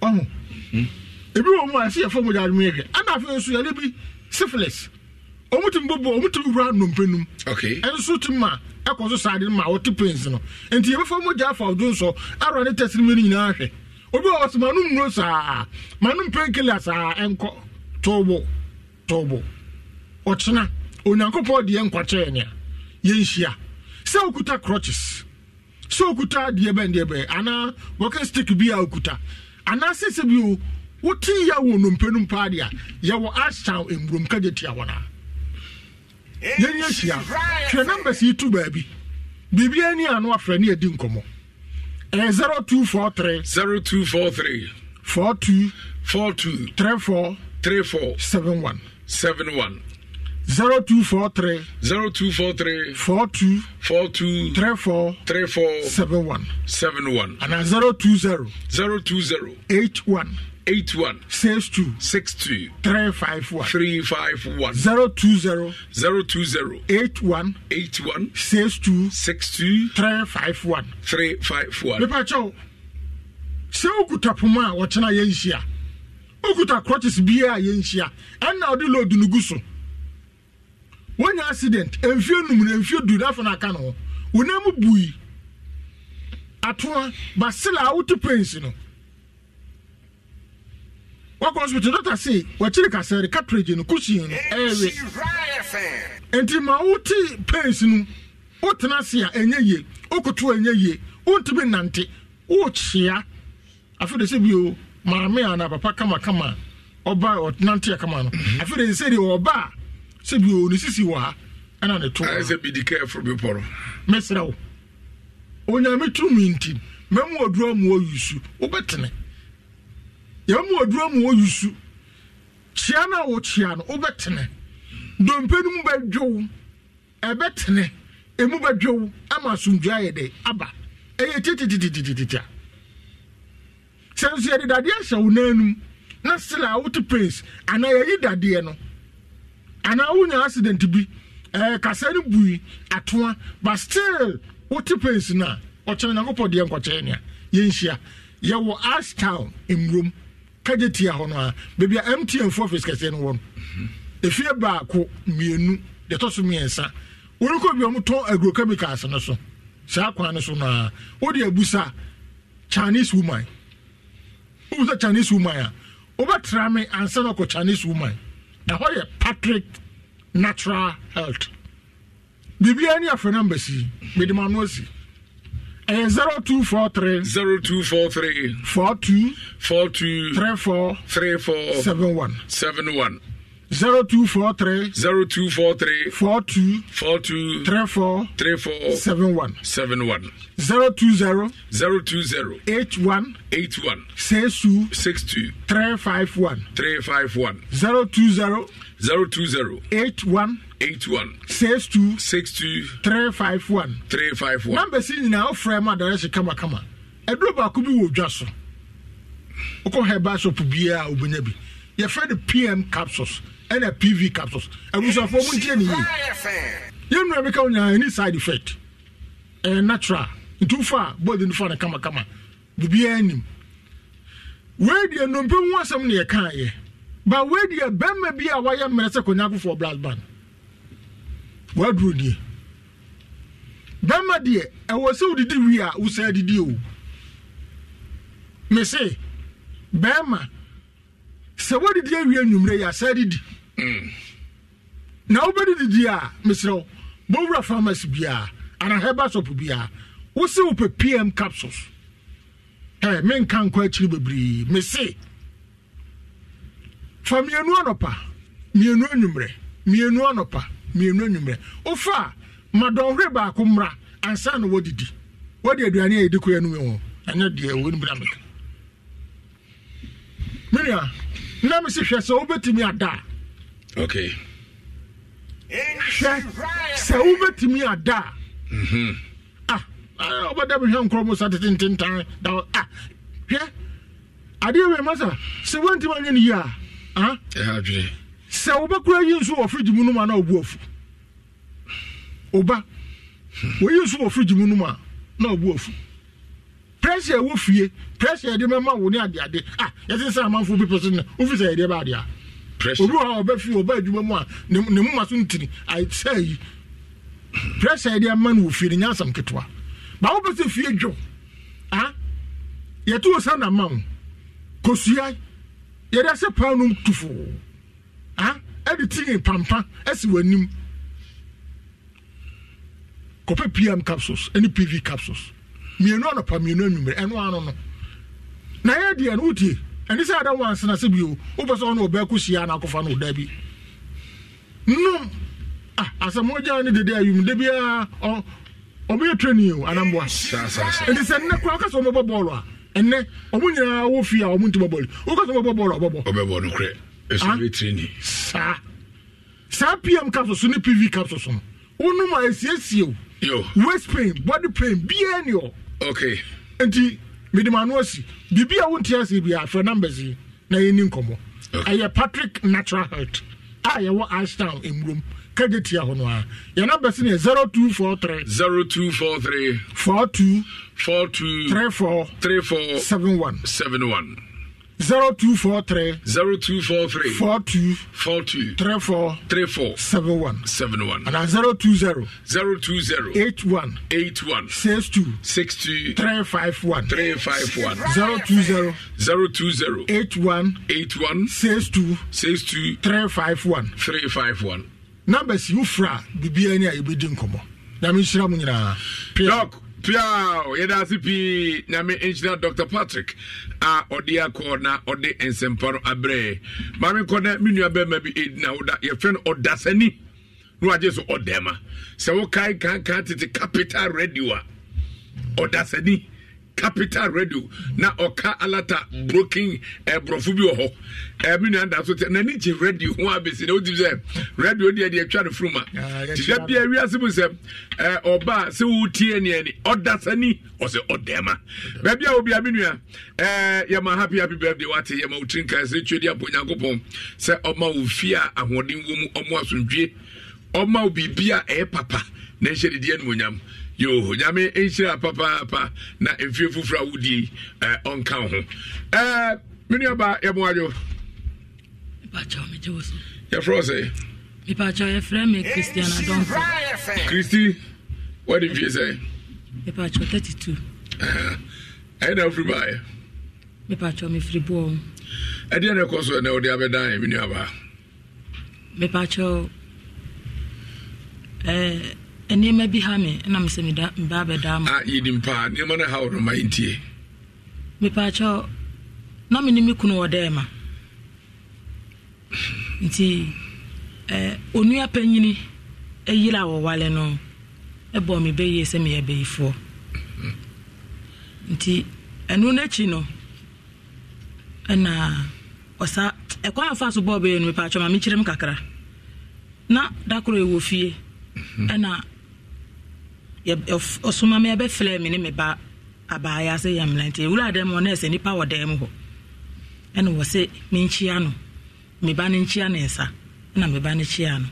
[SPEAKER 18] ɔho mhm. ebi wɔ mu a ɛsɛ yɛfa mo gya adwo yɛhwɛ ana afei nso yɛre bi syphilis ɔmo tumi bɔbɔ ɔmo tumi wura nnompe num ɛnso tumi ma ɛkɔ so saa ma ɔte pains no nti yɛbɛfa mo gya afa adwo nso arɔ ne tɛsi no nyinaa hwɛ obi wɔ ɔsɛ manom nnuro saa manom painkiller saa ɛnkɔ tobo tobo ɔkyena onyankopɔn deɛ nkwakyɛɛ nea yɛnhyia sɛ wokuta crotches sɛ wokuta deɛ bɛn deɛ bɛn anaa wɔka stick bi a wokuta anaa sɛ sɛ bio wote yɛ wɔ nompenom paa deɛ a yɛwɔ ashtown mmurom ka gye tia wɔn a yɛnyɛ hyia hwɛ numbers yi to baabi biribiara ni ano afrɛ ne yɛdi nkɔmmɔ Eh, zero two four three.
[SPEAKER 1] zero two four three. four two. four two. three four. three four. seven one. seven one. zero two four three. zero two four three. four two. four two. three four. three four. seven one. seven one. and na zero two zero. zero two zero. eight one eight one six two six two three five one three five one zero two zero zero two zero eight one eight one six two six two three five one three five one. nípa
[SPEAKER 18] kyɛw sɛ okuta poma a wɔkyena yɛn nhyia okuta crutches biara a yɛn nhyia ɛnna ɔde load no gu so wonya accident mfie num na mfie du n'afɔ n'aka no wɔn mu bui atoa basila a wotu pains no wakɔ hospital doctor say wɔkyere kasɛre cartridge no cushion no eh,
[SPEAKER 17] ɛyɛ
[SPEAKER 18] nti ma wote pains no wotena ase a ɛnyɛ yie wokoto ɛnyɛ yie wontumi nante wokyea afei de sɛ bio maame a na papa kamakama ɔba ɔnante a kama no mhm. afei de sɛ deɛ ɔba a sɛ bio ne sisi wɔ ha ɛna ne to sɛ
[SPEAKER 1] bidi kɛɛforo bi pɔrɔ
[SPEAKER 18] mesrɛ wo onyame tumi nti mamu ɔduru amuɔ yusu wobɛtene yɛn mu oduro mu oyusu kyia no a wɔkyia no wobɛtene dompe no mu bɛdwow ɛbɛtene emu bɛdwow ama asomdua yɛ dɛ aba ɛyɛ titititititita sɛ nso yɛde dadeɛ ahyɛ wo nanum na sila a wote pace anaa yɛyi dadeɛ no anaa wonya accident bi ɛɛ kasa no bui atoa but still wote pace no a ɔkyerɛ nyankopɔn deɛ nkɔkyerɛ nea yɛnhyia yɛwɔ ash town mmurom kagye tia hɔ no a baabi a mtnfo office kɛseɛ no wɔ
[SPEAKER 12] no
[SPEAKER 18] efie baako mmienu deɛ ɛtɔ so mmiɛnsa wɔrekɔ bi a wɔtɔn agrochemicals no so saa kwan no so no a wɔde abusa chinese woman wobusa chinese woman a wobɛtra me ansa na ɔkɔ chinese woman ɛhɔ yɛ patrick natural health biribiara ne afɛ no ambasi asi Uh, 0243 0243
[SPEAKER 1] 42 42 34 34 71 71 0243 0243 42 42 34 34 71 71 020 020 81 81 62 62 351 351 020 020 81 eight one six two six two three
[SPEAKER 18] five one
[SPEAKER 1] three five one. Number
[SPEAKER 18] si nyinaa ɔfrɛ mu adarɛsi kamakama ɛduro baako bi wɔ odwa so wokɔ herbal shop biara obɛnya bi yɛfrɛ no pm capsules ɛna pv capsules abusuafoɔ mu ntie ne yie yɛnnura meka wo nyinaa any side effect ɛyɛ natural nti wofa a bɔde no fa no kamakama biribiara nim wei deɛ nnompe ho asɛm ne yɛkaeɛ ba wei deɛ bɛrima bi a wayɛ mmerɛ sɛ konyakofoɔ blast band waduro deɛ bɛrima deɛ ɛwɔ sɛ wodidi wie a wosan didi o mese bɛrima sɛ wodidi awie anwummerɛ yɛ asan didi mm. na wobɛdididi a meserɛ bɔwura pharmacy biara anaa herbal shop biara wose wopɛ pm capsules Hey, menka nkɔ akyiri bebree mese fa mmienu anɔpa mmienu anwummerɛ mmienu anɔpa mmienu anwummerɛ wofa a baako mmra ansa na wɔdidi wɔde aduane a yɛdi koɛ no wɔ ɛnyɛ deɛ wɔn bra meka menua na mesi hwɛ sɛ wobɛtumi ada a okay hwɛ sɛ wobɛtumi ada a mhm. ah, ah, wobɛda mehwɛ nkorɔ mu sa tetententan da a ah, hwɛ adeɛ wei ma sɛ woantimi anyɛ ne a
[SPEAKER 1] ɛha adwene
[SPEAKER 18] sɛ wobɛkura yi nso wɔ fridge mu nom a na ɔbu afu oba wɔyi nso wɔ fridge mu nom a na ɔbu afu pressure ɛwɔ fie pressure yɛde mɛma wo ne adeade a ah, yɛte sɛ amanfoɔ bi pɛ so no wofi sɛ yɛdeɛ bɛ adea obi wɔ hɔ a ɔbɛfie ɔba adwuma mu a ne moma so ntiri sɛ yi pressure yɛde ma no wɔ fie no nyɛ ketewa ba wopɛ sɛ fie dwo a yɛte wo sa na ma wo kosua yɛde sɛ paa nom tufoo ha ɛde tiri pampa ɛsi w'anim kɔpɛ pm capsules ɛne pv capsules mmienu anɔpa mmienu anwummerɛ ɛno ano no na yɛ deɛ no wotie ɛne sɛ ada wanse na sɛ bio wopɛ sɛ ɔno ɔbɛako hyia na akɔfa no ɔda bi nom ah asɛmɔgya ne dede awum da biara training o anamboa ɛnti sɛ nnɛ koraa wokasɛ ɔmɛbɔ bɔɔlo a ɛnɛ ɔmo nyinaa wɔ fie a ɔmo nti wokasɛ bɔɔlo a ɔbɛbɔ ɔbɛbɔ
[SPEAKER 1] nokorɛ saa
[SPEAKER 18] saa pm capsule so ne pv capsule so no wonum a ɛsiesie o waist pain body pain biaa ni hɔ okay. nti mede ma ano asi biribi a wonte ase bia afrɛ numbers yi na yɛni nkɔmmɔ ɛyɛ okay. patrick natural health a yɛwɔ ashtown ɛmurom kagye tia hɔ no a yɛ number se neɛ 0243
[SPEAKER 1] 0243 42 42 34 34 71 71 zero two four three. zero two four three. four two. four two. three four. three four. seven one. seven one. and zero two zero. zero two zero. eight one. eight one. six two. six two. three five one. three five one. zero two zero. zero two zero. eight one. eight one. six two. six two. three five one. three five one.
[SPEAKER 18] numbers yóò fura bíbí ẹni a yẹ bẹ di nkọmọ. dàmí nsira
[SPEAKER 1] pia yɛda ase pii nyame engineer dr patrick a ɔde akɔ na ɔde nsɛmpa no abrɛ maame nkɔ me nua bɛrima bi ɛdi na woda yɛfrɛ no ɔdasani na wagye so ɔdɛma sɛ wokae kankan tete capital radio a ɔdasani capital radio na ɔka alata broken ɛborɔfo eh, bi wɔ hɔ ɛmi eh, nua da so tɛ n'ani gye radio ho abesi na o ti sɛ radio deɛ deɛ atwa ne furu ma
[SPEAKER 18] ah, ti sɛ bia
[SPEAKER 1] wiase mu sɛ ɛɛ eh, ɔbaa sɛ o tie ne ɔdasani ɔsɛ ɔdɛɛma baabi a obi a mi nua ɛɛ yɛma happy happy birthday wate yɛma o tiri nkae sɛ twɛ di apɔ nyanko pɔn sɛ ɔma o fi a ahoɔden wɔ mu ɔmo asomdwe ɔma o biribi a ɛyɛ papa na ɛhyɛ didi ɛnumonyam yo nyame nhyira papaapa na mfie foforɔ a wodie uh, ɔnka wo ho uh, me nuaba yɛmo adwo yɛfrɛ sɛ
[SPEAKER 3] mepakyɛ yɛfrɛ christian adɔmfo
[SPEAKER 1] christi wade mfie sɛ
[SPEAKER 3] mepakyɛ 32 eh,
[SPEAKER 1] ɛyɛ na wofiri baɛ
[SPEAKER 3] mepakyɛ mefiri boɔ
[SPEAKER 1] ɛdeɛ na ɛkɔ so ɛnɛ wode abɛdan me
[SPEAKER 3] mepakyɛ nneɛma bi hame, na me na mesɛ meba bɛdaa mu
[SPEAKER 1] ah, yɛnim paa nneɛma no haw no ma ntie
[SPEAKER 3] mepaakyɛ na mene me kunu wɔ dɛɛ ma nti eh, onua panyini ɛyere a wɔwale no ɛbɔ me bɛyie sɛ meyɛ bɛyifoɔ nti ɛno no akyi no ɛna ɔsa ɛkwan afa so bɔɔ bɛyɛ no mepaakyɛ ma mekyerɛ m kakra na da koro ɛwɔ fie mhm. ɛna ɔsoma me yɛbɛfrɛ me ne me ba abaayɛ sɛ yɛ mmerante wura dɛm hɔ na ɛsɛ nnipa wɔ dɛm hɔ ɛna wɔ sɛ menkyia no me ba no nkyia ne nsa ɛna me ba no kyia no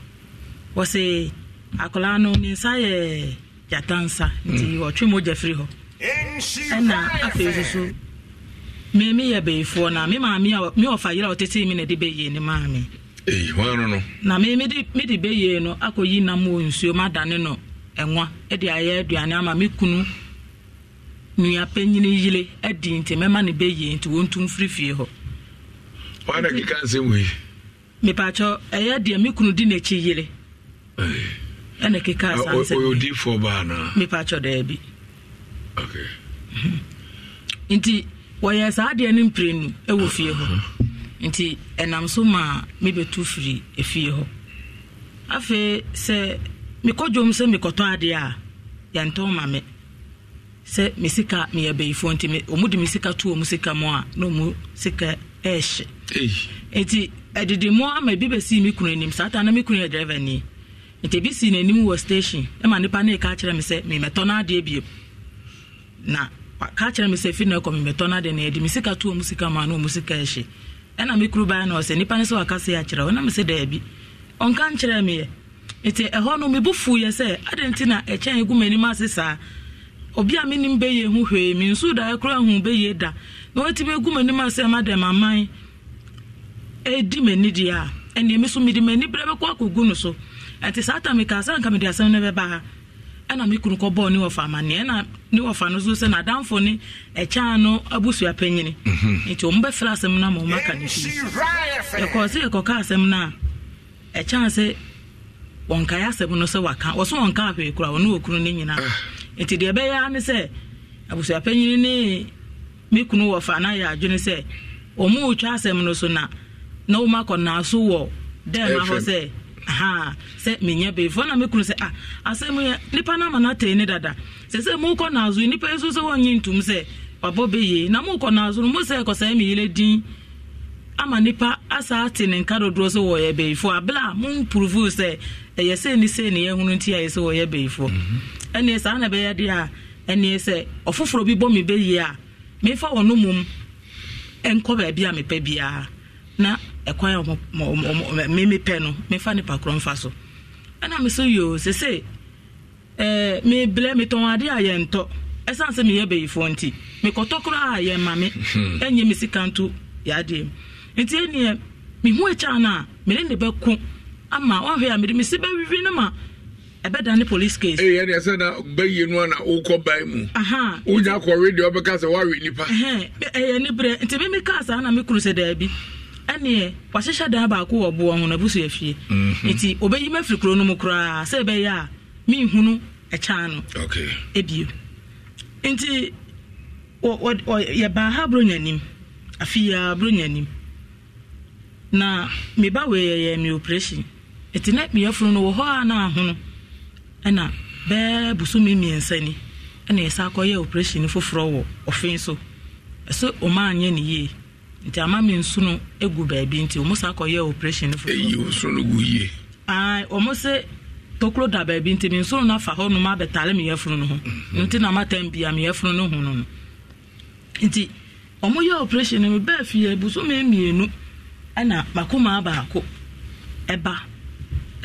[SPEAKER 3] wɔ sɛ akwadaa no ne nsa yɛ gyata nsa mm. nti ɔtwe mogya firi hɔ
[SPEAKER 17] ɛna afei soso
[SPEAKER 3] me me yɛ bɛyifoɔ eh, na me maame a me ɔfa yere a ɔtete mi na ɛde bɛyie ne maame na me bɛyie no akɔyi nam wɔ nsuo mu adane no ɛnwa ɛde ayɛ aduane ama me kunu nua panyini yire adi nti mɛma ne bɛyie nti wɔntum firi fie hɔ mepakyɛ ɛyɛ deɛ me kunu di n'akyi yere ɛna keka
[SPEAKER 1] asansɛmodifoɔ baa
[SPEAKER 3] no nti wɔyɛ saa deɛ no mprenu ɛwɔ fie hɔ uh-huh. nti ɛnam so ma mebɛtu firi efie hɔ afei mekɔ dwom sɛ mekɔtɔ adeɛ a yɛntɔn ma me sɛ me sika meyɛ bɛyifoɔ nti ɔmu de me sika to ɔmu sika mu a na ɔmu sika ɛɛhye nti ɛdidi mu ama ebi bɛsi mi kunu anim saa taa na mi kunu yɛ driver ni nti ebi si n'anim wɔ station ɛma nipa ne ka kyerɛ mi sɛ mɛmɛtɔ n'adeɛ biem na ka kyerɛ mi sɛ fi na ɛkɔ mɛmɛtɔ n'adeɛ na yɛde mi sika to ɔmu sika mu a na ɔmu sika ɛhye ɛna mi kuru baa na ɔsɛ nipa ne sɛ wakasa yɛ akyerɛ ɔnam sɛ dɛɛbi ɔnka nkyerɛ mi yɛ nti ɛhɔ no mebo fuuyɛ sɛ adɛn nti na ɛkyɛn egu m'anim ase saa obi me nim bɛyɛ ho hwee mi nso da ɛkora ho bɛyɛ da na egu m'anim ase dɛm aman m'ani a ɛnneɛ me so mede m'ani brɛ bɛkɔ akɔgu no so ɛnti saa ka nka mede asɛm no bɛba ha kunu wɔnkae asɛm no sɛ waka wɔso wɔnka ahwee kora wɔne wɔkunu no nyinaa ah. nti deɛ ɛbɛyɛ a ne sɛ abusuapanyini ne me kunu wɔ fa na yɛ adwene sɛ ɔmo wɔtwa asɛm no so na na wɔma akɔnaa so wɔ dɛm ahɔ sɛ aha sɛ menya beefoɔ na mekunu sɛ ah asɛm yɛ nipa no ama no atee ne dada sɛ sɛ mokɔ naaso nipa yi so sɛ wɔnye ntom sɛ wabɔ bɛyie na mokɔ naaso no mo sɛ ɛkɔsɛe meyere din ama nipa asa ate ne nka dodoɔ so wɔ yɛ bɛyifoɔ abela a mo mpurufu sɛ ɛyɛ sɛ ni sɛ ne yɛhunu nti a yɛ sɛ wɔ yɛ bɛyifoɔ mhm. ɛnneɛ saa na ɛbɛyɛ deɛ a ɛnneɛ sɛ ɔfoforɔ bi bɔ me bɛyie a mefa wɔn no mom ɛnkɔ baabi a mepɛ biara na ɛkwan a mmepɛ no mefa nipa korɔ mfa so ɛna me so yoo sese ɛɛ mebilɛ metɔn adeɛ a yɛn tɔ ɛsan sɛ meyɛ bɛyifoɔ nti mekɔtɔ koraa a yɛn mame mhm. ɛnyɛ me sika nto yɛ adeɛ mu nti ɛneɛ mehu akya no a mene ne bɛko ama wahwɛ a mede mese bɛwiwi no ma ɛbɛda ne police case ɛyɛ ne ɛsɛ na
[SPEAKER 1] bayie no ana wokɔ ban mu wonya kɔ wobɛka sɛ woawe nipa
[SPEAKER 3] ɛyɛ ne berɛ nti memekaa saa na mekuru sɛ daabi ɛneɛ wahyehyɛ daa baako wɔ boɔ ho na afie nti ma afiri kuro no mu koraa sɛ ɛbɛyɛ a no nti yɛbaa ha borɔ nyanim afei borɔ nyanim na meba wee yɛyɛ me operation ɛti na no wɔ hɔ a na ahono ɛna bɛɛ busumi mmiɛnsa ni ɛna yɛsa akɔyɛ operation foforɔ wɔ ɔfen so ɛsɛ ɔmaa ne yie nti ama mi no nti ɔmo sa operation foforɔ eyi no aa ɔmo sɛ da baabi nti mi no hɔ nom no ho mm-hmm. nti na ama tɛn bia mi yɛfunu no ho no nti ɔmo yɛ ɛna makoma baako ɛba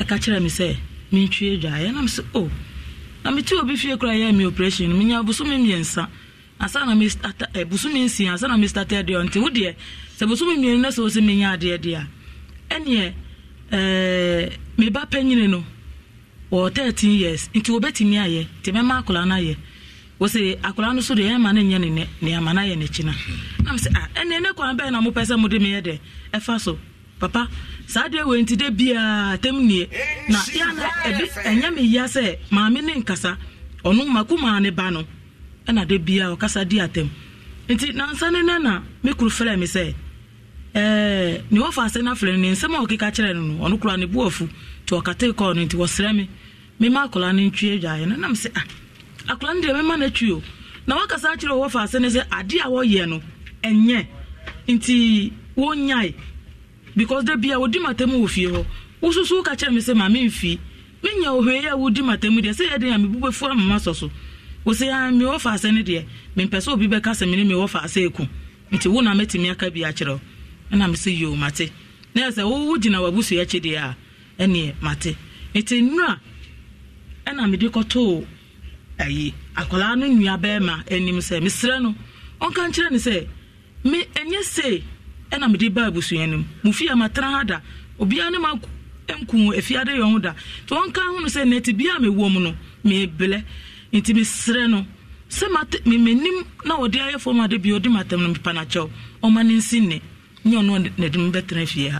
[SPEAKER 3] ɛka kyerɛ me sɛ mentwie dwaeɛ nam sɛ o oh, na mete obi fie koraa yɛ me operation no menya bosome mmiɛnsa ansa na eh, bosome nsia ansa na mestarte adeɛ ɔnti wo deɛ sɛ bosome mmienu na sɛ wo sɛ menya adeɛ deɛ a ɛneɛ eh, meba panyini no wɔ 13 years nti wɔbɛtumi ayɛ nti mɛma akwadaa no ayɛ wɔsɛ akwadaa no so deɛ ɛma no nyɛ ne nɛ ne ama no ayɛ n'akyi na nam sɛ a ah, ɛnɛ ne kwan bɛɛ na mopɛ sɛ mode meyɛ deɛ ɛfa so papa saa deɛ wɔ nti dɛ biaa tam nie na yɛana ɛbi ɛnyɛ me yia sɛ maame ne nkasa ɔno mako maa ne ba no ɛna de bia ɔkasa di atam nti nansa ne nɛ na me kuru frɛ me sɛ ɛɛ ne wɔfa asɛ no afrɛ ne nsɛm a ɔkeka kyerɛ no no ɔno kora ne bu afu nti ɔkate kɔɔ no nti wɔsrɛ me mema akɔla no ntwie adwaeɛ no nam sɛ ah akɔla no deɛ mema no atwi o na wakasa akyerɛ ɔwɔfa asɛ no sɛ adeɛ a wɔyɛ no ɛnyɛ nti wonyae because da bia wodi matam wɔ fie hɔ wosusu woka kyerɛ me sɛ ma memfie menya ohwei a wodi matam deɛ sɛ yɛde a mebobɛfu amama sɔ so wo sɛ ah, mewɔ fa asɛ no deɛ mempɛ sɛ obi bɛka sɛ mene mewɔ fa asɛ ɛku nti wo na mɛtumi aka bi akyerɛ ɛna mesɛ yo mate na ɛsɛ wowo gyina wabusua akyi deɛ a ɛneɛ mate nti nnura ɛna mede kɔtoo ayi akwadaa no nua bɛrima anim sɛ mesrɛ no ɔnka nkyerɛ ne sɛ me ɛnyɛ sei ɛna mede baa abusua no mu mufie matena ha da obiara ne manku afiade yɛ ho da nti ɔnka ho no sɛ nɛte bia a mewɔ mu no meebrɛ nti mesrɛ no sɛ menim na ɔde ayɛ fam ade bia ɔde matam no mepa nakyɛw ɔma ne nsi nne nyɛ ɔno nade mbɛtena fie ha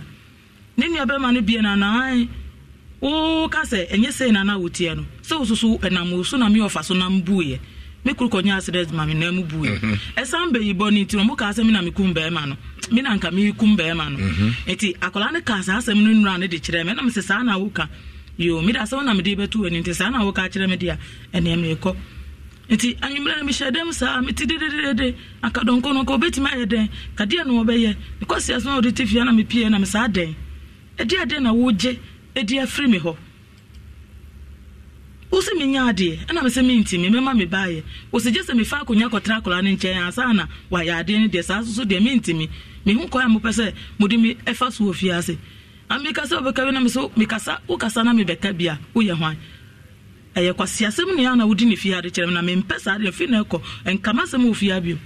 [SPEAKER 3] ne nua bɛma no bia no anaa woo ka sɛ ɛnyɛ sɛ nana wotiɛ no sɛ wo soso ɛnam so na me so nam bueɛ mekoro kɔnyɛ asedɛ ma me nan mu bueɛ mhm. ɛsan bɛyibɔ no nti no mokaa sɛ me na mekum bɛɛma no me na nka anka mekum bɛrima no nti mhm. akwadaa no ka saa asɛm no nnura no de kyerɛ me na mesɛ saa na woka yo da meda sɛ wona mede bɛto w'ani nti saa na woka kyerɛ me de a ɛneɛ meekɔ nti anwummerɛ no mehyɛ dɛm saa mete dededede anka dɔnkɔ no nka wobɛtumi ayɛ dɛn kadeɛ no wɔbɛyɛ mekɔsia so na wode te fie na mepie na mesaa dɛn ɛdeɛ dɛn na wogye ɛdi afiri me hɔ wosi menya adeɛ ɛna mesɛ mentimi mi me baayɛ wosi gye sɛ mefa akonnwa kɔtena akwaraa no nkyɛn ansa na wayɛ adeɛ no deɛ saa soso deɛ mentimi mehu kwan a mopɛ sɛ mode me ɛfa so wɔ fie ase ameka sɛ wobɛka bi na mesɛ mekasa wokasa na mebɛka bi a woyɛ hwan ɛyɛ kwaseasɛm ne ana wodi ne fie ade kyerɛ m na mempɛ saa deɛ fei na ɛkɔ ɛnkama sɛm wɔ fie abio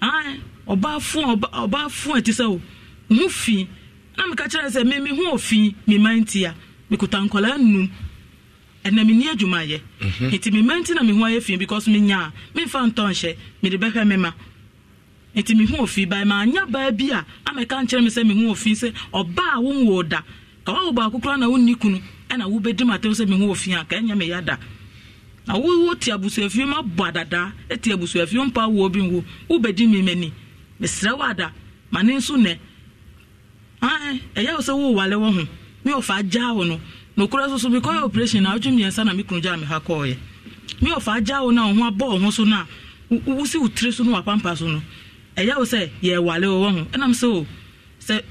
[SPEAKER 3] ae ɔbaafo ɔbaafo ɛte sɛ wo ho fi na meka kyerɛ sɛ memehu mi mema ntia mekuta nkɔlaa num ɛna menni adwuma yɛ nti mema oh, na meho ayɛ fie because menya a memfa ntɔ nhyɛ mede bɛhwɛ me ma nti mehu ofi bae maanya baa bi a amɛka nkyerɛ me sɛ mehu ofi sɛ ɔbaa wonwoo da ka wawo baako koraa na wonni kunu ɛna wobɛdi matew sɛ mehu ofi a ka ɛnyɛ meyɛ da na wowo ti abusuafie ma bɔ adadaa ɛti abusuafie mpa woɔ bi nwo wobɛdi me m'ani mesrɛ wo ada ma ne nso nɛ ɛyɛ wo sɛ wowale wɔ ho me ɔfa agyaa wo no nokora soso mekɔyɛ operation na wotwe mmiɛnsa na me kunu gyaa me ha kɔɔyɛ me ɔfa agya wo na wo ho abɔ wo ho so no a wosi wo tire so no wapampa so no ɛyɛ wo sɛ yɛwale wɔ wɔ ho ɛnam sɛ o oh, sɛ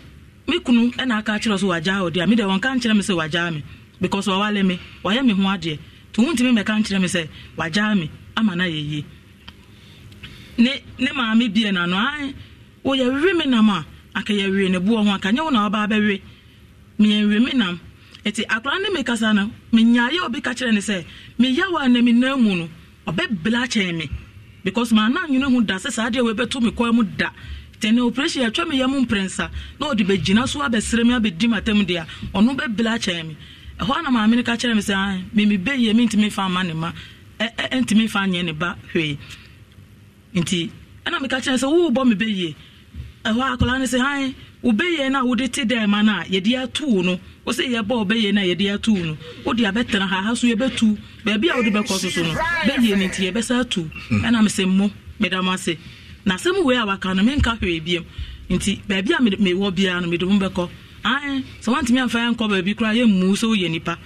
[SPEAKER 3] me ɛna aka kyerɛ so wagyaa wo deɛ a mede wɔnka nkyerɛ me sɛ wagyaa me because wɔwale me wayɛ me ho adeɛ nti wontumi mmɛka nkyerɛ me sɛ wagyaa me ama no ayɛ yie ne ne maame bie na no ae woyɛwe me nam a aka yɛwe ne boɔ ho aka wo na wɔbaa bɛwe meyɛwe me nam nti akora ne me kasa no menyaayɛ obi ka kyerɛ ne sɛ meyaw a na me nan mu no ɔbɛbla kyɛn me because maana nwene ho da sɛ saa deɛ wɔbɛto me kɔn mu da tɛnɛ operation atwa me yam mprɛnsa na ɔde bɛgyina so abɛsrɛ me abɛdi matam deɛ a ɔno bɛbla kyɛn me ɛhɔ na maame no ka kyerɛ me sɛ memebɛ yie mentumi fa ma ne ma ɛntumi fa nyɛ ne ba hwee nti ɛna meka kyerɛ sɛ wowobɔ mebɛyie ɛhɔ akɔla ne sɛ han wobɛyɛ no a wode te dɛn ma no a yɛde atoo no wo sɛ yɛbɔ wobɛyɛ no a yɛde atoo no wode abɛtena ha ha so yɛbɛtu baabi a wode bɛkɔ so so no bɛyɛ no nti yɛbɛsa atu hmm. ɛna mesɛ mmo meda mo ase na asɛm wei a waka no menka hwee biam nti baabi a mewɔ biara no mede mo bɛkɔ ae sɛ woantumi amfa yɛnkɔ baabi koraa yɛmmu sɛ woyɛ nnipa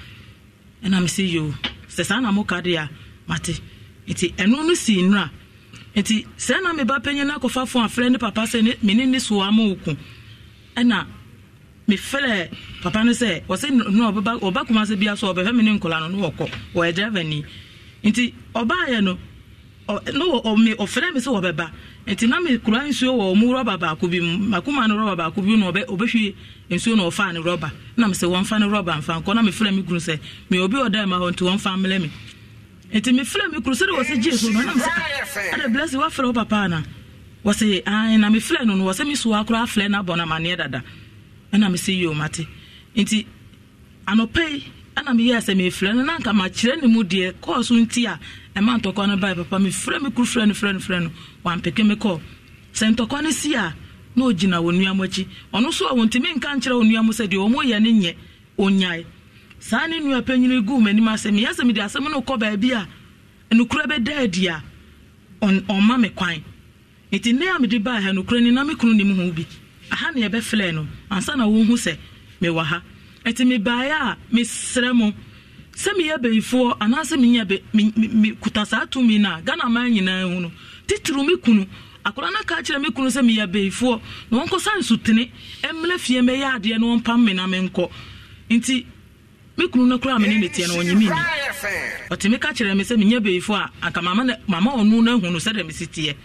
[SPEAKER 3] ɛna mesɛ yoo sɛ saa na moka de a mate nti ɛno no sii nnora nti sɛ na meba panyin no akɔfa fo afrɛ ne papa sɛ mene ne soa ma wo ko ɛna mefrɛ papa no sɛ ɔsɛ no ɔba kuma sɛ bia sɛ ɔbɛhwɛ me ne nkɔla no no wɔkɔ ɔyɛ drivani nti ɔbaayɛ no no ɔfrɛ me sɛ wɔbɛba nti na mekura nsuo wɔ mu rɔba baako bi mu makoma no rɔba baako bi mu na ɔbɛhwie nsuo na ɔfaa ne rɔba na mesɛ wɔmfa ne rɔba mfa nkɔ na mefrɛ me kunu sɛ me obi ɔda ma hɔ nti wɔmfa mmlɛ me nti mefrɛ me kunu sɛde wɔ sɛ gye so no na mesɛ ada blɛse woafrɛ wo papa anaa wɔse ah, na mefrɛ no no wɔ sɛ mesoa koraa frɛ no abɔ no amanneɛ dada ɛna mese yɛ mate nti anɔpa yi ɛna meyɛɛ sɛ mefrɛ no na anka makyerɛ ne mu deɛ kɔɔ nti a ɛma ntɔkwa no bae papa mefrɛ me kuru frɛ no frɛ no frɛ no wampeke me kɔɔ sɛ ntɔkwa no si a na ɔgyina wɔ nnuam akyi ɔno so a wɔntumi nka nkyerɛ wɔ nnuam sɛ deɛ ɔmɔyɛ no nyɛ ɔnyae saa ne nua panyini guu m'anim asɛ meyɛ sɛ mede asɛm no kɔ baabi a nokorɛ bɛda nti nnɛ a mede baa ha no kura ni na me kunu nim ho bi aha ne yɛbɛflɛ no ansa na wohu sɛ mewɔ ha ɛti mebaeɛ a mesrɛ mo sɛ meyɛ bɛyifoɔ anaasɛ menyɛ kuta saa tumi mi a ghana ma nyinaa hu no titiri me kunu akwadaa no ka kyerɛ me kunu sɛ meyɛ bɛyifoɔ na wɔnkɔsa nsutene mmerɛ fie mɛyɛ adeɛ na wɔmpam me na menkɔ nti me kunu no koraa mene ne teɛ no ɔnyeme ni ɔte meka kyerɛ me sɛ menyɛ bɛyifoɔ a anka mama ɔno no ahu no sɛdeɛ mesi teɛ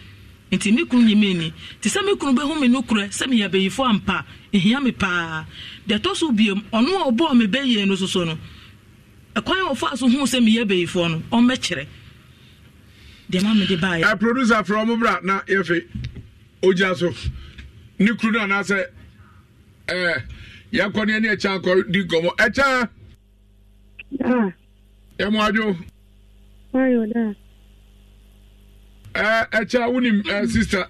[SPEAKER 3] nti me kunu nyime ni nti sɛ me kunu bɛhu me no korɛ sɛ meyɛ abɛyifoɔ ampa ɛhia me paa deɛ ɛtɔ so biom ɔno a ɔbɔɔ me bɛyie no soso no ɛkwan a ɔfaa so huu sɛ meyɛ abɛyifoɔ no ɔmmɛkyerɛ
[SPEAKER 1] deɛ ma mede baayɛ producer frɛ ɔmo bra na yɛfe ogya so ne kunu no anaasɛ ɛɛ yɛkɔ ne ɛne ɛkyɛ akɔ di nkɔmmɔ ɛkyɛ ah. yɛmo adwo ayɔ daa ɛkyɛ eh, eh, wonim eh, mm. sister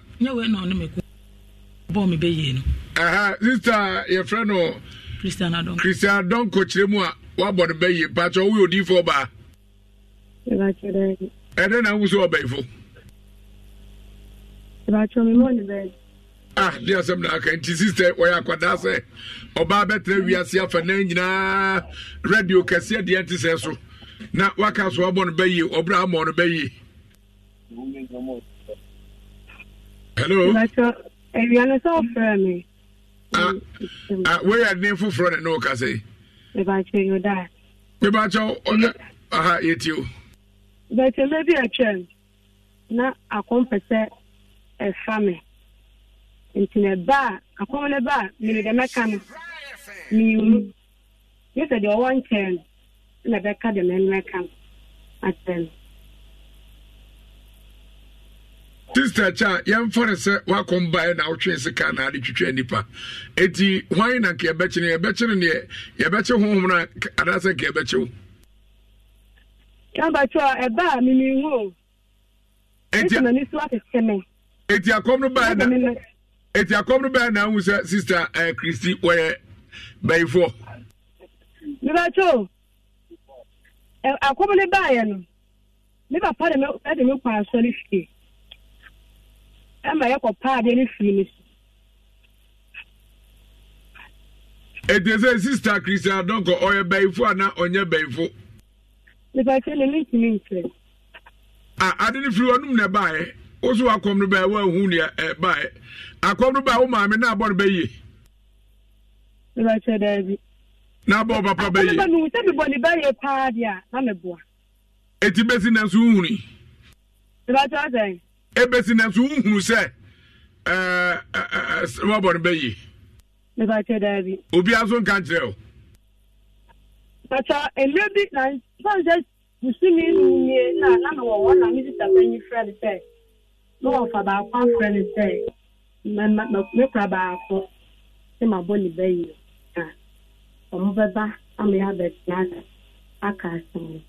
[SPEAKER 1] sister yɛfrɛ no oh, christian adɔnko kyerɛ mu a woabɔ no bɛyie patɔ woyɛ odiifo ɔbaa ɛdɛ na wo sɛ ɔbɛyifo ah di asem na aka nti sista wɔyɛ akwadaa sɛ ɔbaa bɛtena wiase afa na nyinaa radio kɛseɛ deɛ nte sɛ so na waka so wabɔ no bɛyie ɔbrɛ no Hello.
[SPEAKER 19] Ewiane sɛ ɔfrɛ me.
[SPEAKER 1] Woyɛ den foforɔ ne na woka sɛ.
[SPEAKER 19] Mebakyɛ Yoda.
[SPEAKER 1] Mebakyɛ ɔna aha yɛtio.
[SPEAKER 19] Bɛkyɛ bɛbi atwam na akɔm pɛ sɛ ɛfa me. Nti na ba a akɔm no ba a mene dɛm ɛka no meyimu. Ne sɛ deɛ ɔwɔ nkyɛn no na bɛka dɛm ɛno ɛka no akyerɛ no.
[SPEAKER 1] sista ya yɛmfa no sɛ mba ya na wotwe nsịka na ade twitwa nnipa Eti, hwan na nke yɛbɛkye no yɛbɛkye no a yɛbɛkye honhom no anaasɛ eti yɛbɛkye wo
[SPEAKER 19] kabatɔ ɛbaa memehu
[SPEAKER 1] Eti akɔm no ya na Eti akɔm no ya na ahu sɛ sista uh, eh, kristi wɔyɛ bɛyifoɔ
[SPEAKER 19] mebatɔ akɔm no baeɛ no me papa de me kɔ asɔre fie ama yɛkɔpa adeɛ no firi ne so
[SPEAKER 1] ɛte sɛ sister christian adɔnkɔ ɔyɛ bɛyifo ana ɔnyɛ bɛyifo
[SPEAKER 19] mepakyɛ ne mentumi nkyerɛ
[SPEAKER 1] a ade no firi ɔnom na ɛbaeɛ wo so wakɔm no bɛɛ woahu nea ɛbaeɛ akɔm no bɛɛ wo maame na abɔ no bɛyie
[SPEAKER 19] mepakyɛ daabi
[SPEAKER 1] na abɔ papa bɛyie
[SPEAKER 19] sɛ mebɔ ne bɛyɛ paa a na meboa
[SPEAKER 1] Eti bɛsi nanso wohuni mepakyɛ sɛn ebesi na nso nhunu sɛ ɛɛ ɛɛ wabɔ no bɛyi.
[SPEAKER 19] nipakyɛ daabi.
[SPEAKER 1] obi aso nka nkyerɛ o.
[SPEAKER 19] pata nnua bi na nsɛn sɛ musumi nnumie na nana wɔ hɔ na mi sisa panyin fira de sɛ na wɔfa baako afrɛ ne sɛ mɛma mɛkura baako sɛ ma bɔ ne bɛyi na wɔn bɛba ama yɛ abɛtena aka asɛn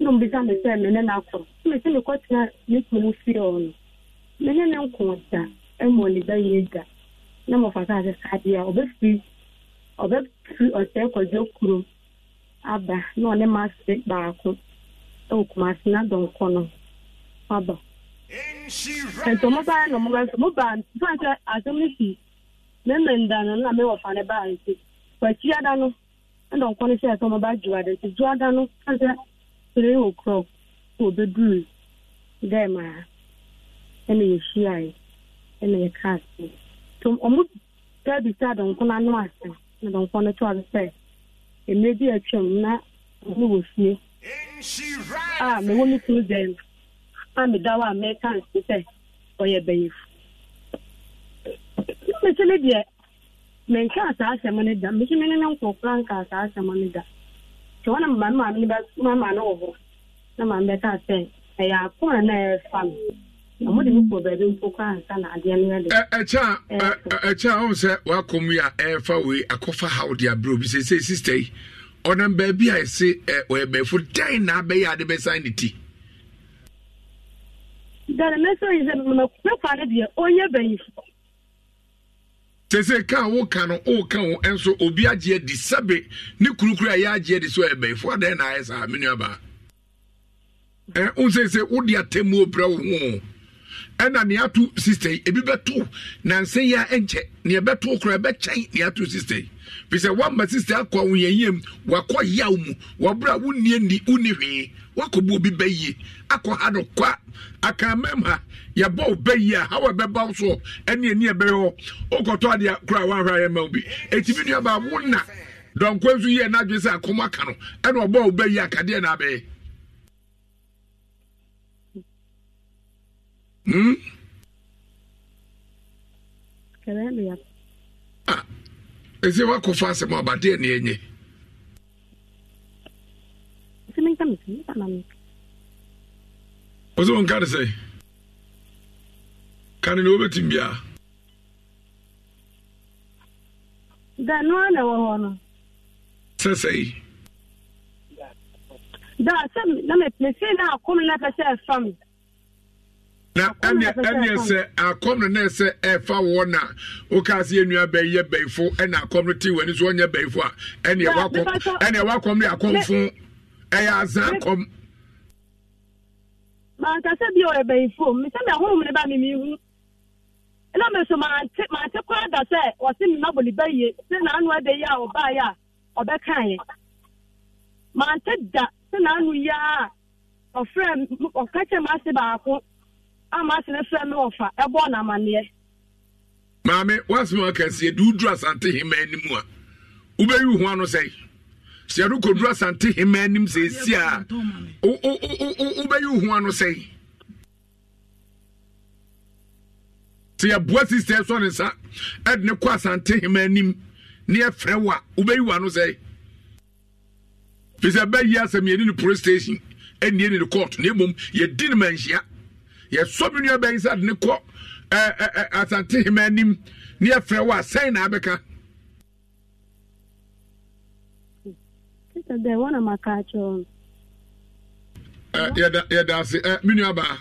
[SPEAKER 19] na mbisa me sɛ me ne na akoro me sɛ mekɔtena ne kunu fie ɔ no me ne ne nko da ɛmɔ ne ba yie da na mɔfa ka sɛ saa deɛ ɔbɛfiri ɔbɛfiri ɔsɛ kɔdwo kuro aba na ɔne ma se baako ɛwɔ kumase na dɔnkɔ no aba nti mo baa na mo bɛ fɛ mo baa nfa sɛ asɛm no si me mɛ nda no na me wɔ fa ne baa nti wakyi ada no ɛna ɔnkɔ no sɛ ɛsɛ ɔmo ba juada nti juada no ɛsɛ three o'clock obeduru dɛ blue ɛna yɛhyiae ɛna yɛka ase nti ɔmo taa bisaa dɔnko n'ano asa na dɔnko no toa no sɛ mmerɛ bi atwam na ɔmo wɔ fie a mewɔ me kunu dɛm a meda hɔ a mɛka nse sɛ ɔyɛ bɛyifo mekyɛ ne deɛ menka saa asɛm no da mekyɛ me ne ne nkɔkora nka saa asɛm nti wɔn nam maame maame bɛ maame ano na maame bɛ kaa sɛ ɛyɛ akɔn na ɛyɛ fam na mo de mi kɔ baabi mpo kɔ ansa na adeɛ no yɛ de.
[SPEAKER 17] ɛkyɛ
[SPEAKER 1] a ɛkyɛ a ɔn sɛ wakɔm yi a ɛɛfa ha na abɛyɛ ade bɛsan sese ka wo ka no wo ka wo nso obi agye di sebe ne kurukuru a yɛ agye di so ɛbɛn fo adan na ayɛ saa me nuaba ɛ n sese wo di wo ho. ɛna ne ato sista yi ebi bɛto nansa yi a ɛnkyɛ ne ɛbɛto kora ɛbɛkyɛn ne ato sista yi fisa wama sista akɔ awonyanyam wakɔ yaw mu wabra wunnie ni wunni hwee wakɔ bu obi bɛyie akɔ ha kwa aka mɛm ha yɛbɔ wo bɛyie a hawa ɛbɛba wo soɔ ɛne ani ɛbɛyɛ hɔ okɔtɔ adeɛ kora wanhwɛ ayɛ ma wo bi etimi nua baa wo na dɔnko nso yie n'adwe sɛ akɔm aka no ɛna ɔbɔ wo bɛyie akadeɛ na Hmm? Ah, ɛsɛ wakɔfa asɛm aba deɛ ne ɛnyɛ wo sɛ wonka ne sɛ ka ne ne wobɛtumi biaa
[SPEAKER 19] da noa na ɛwɔ hɔ no
[SPEAKER 1] sɛ sɛi da sɛ na mepɛsei na akom na pɛ sɛ ɛfa me na ɛnɛ ɛnɛ sɛ akɔm no nɛ sɛ ɛfa wɔ na woka yɛnua bɛyifo ɛna akɔm no te so ɔnyɛ bɛyifo a ɛnɛ wakɔm ɛnɛ wakɔm no akɔmfo ɛyɛ azan kɔm.
[SPEAKER 19] mankasa bi ɔyɛ bɛyifo mesɛ mi ahohom ne ba mi mi hu ɛna so mante mante sɛ mi ma bɔ ne sɛ n'anu ɛbɛ yi a ɔbaa yɛ a ɔbɛka yɛ mante da sɛ n'anu a ɔfrɛ ma baako. ama asene frɛ me wɔfa ɛbɔ no amanneɛ
[SPEAKER 1] maame woasɛm akɛseɛ de woduru asante hema anim a wobɛyi ho ano sɛe sɛ yɛde kɔduru asante hema anim sɛ ɛsi a wobɛyi ho ano sɛe sɛ yɛboa sistɛ sɔ ne nsa ɛde ne kɔ asante hema anim ne yɛfrɛ wo a wobɛyi wo ano sɛe firi sɛ bɛyi asɛm yɛne ne police station ɛnnie ne ne court na mmom yɛdi ne manhyia yɛsɔ mi nua bɛyi sɛ de ne kɔ ɛɛ ɛɛ asante hema anim ne yɛfrɛ wɔ a na abɛka.
[SPEAKER 19] sɛ wɔn na ma ka akyerɛ wɔn.
[SPEAKER 1] yɛda yɛda ase ɛ nua baa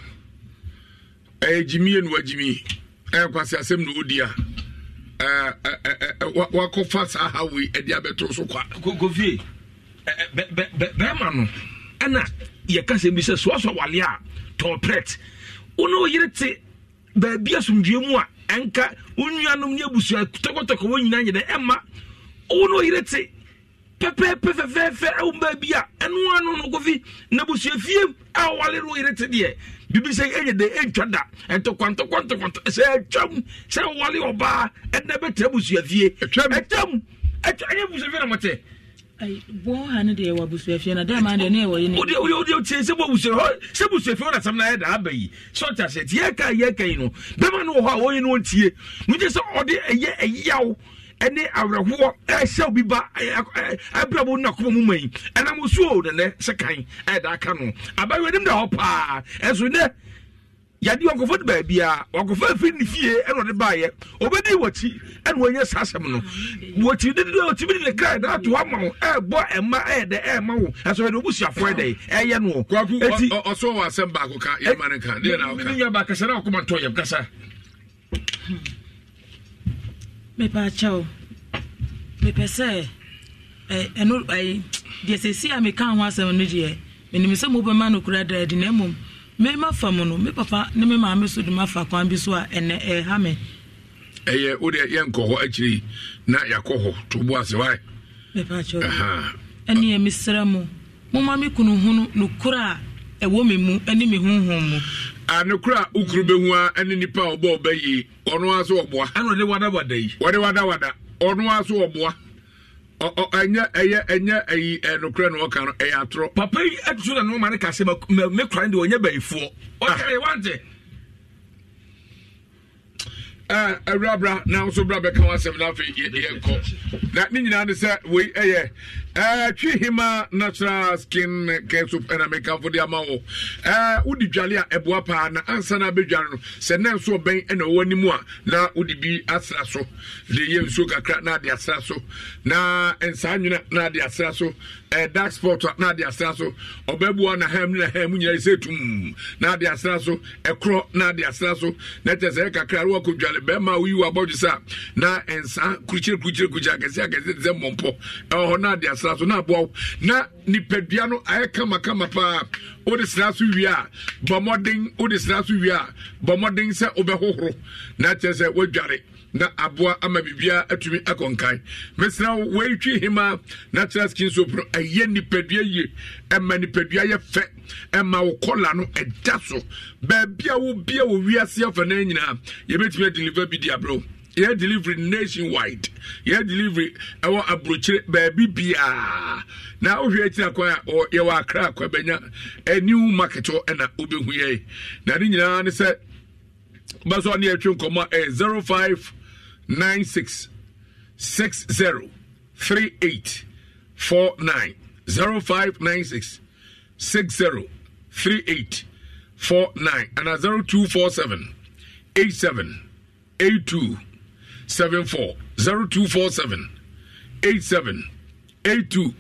[SPEAKER 1] ɛyɛ gyimi yɛ nua ɛyɛ nkwasi asɛm na odi a. wakɔfa saa hawe ɛde abɛto so kwa bɛrima no ɛna yɛka sɛ bi sɛ soa so a tɔprɛt wo ne wo te baabi asomdue mu a ɛnka wo nuanom ne abusua tɔkɔtɔkɔ wɔ nyinaa nyɛ dɛ ɛma wo ne wo yere te pɛpɛɛpɛ fɛfɛɛfɛ ɛwo baabi a ɛno ano no kofi na busua fie a wɔwale ne wo yere te deɛ biribi sɛ ɛnyɛ dɛ ɛntwa da ɛntɔkwantɔkwantɔkwantɔ sɛ ɛtwam sɛ wɔwale ɔbaa ɛnɛ bɛtɛ busua fie ɛtwam ɛtwam ɛnyɛ busua fie na mɔtɛ
[SPEAKER 3] bɔn ha ne deɛ wɔ na dɛm adeɛ ne yɛ wɔ yi ne. o de o de o
[SPEAKER 1] de o tie sɛ bɔ busua hɔ sɛ busuafie wɔn asam na yɛ daa bɛyi sɛ ɔta sɛ tie ka yɛ ka yi no bɛma no wɔ hɔ a wɔyɛ no tie no gye sɛ
[SPEAKER 11] ɔde ɛyɛ ɛyaw ɛne awerɛhoɔ ɛhyɛ obi ba abrabɔ na kɔmɔ mu ma yi ɛnam osuo nenɛ sɛ kan ɛyɛ daa ka no abayewa anim da hɔ paa
[SPEAKER 1] ɛso nɛ yàdí ọkọfọ di baabi a ọkọfọ efiri ni fie ẹna ọdi ba yẹ ọbẹ di wọkyi ẹna wọnyẹ sasẹm no wọkyi didi wọkyi bi di ne kra ẹna ato ama wo ẹbọ ẹma ẹdẹ ẹma wo ẹsọ ẹdẹ obusuafo ẹdẹ ẹyẹ no. kwaku ọsọ wọ asẹm baako kan yẹ mma ne ne yẹ na ọka. mímí yaba kasa náà ọkọ ma tọ yẹm kasa.
[SPEAKER 3] mepẹ akyɛw mepɛ sɛ ɛno ɛyi deɛ si a meka ho asɛm no deɛ menim sɛ mobɛma nokora daadi na mmom mema fa mu no me papa ne me maame so de ma fa kwan bi so a ɛnɛ ɛha me ɛyɛ
[SPEAKER 1] hɔ na yɛakɔ hɔ to ase wae
[SPEAKER 3] ɛneɛ mesrɛ moma me kunu a ɛwɔ me mu ne me honhom mu
[SPEAKER 1] a wokuru bɛhu ne nipa a ɔbɔ ɔno a so ɔboa wadawada yi wadawada ɔno a so ɔboa ɛnyɛ ɛyɛ ɛnyɛ ɛyi ɛnukurɛ na ɔka no ɛyɛ atorɔ. papa yi ɛtu so na ne ma ne kase ma me kura de ɔnyɛ bɛyifoɔ ɔkɛyɛ ah. wante. ɛwurabra ah, n'ahosuo bra bɛka wɔn asɛm n'afɛ yɛ yɛ nkɔ na ne nyinaa de sɛ wei ɛyɛ twi eh, hima skin care soap ɛna eh, mekamfo de ama wɔ eh, wode dwale a ɛboa paa na ansa no abɛdware no sɛ nɛ nso ɔbɛn ɛna ɔwɔ anim a na wode bi asra so de yɛ nsuo kakra na ade asra so na nsaa nwena na ade asra so dark spot na ade asra so ɔbɛboa na ham ne na ham nyinaa sɛ tum na ade asra so ɛkorɔ na ade asra so na kyɛ sɛ kakra na wakɔ dwale bɛrima a wɔ abɔdwe sɛ na nsaa kurukyire kurukyire kurukyire akɛseɛ akɛseɛ te sɛ mmɔmpɔ ɛwɔ hɔ na ade asra sra so na aboa na nipadua no ayɛ kamakama paa wode sra so wie a bɔ mmɔden wode sra so wie a bɔ sɛ wobɛhohoro na kyerɛ sɛ woadware na aboa ama biribiara atumi akɔnkan mesra wo wɔatwi hema natural skin soap no ɛyɛ nipadua yie ɛma nipadua yɛ fɛ ɛma wo kɔla no ɛda so baabi a wo bia wɔ wiase afa no nyinaa yɛbɛtumi adeliver bi di aberɛw yɛ delivery nationwide yɛ delivery ɛwɔ aburokyire baabi biara na wohwɛ akyina kwan a yɛwɔ akra akwa bɛnya ɛniw market hɔ ɛna wobɛhu yɛ na ne nyinaa ne sɛ bɛsɛ ɔne yɛtwe nkɔmmɔ a ɛyɛ 0596 60 38 49 0596 60 four 49 ana seven eight two seven four zero two four seven eight seven eight two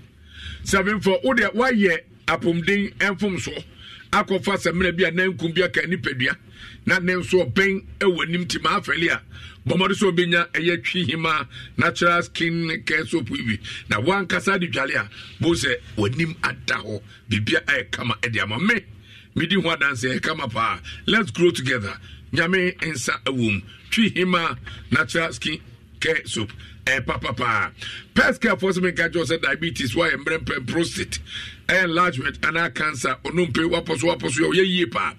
[SPEAKER 1] seven four o de wayɛ apɔmuden ɛnfom so akɔfa samina bi a nankum bi aka nipadua na ne nso ɔbɛn ɛwɔ anim ti maa fɛli a bɔmɔde sɛ natural skin care soap wi na wankasa de dwale a bo sɛ w'anim ada hɔ kama ɛde me medi ho adanse kama paa let's grow together nyame nsa ɛwɔ twi hima natural skin care soap ɛɛ Peske pɛskɛfoɔ so meka kyerɛ sɛ diabetes wa mmerɛmpɛ prostate enlargement anaa cancer onompe wapɔ so wapɔ so yɛ ɔyɛ yie paa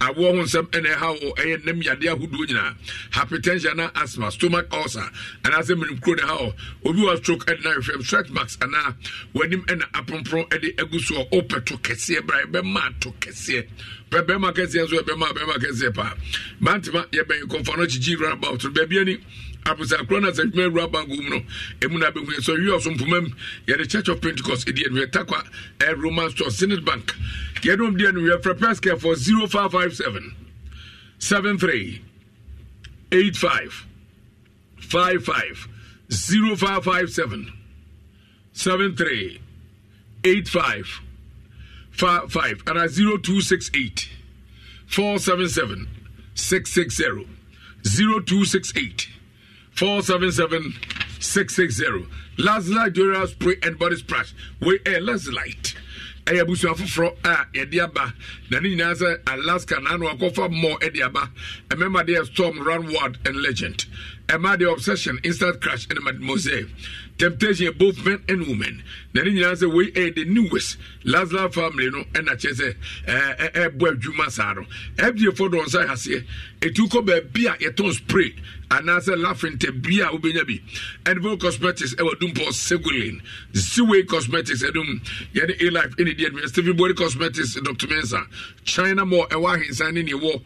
[SPEAKER 1] awoɔ ho nsɛm ɛna ɛha wɔ ɛyɛ nem yadeɛ ahodoɔ nyinaa hypertension na asthma stomach ulcer anaasɛ menim kuro ne ha o obi wɔ stroke ɛde na hwehwɛ stretch marks anaa w'anim ɛna apompron ɛde agu so a wopɛ to kɛseɛ bra ɛbɛma ato kɛseɛ pɛ bɛrima kɛseɛ nso ɛbɛma bɛrima kɛseɛ paa mantema yɛbɛn kɔmfa no kyikyi roundabout no baabi ani aposakora na sɛdwuma awura bank mu no ɛmu no abɛhu yɛ sɛ ɔwie ɔso mpoma church of pentecost ɛdi anuɛ takwa ɛ eh, roman store senate bank yɛdom di anuɛ frɛ pescare for 0557 73 85 55 and 0268 477 660 0268 477 660. Lazlite Dural Spray and Body Splash. We are Lazlite. ɛyɛ abusua foforɔ a yɛde aba na ne nyinaa sɛ alaska na ano akɔfa mmɔ ɛde aba ɛmɛma deɛ storm runward and legend ɛma deɛ obsession instant crash and mademoiselle temptation both men and women na ne nyinaa sɛ wei ɛyɛ the newest lasla family no ɛna kyerɛ sɛ ɛɛ ɛɛbɔ adwuma saa no ɛbiefoɔ dɔn nsa aseɛ etu kɔ baabi a yɛtɔn spray anaasɛ lafenta bia a wobɛnya bi edvil cosmetics ɛwɔ dumpo segulin ziway cosmetics ɛdum yɛne alife ɛne di adwuma stephen body cosmetics dr mensa china mall ɛwɔ ahensan ne neɛwɔ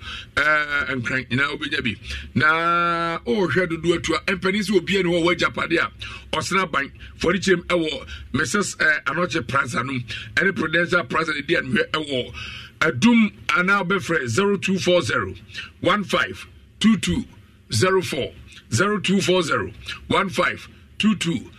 [SPEAKER 1] nkran nyinaa wobɛnya bi na wɔhwɛ dodoɔ atua mpani sɛ obia ne hɔ wɔ agyapade a ɔsena ban fɔrikyerɛm ɛwɔ mrs anɔkye prasa nom ɛne prudential prasa ne di adwuma ɛwɔ adum anaa wobɛfrɛ 0240 15 22 04 0240 1522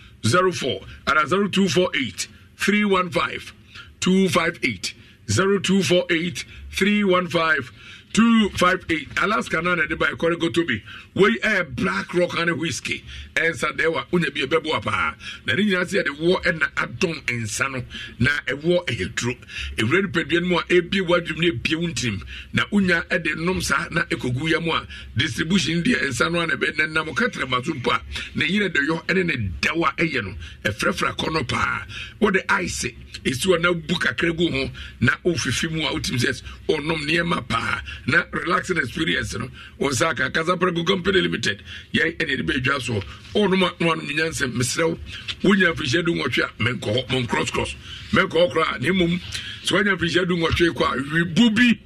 [SPEAKER 1] 04 and 0248 315 258 0248 315 two five eight alaska náà nàá de ba ẹkọ rẹkọ tóbi wei ẹ black rock and whiskey ẹ nsa dẹ wa wọnyẹ bi ẹbẹ paa na ne nyinaa sẹ ẹ de wọ ẹ na adọn nsa no na ẹwọ e ẹyẹ e duro ewura nipa dua no mu a ebie wadum na ebie wo ntirim na wonya ẹ e nom saa na ekogu ya mu a distribution deɛ nsa no a na ɛbɛ nenam katarama so mpo a na yina de yɔ ɛne ne dɛw a ɛyɛ no ɛfrɛfrɛ kɔ no paa wɔde ice esiwa na bu kakra gu ho na ofifi mu a wotumi sɛ ɔnom nneɛma paa na relaxing experience no wɔn nsa aka kasaprago company limited yɛn ɛna yɛde bɛɛdwa soɔ ɔnom a no anom nyinaa nsɛm mesrɛw wonya mfirihyia du nwɔtwe a menkɔ hɔ mon cross cross menkɔ hɔ koraa na mmom sɛ woanya mfirihyia du nwɔtwe kɔ a wibu bi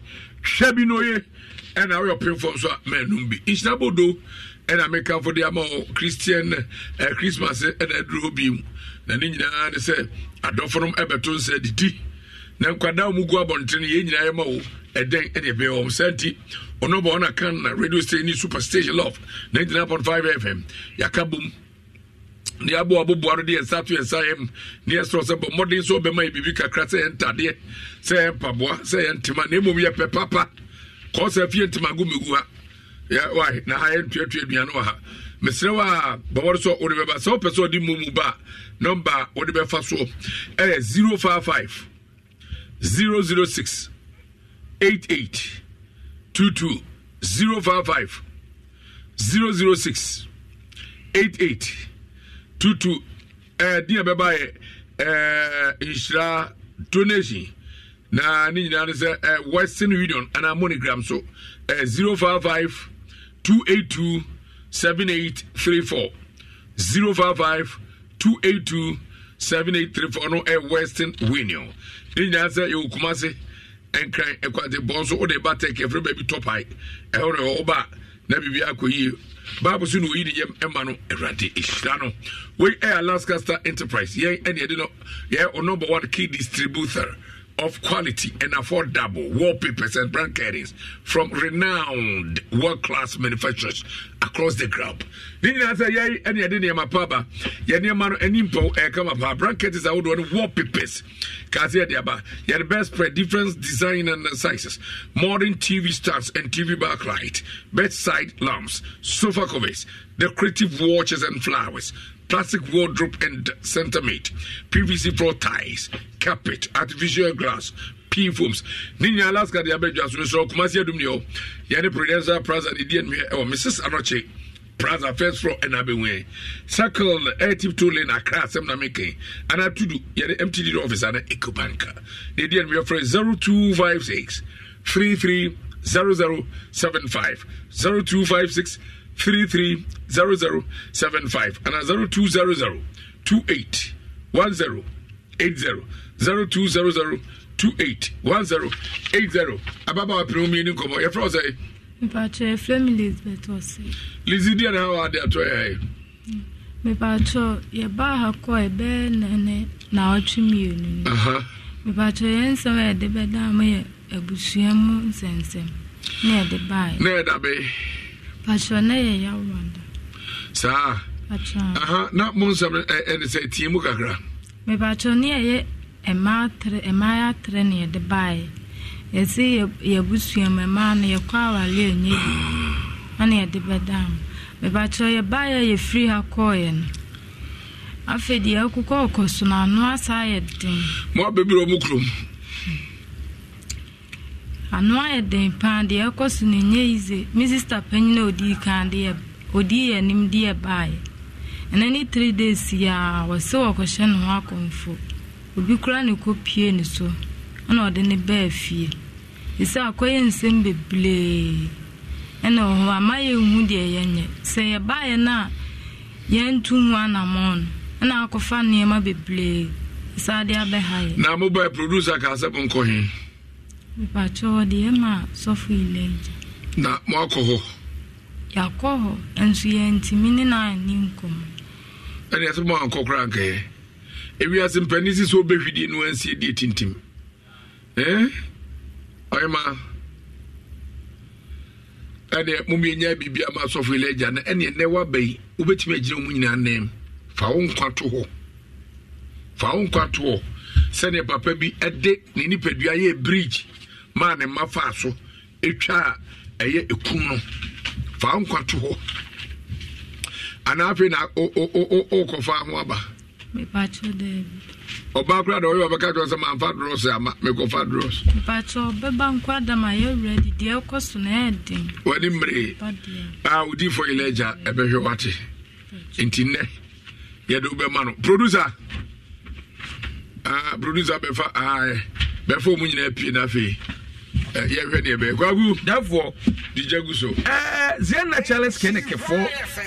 [SPEAKER 1] hwɛ bi na oye ɛna woyɛ ɔpemfoɔ nso a mɛnum bi nhyina bodo ɛna mekamfo de ama ɔ christian ɛ eh, christmas ɛna aduru hɔ bi mu na ne nyinaa ne sɛ adɔfo no ɛbɛto nsa didi na nkwadaa mu gu abɔnten yɛn nyinaa yɛ ma wo ɛdɛn ɛde ɛbɛn wɔn sɛ nti ɔno bɔ ɔna kan na radio station ni super station love ninety nine point five fm yaka bom ne abo aboboa no de yɛnsa to yɛnsa yɛm ne yɛsorɔ sɛ mmɔden nso ɔbɛma yɛ biribi kakra sɛ yɛn ntadeɛ sɛ yɛn mpaboa sɛ yɛn ntoma na mmom yɛpɛ papa kɔɔ sɛ fie ntoma gu megu ha yɛ wae na ha yɛn tuatua aduane wɔ ha mesrɛ wo a bɔbɔre sɛ wode bɛba sɛ wopɛ sɛ wode mumu ba a nɔmba a bɛfa soɔ ɛyɛ 055 006 88 22 055 006 88 22 ɛɛdeɛ bɛba yɛ ɛɛ nhyira donation na ne nyinaa no sɛ ɛɛ western union anaa monogram so ɛɛ 055 282 7834 055 282 7834 no ɛɛ eh, western union ne nyinaa sɛ yɛwɔ kumase nkran ɛkwadze bɔn so wode ba tɛk ɛfrɛ baabi tɔpae ɛhɔ ne ɔwɔ ba na biribi akɔ yie baabu so na oyi ne yɛm ɛma no eh, awurade eh, ɛhyira no wei ɛyɛ eh, alaska star enterprise yɛn ɛne yɛde no yɛyɛ ɔnɔbɔ one key distributor of quality and affordable wallpapers and brand curtains from renowned world-class manufacturers across the globe. Ne nyinaa yai yɛi ɛne yɛde nneɛma pa aba yɛ nneɛma no ani mpɛw ɛkama paa brand curtains wallpapers Kazi sɛ aba yɛde best spread different design and sizes modern TV stands and TV backlight bedside lamps sofa covers decorative watches and flowers plastic wardrobe and mate, PVC floor tiles, carpet, artificial glass, pin foams. Ninya Alaska, the Abeja, so Kumasi Dumio, Yani Prudenza, Plaza, Indian, or oh, Mrs. Anoche. Plaza first floor and Circle active two lane across Semna Meke. And I to do MTD office and Ecobank. The DN we 0256 330075 0256 330075 and 0200 28 10 80 0200 28 10 80 ababa apere omi ni nkɔmɔ yɛfrɛ wo sɛ
[SPEAKER 14] mepatwɛ flamin lisbet ɔse
[SPEAKER 1] lisi deɛ na hawa ade atɔ yɛɛ
[SPEAKER 14] mepatwɛ yɛbaa ha kɔ ɛbɛɛ nane na ɔtwe mmienu ni mepatwɛ yɛ nsɛm a yɛde bɛdaa mo yɛ abusua e mu nsɛnsɛm na yɛde baɛ
[SPEAKER 1] na yɛda bɛyɛ
[SPEAKER 14] akyerɛ na yɛ wanda
[SPEAKER 1] saa aha na mo nsɛm ɛne sɛ tie mu kakra
[SPEAKER 14] mepakyerɛ ne yɛyɛ ɛmaa atrɛ ne yɛde baeɛ yɛse yɛbusua mu ɛmaa no yɛkɔ awale ɛnyɛ bi ane yɛde bɛdaa mo mepakyerɛ yɛbaeɛ yɛfiri ha kɔɔyɛ no afei deɛ akokɔ ɔkɔ so no ano asaa yɛ den
[SPEAKER 1] mo abɛbirɛ ɔmo kurom
[SPEAKER 14] ano ayɛ den paa deɛ ɛkɔ so no ɛnyɛ yize me panyin a odii kan deɛ odii yɛ anim deɛ ne days yi a wɔsɛ wɔkɔhyɛ ne ho akɔmfo obi kura ne kɔ pie ne so ɛna ɔde ne bɛɛ fie ɛsɛ akɔyɛ nsɛm bebree ɛna wɔ hɔ ama deɛ yɛnyɛ sɛ no a akɔfa nneɛma bebree saa abɛha yɛ
[SPEAKER 1] na mobile producer kaa sɛ
[SPEAKER 14] mpatsɔ ɔde ɛma sɔfo ilẹ gya.
[SPEAKER 1] na mo akɔ hɔ.
[SPEAKER 14] yakɔ hɔ nso yɛn ntumi ne na ne nkɔmɔ.
[SPEAKER 1] ɛna yɛsɛ mo ankɔ koraa nkɛyɛ ewiase mpanyin sisi o bɛhwidie no ansie die tintim ɛɛ ɔyɛ ma ɛna mo mi enya biribi ama sɔfo ilẹ gya na ɛna ɛnɛ waba yi wobɛtumi agyina wɔn nyinaa nan fa wo nkwa to hɔ fa wo nkwa to hɔ sɛdeɛ papa bi ɛde ne nipadua yɛ bridge maa ne mma faa so etwa a ɛyɛ ekum no faa nkwa to hɔ anaafei na o o o o kɔfa ho aba.
[SPEAKER 14] mipatso dɛ.
[SPEAKER 1] ɔbaa kura dɛ ɔyɛ ɔbɛka kyerɛ sɛ maa nfa drɔs ama mekɔfa drɔs.
[SPEAKER 14] mipatso ɔbɛba nkɔ adam a yɛwura di deɛ ɔkɔ so na yɛ den.
[SPEAKER 1] wɔde mmiri a odi fɔ ilẹ̀ gya ɛbɛhwɛ wate nti nnɛ yɛde ɔbɛma no producer aa ah, producer bɛfa aa bɛfa ɔmu nyinaa pie n'afɛ yi. Eh, yɛhwɛ deɛ bɛyɛ kwagu dafoɔ de gya gu so eh, ziana charles kenekefo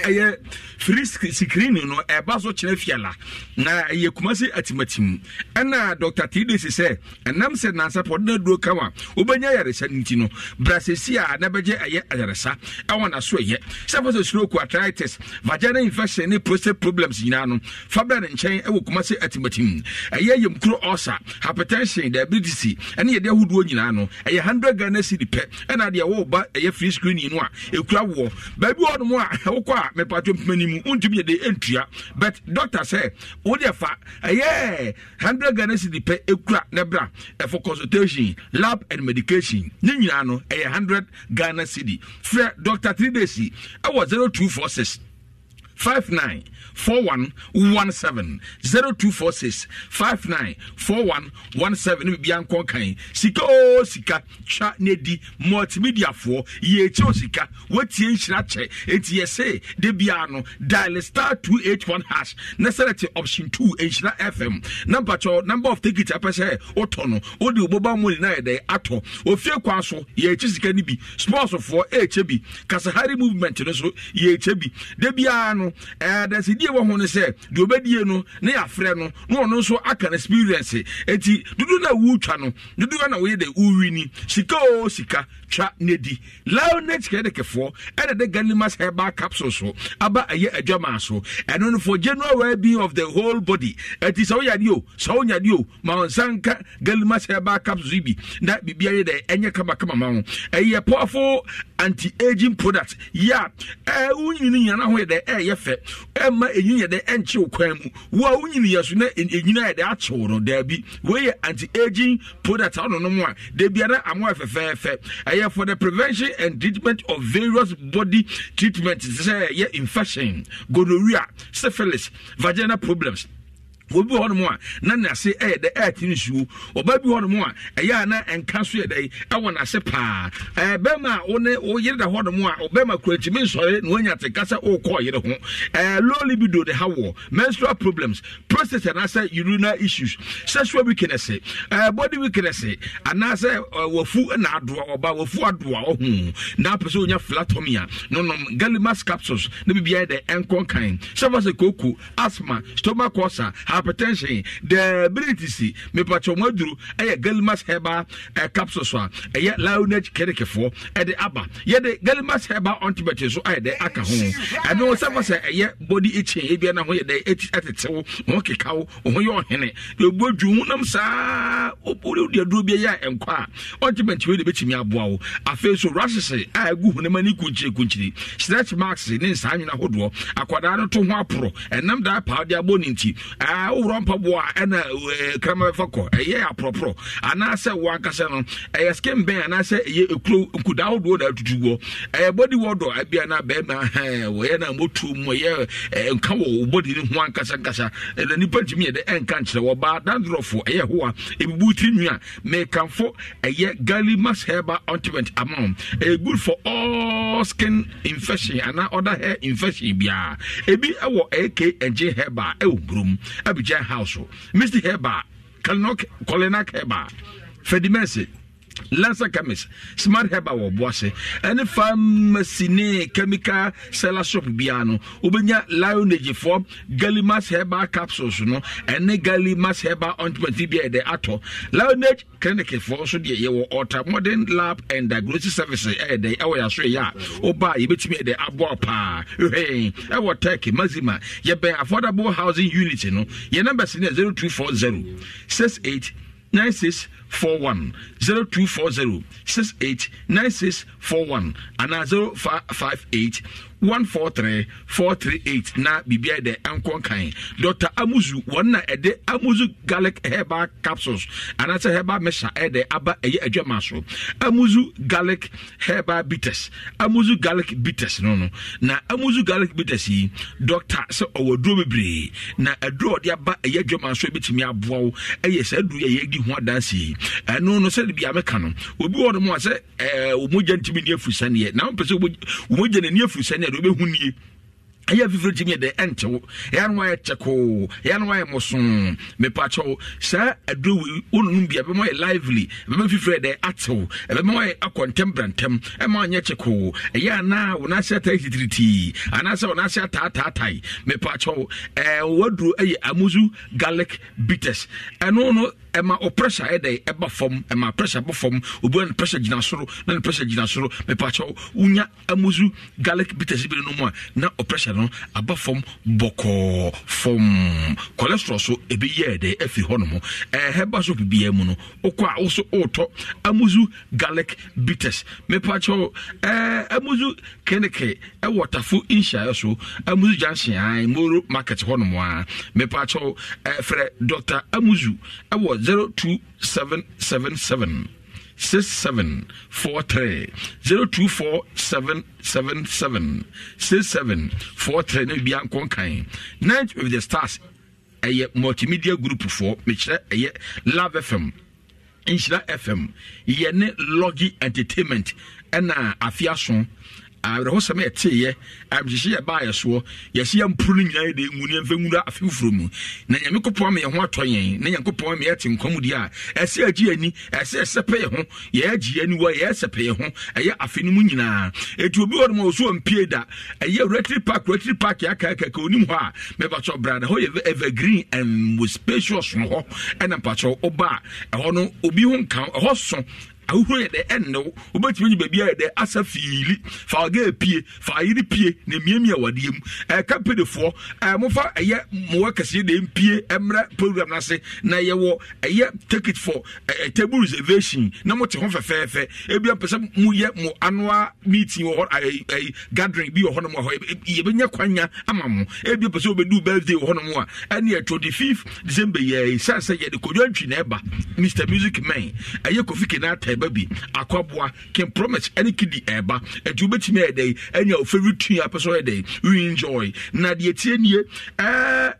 [SPEAKER 1] ɛyɛ firi sikirini no ɛba so kyerɛ fiala na ɛyɛ kumase atimatim ɛna dr td si sɛ ɛnam sɛ nansapɔ na duro kam a wobɛnya ayaresa no nti no brasesi a na bɛgye ɛyɛ ayaresa ɛwɔ naso ɛyɛ sɛ fo sɛ stroke arthritis vagina infection ne prostate problems nyinaa no fa bra ne nkyɛn ɛwɔ kumase atimatim ɛyɛ yɛmkuro ulcer hypertension diabetes ɛne yɛde ahodoɔ nyinaa no ɛyɛ hundred ghana cedi pɛ ɛna deɛ wɔreba ɛyɛ free screen yi no a ɛkura woɔ baabi wɔ nom a wokɔ a mepatwo mpamani mu wontumi yɛde ɛntua but doctor sɛ wodeɛ fa ɛyɛ hundred ghana cedi pɛ ɛkura ne bra ɛfo consultation lab and medication ne nyinaa no ɛyɛ hundred ghana cedi frɛ doctor three days ɛwɔ zero two four six five nine 4117 0246 59 4117 ne bibia nkɔ kan sika o sika cha ne di multimedia for multimediafoɔ yɛkyɛ o sika woatie nhyira kyɛ enti yɛse de biara no dial star 281 hash na sɛdɛte option 2 nhyira fm Number mpakyɛ number of ticket apɛ sɛ wotɔ no wode wo boba mu nyinaa yɛdɛ atɔ ofie kwan so yɛkyi sika no bi sports sportsfoɔ ɛɛkyɛ bi kasahari movement no so yɛkyɛ bi da biara no ɛɛ dɛsi agye wɔ ho no sɛ deɛ obɛdie no ne yɛafrɛ no na ɔno nso aka no experience enti dodo no a wotwa no dodoɔ na woyɛ dɛ wowini sika o sika twa ne di launet hedekefoɔ ɛna de galimas herbal capsule so aba ɛyɛ adwamaa so ɛno no for general wellbeing of the whole body ɛti sɛ woyade o sɛ wonyade o ma wo nsa nka galimas herbal capsule bi na biribiara dɛ ɛnyɛ kamakama ma wo ɛyɛ powerful anti aging product yɛ a wonyini nyina ho yɛ dɛ ɛyɛ fɛ ɛma ɛnyini yɛ dɛ ɛnkye wo kwan mu wo a wonyini yɛ so na ɛnyina e-, yɛ dɛ akye no daabi wei anti aging product a wononom a da biara amoa fɛfɛɛfɛ ɛyɛ ɛyɛ for the prevention and treatment of various body treatments sɛ ɛyɛ infection gonorrhea syphilis vaginal problems obi wɔ hɔnom a na n'ase ɛyɛ dɛ ɛyɛ ti nsuo ɔbaa bi wɔ hɔnom a ɛyɛ a na nka so yɛ dɛ ɛwɔ n'ase paa ɛɛ bɛrima a wɔne wɔyere da hɔnom a ɔbɛrima kura kyimi nsɔre na wɔnya te kasa ɔɔkɔ ɔyere ho ɛɛ low libido de ha wɔ menstrual problems prostate anaasɛ urinary issues sexual weakness ɛɛ body weakness anaasɛ wɔfu na adoa ɔbaa wɔfu adoa ɔho na apɛ sɛ onya philatomia nonom galimas capsules ne bibiara yɛ dɛ ɛnkɔnkan sɛfɔsɛ asthma stomach ulcer ha hypertension diabetes mepatwɛ mu aduru ɛyɛ galimas heba eh, capsule so a ɛyɛ lionage kerekefoɔ ɛde aba yɛde galimas heba ontibet so ayɛ dɛ aka ho ɛno sɛ fa sɛ ɛyɛ body itching ebia na ho yɛ dɛ ɛtetew ho keka wo ho yɛ ɔhene ɛbu adwu honam saa wode aduro bi ɛyɛ a ɛnkɔ a ontibet wei de bɛtumi aboa wo afei so rashes a ɛgu honam ani kunkyirikunkyiri stretch marks ne nsaa nwene ahodoɔ akwadaa no to ho aporɔ ɛnam daa paw de abɔ ne nti biara wowura mpaboa ɛna eh, krama bɛfa kɔ ɛyɛ aporɔporɔ anaasɛ wo ankasa no ɛyɛ skin bɛn anaasɛ ɛyɛ ekuro nkuda ahodoɔ na atutu wɔ ɛyɛ body wɔdɔ abia na bɛrima hɛn wɔyɛ na motu mu ɛyɛ eh, nka wɔ wo body ne ho ankasa nkasa ɛna nipa ntumi yɛ dɛ ɛnka nkyerɛ wɔbaa dandrɔfo ɛyɛ hoa ebubu ti nwi a ɛyɛ garlic mass herbal ointment amount ɛyɛ eh, good for all skin infection ana other hair infection biara ebi ɛwɔ ɛyɛ k ɛngye herbal ɛwɔ burom ɛ abigyan house mr heba kalinak heba fedimensi lancer chemist smart herbal wɔ boase ɛne pharmacy ne chemical seller shop biara no wobɛnya lionage fɔ galimas herbal capsules no ɛne galimas herbal ointment bi a yɛde atɔ lionage clinic fɔ nso deɛ yɛwɔ ɔta modern lab and diagnosis service ɛyɛdɛ eh, ɛwɔ eh, yɛaso ɛyɛ a woba a yɛbɛtumi ɛde aboa paa hwɛn eh, ɛwɔ turkey mazima yɛbɛn affordable housing unit no yɛ zero six eight nine six 41 0240 68 9641 anaa 058 143 438 na biribiara de nkɔ kan dr amuzu wɔn na ɛde e amuzu garlic herbal capsules anaasɛ herbal mixture ɛde e aba ɛyɛ e adwama so amuzu garlic herbal bitters amuzu garlic bitters no no na amuzu garlic bitters yi dr sɛ ɔwɔ duro bebree na aduro ɔde aba ɛyɛ adwama so ebitumi aboawo ɛyɛ sɛ aduro yɛ yɛdi ho adansi yi ɛno no sɛde bia meka no obi wɔ no mu a sɛ wɔmogya ntimi ne afiri sɛneɛ na wopɛ sɛ wɔmogya n'ani afiri sɛneɛ de wobɛhu nie ɛyɛ fifiri tumi yɛdɛ ɛnte wo ɛyɛ no wayɛ kyɛko ɛyɛ no wayɛ mosoo mepakyɛw saa aduro wei wononom bia ɛbɛma yɛ lively ɛbɛma fifiri yɛdɛ atew ɛbɛma wayɛ akɔntɛm brantɛm ɛma wanyɛ kyɛko ɛyɛ anaa wo nase atae titiritii anaasɛ wo nase ataataatae mepakyɛw ɛɛ waduro ɛyɛ amuzu garlic bitters ɛno no ɛma ɔ oh, pressure ɛdɛ ɛba fam ɛma pressure bɔ fam obi oh, wɔ ne pressure gyina soro na ne pressure gyina soro mɛpakyɛw wonya amusu garlic bitters bi no a na ɔ pressure no aba fam bɔkɔɔ fam cholesterol so ebi yɛ ɛdɛ ɛfiri hɔnom ɛɛ eh, herbal soap biara mu no okɔ a woso ɔɔtɔ amusu garlic bitters mɛpakyɛw ɛɛ amusu kɛnɛkɛ ɛwɔ tafo nhyia so amuzu junction a moro market hɔnom a ah, mɛpakyɛw ɛɛ eh, frɛ dr amusu ɛwɔ eh, 02777 6743 02477 6743 na bia nkɔ night with the stars ɛyɛ multimedia group foɔ mekyerɛ aye, love fm nhyira fm yɛne logi entertainment ɛna afiaso awerɛhosɛm yɛteeɛ awerɛhyehye yɛbaa yɛ soɔ yɛhyɛ yɛmporo no nyinaa yɛde ngu ne yɛmfa nwura afefoforo mu na nyame kopɔn ma yɛ ho atɔ yɛn na nyankopɔn ma yɛte nkwa mu deɛ a ɛsɛ agye ani ɛsɛ ɛsɛpɛ yɛ ho yɛagye ani wɔ yɛsɛpɛ yɛ ho ɛyɛ afe no mu nyinaa ɛti obi wɔ noma ɔso ɔmpie da ɛyɛ ratiri park ratiri park yɛakaakaka onim hɔ a mɛbakyɛ bra na hɔ yɛ evergreen and spacious no hɔ ɛna mpakyɛ woba ɛhɔ no obi ho nka ɛhɔ so ahohoro yɛ dɛ ɛnne wo wobɛtumi nye baabi ayɛ dɛ asa fiili fa ɔga pie fa ayere pie na miamia wadeɛ mu ɛka pedefoɔ mofa ɛyɛ mmoa kɛseɛ de mpie mmerɛ program no ase na yɛwɔ ɛyɛ ticket for table reservation na mote ho fɛfɛɛfɛ ebia pɛ sɛ moyɛ mo anoa meeting wɔ hɔ gathering bi wɔ hɔnom hɔ yɛbɛnya kwanya ama mo ebia pɛ sɛ wobɛdu birthday wɔ hɔnom a ɛneɛ 25 december yɛi sɛ sɛ yɛde kodwa ntwi na ɛba mr music man ɛyɛ kofi kenata ɛba bi can promise ɛne kidi ɛba ɛnti wobɛtumi ɛyɛ dɛ ɛnea ofɛri tui apɛ sɛ ɔyɛ dɛ we enjoy na deɛ tie nie ɛɛ eh,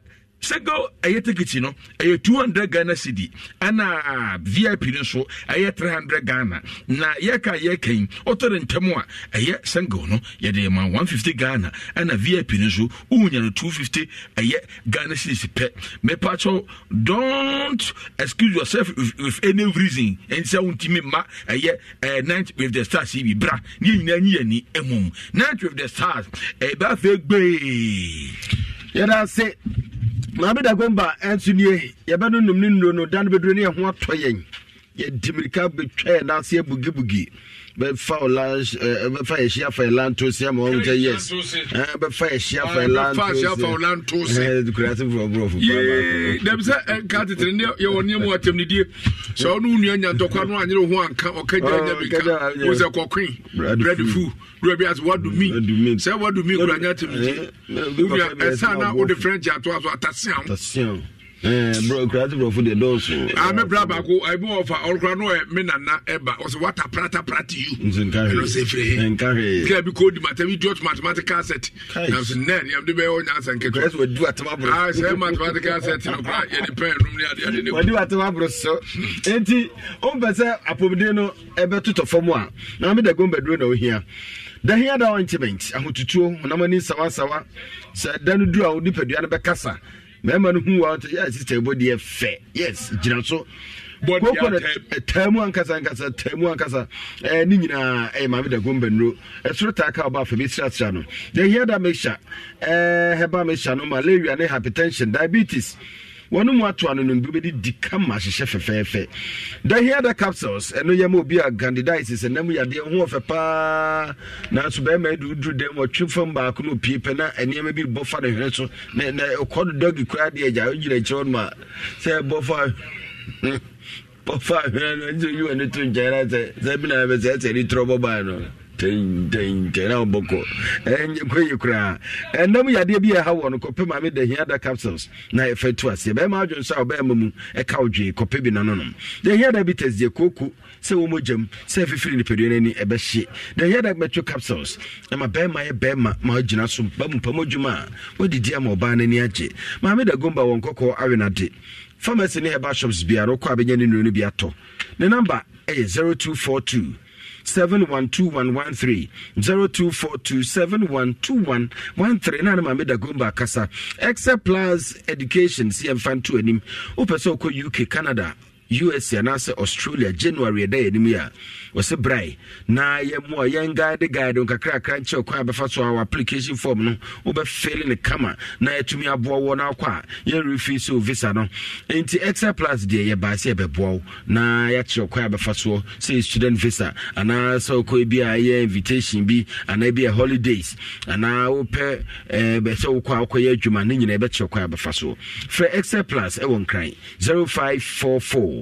[SPEAKER 1] sɛgo ɛyɛ tikiti no ɛyɛ 200 ghana cedi ɛna ah, vip no nso ɛyɛ 300 ghana na yɛka yɛka yi ɔtɔre ntɛm a ɛyɛ sɛgo no yɛde ma 150 ghana ɛna vip no nso wonya no 250 ɛyɛ ghana cedis pɛ mepakyɛw don't excuse yourself with, with any reason ɛnsɛ wontimi ma ɛyɛ uh, eh, night with the stars yi bi bra ne yɛ nyinaa nyi yɛni mmom night with the stars ɛbɛafɛ gbee
[SPEAKER 16] yɛda se maame dagomba nso nie yɛbɛno nom ne nnuro no da no bɛduro ne yɛho atɔ yɛn yɛdi mirika bɛtwa yɛn n'ase abugibugi bɛfa fa yɛhyia eh, fa ɛlantose ma ɔnkyɛ yes bɛfa yɛhyia eh, fa ɛlantosedam
[SPEAKER 1] sɛ ɛnka tetere ne yɛwɔ nneɛma atamnidie sɛ ɔne wo nua nyantɔkwa no anyere ho anka ɔka ah, gya nya bika wo sɛ kɔkwe brɛde fu dura as ase wadu mi sɛ wadu mi kura nya atamnidie wo nua ɛsa na wode french atoa so ataseam
[SPEAKER 16] brokura ti brofo de dɔɔso.
[SPEAKER 1] ame bra baako ebi wɔ fa ɔrɔkura n'oyɛ mi nana ɛba eh, ɔsɛ wata prata prata yu.
[SPEAKER 16] nse nkari ɛnose
[SPEAKER 1] fere nkari. kí ɛbi ko di matɛmi idiot mathematical set. nanso nɛɛni ɛbi bɛ ɔnya asɛn kɛtɔ. ɛsɛ wadu atama bro. aa sɛ mathematical set na kura yɛ ni pɛn num ni adi adi ne ko. wadu atama bro
[SPEAKER 16] sɔ eti o bɛ sɛ apɔmuden no ɛbɛ tutɔ fɔm a na mi dago mbɛduro na ohia dahia da ointment ahotutuo ɔnam ani sawasawa sɛ dan duro a onipadua no bɛkasa mmarima no hu wa yɛ sista ɛbɔ fɛ yes gyina so eh, eh, eh, hypertension diabetes wɔn mu ato ano no bi bɛdi di kama ahyehyɛ fɛfɛɛfɛ dahiada capsules ɛno yɛ ma obi a candidiasis ɛnam yadeɛ ho ɔfɛ paa nanso bɛrima yɛ duru dɛm ɔtwe fam baako no opie pɛ na nneɛma bi bɔ fa ne hwene so na na ɔkɔ do dɔgi kura deɛ gya ɔgyina akyire ɔnom a sɛ bɔ fa bɔ fa hwene no ɛnso yi wɔn ne to nkyɛn na sɛ sɛ bi na bɛ sɛ ɛsɛ ne tɔrɔ bɔ no tententen na wɔbɔkɔ ɛnyɛ kɔyi koraa ɛnam yadeɛ bi ɛha wɔ no kɔpɛ maame da hia da capsules na yɛfa tu aseɛ bɛrima adwene sɛ ɔbɛrima mu ɛka odwee kɔpɛ bi na nonom da hia da bi tɛseɛ kooko sɛ wɔ mogyam sɛ ɛfifiri nipadua no ani ɛbɛhye da hia da bɛtwe capsules ɛma bɛrima yɛ bɛrima ma ɔgyina so bamumpam adwuma a wɔdidi ama ɔbaa no ani agye maame da gomba wɔn kɔkɔɔ awe no ade pharmacy ne herbal shops biara wokɔ a bɛnya ne nnuro no bi atɔ ne namba ɛyɛ 0242 712113 0242712113 na ne maame dagomba kasa except plus education cmfa nto anim wopɛ sɛ wokɔ uk canada us anaasɛ australia january ɛda yɛnim yi a wɔsɛ brae na yɛmmoa yɛn guide guide nkakrakra nkyɛ kwan a bɛfa so a wɔ application form no wobɛfele ne kama na yɛatumi aboa wɔ no akɔ a yɛrefi so visa no enti extra plus deɛ yɛbaa sɛ yɛbɛboa wo na yɛakyerɛ kwan a bɛfa soɔ sɛ student visa anaa sɛ wokɔ bi a yɛ invitation bi anaa bi a holidays anaa wopɛ eh, bɛsɛ wokɔ a wokɔyɛ adwuma ne nyina yɛbɛkyerɛ kwan a bɛfa soɔ frɛ extra plus ɛwɔ nkran 0544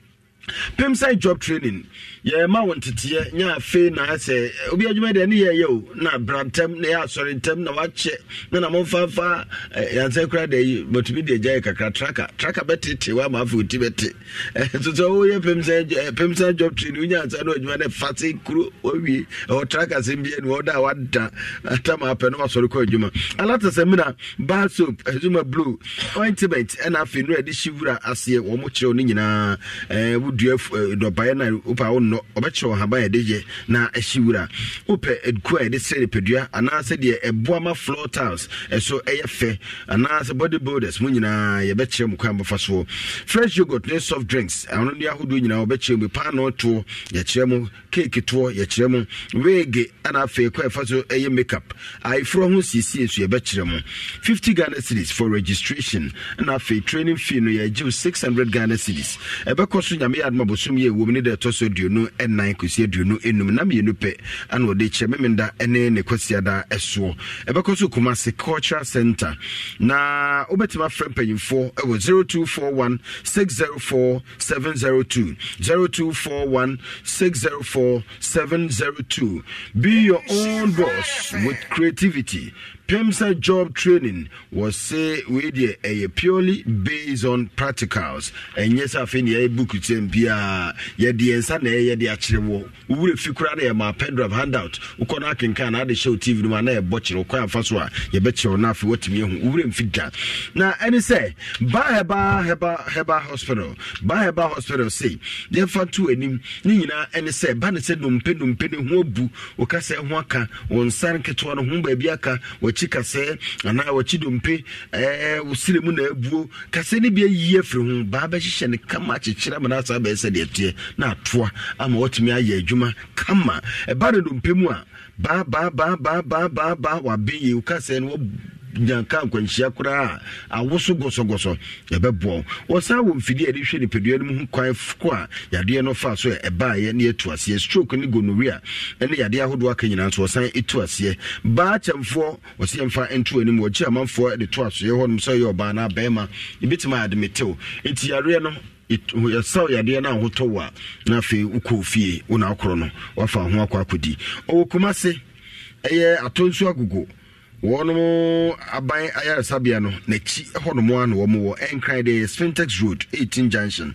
[SPEAKER 16] pem sɛ job training yɛma wo nteteɛ nyɛ afei na sɛ obi adwuma deɛ ne yɛyɛ o na bra ntɛm na yɛ asɔre ntɛm na wakyɛ na na momfafa eh, yansɛ kora da yi matumi de agyae kakra traka traka bɛtete wama afa ɔti bɛte nso eh, sɛ woyɛ pem sɛ eh, job training wonya ansa na adwuma dɛ fa se kuro wawie ɛwɔ traka sɛm bia ne wɔda wada atama apɛ na wasɔre kɔ adwuma alata sɛ mina bar soap azuma blue ointment ɛna afei no ɛde hye wura aseɛ wɔmo kyerɛw no nyinaa dua eh, dɔbaeɛ na wopɛ a wonnɔ ɔbɛkyerɛ ɔhaba yɛde yɛ na ahyi wura wopɛ adku a yɛde sɛ nipadua anaasɛ deɛ ɛboa ma floor tiles ɛso ɛyɛ fɛ anaasɛ body builders mu nyinaa yɛbɛkyerɛ mu kwan bɛfa soɔ fresh yogurt ne soft drinks ɛno ne ahodoɔ nyinaa wɔbɛkyerɛ mu paano toɔ yɛkyerɛ mu keeke toɔ yɛkyerɛ mu weege ɛna afei kɔ ɛfa so ɛyɛ makeup ayeforɔ ho siesie nso yɛbɛkyerɛ mu 50 ghana cities for registration ɛna afei training fee no yɛagyew 600 ghana cities ɛbɛkɔ so nyame ɛyɛ bosom yɛ ɛwɔ ne deɛ ɛtɔ so aduonu ɛnan kɔsi aduonu enum na mmienu pɛ ana wɔde kyerɛ memenda ɛne ne kwasiada ɛsoɔ ɛbɛkɔ so kumase cultural center na wobɛtumi afrɛ mpanyimfoɔ ɛwɔ 0241 604 702 0241 604 702 be your own boss with creativity Pemsa job training wɔse wei deɛ ɛyɛ purely based on practicals ɛnyɛ sɛ afei ne yɛyɛ book in. biaa yɛde yɛ nsa na ɛyɛde We wɔ wowerɛ fi koraa na pen drive handout We no akenka na ade hyɛ wo tv no mu ana yɛbɔ kyerɛ wokɔ amfa so a yɛbɛkyerɛ wo no afei woatumi ahu wowerɛ mfi da na ɛne sɛ ba heba heba heba hospital ba heba hospital se yɛmfa to anim ne nyinaa ɛne sɛ ba ne sɛ dompe dompe ne ho abu woka sɛ ho aka wo nsa nketewa no ho baabi aka wɔkyi wɔkyi kasɛ anaa wɔkyi dompe ɛɛ wosire mu na abuo kasɛ ne bi ayi afiri ho baa bɛhyehyɛ ne kama akyekyere ama n'asa bɛyɛ sɛ deɛ teɛ na atoa ama wɔtumi ayɛ adwuma kama ɛba ne dompe mu a baa baa baa baa baa baa wabe yie wo kasɛ no nyanka nkwanhyia koraa awoso gɔsɔgɔsɔ yɛbɛboa wo wɔsan wɔ mfidie a yɛde hwɛ nipadua no mu ho kwan kɔ a yadeɛ no faa so a ne yɛtu aseɛ stroke ne gonorrhea ne yadeɛ ahodoɔ aka nyinaa nso wɔsan ɛtu aseɛ baa kyɛmfoɔ wɔsɛ yɛmfa nto anim wɔkyi amanfoɔ de to asoɛ hɔ nom sɛ ɔyɛ ɔbaa no abɛrima ɛbɛtumi ademetew nti yareɛ no yɛsaw yadeɛ no a wotɔ na afei wokɔɔ fie wo na akorɔ no wafa ho akɔ akɔdi ɔwɔ kuma ɛyɛ atɔ nsu agogo wɔnom aban ayaresabea no n'akyi hɔ nom a na wɔn wɔ nkran de sphintex road 18 junction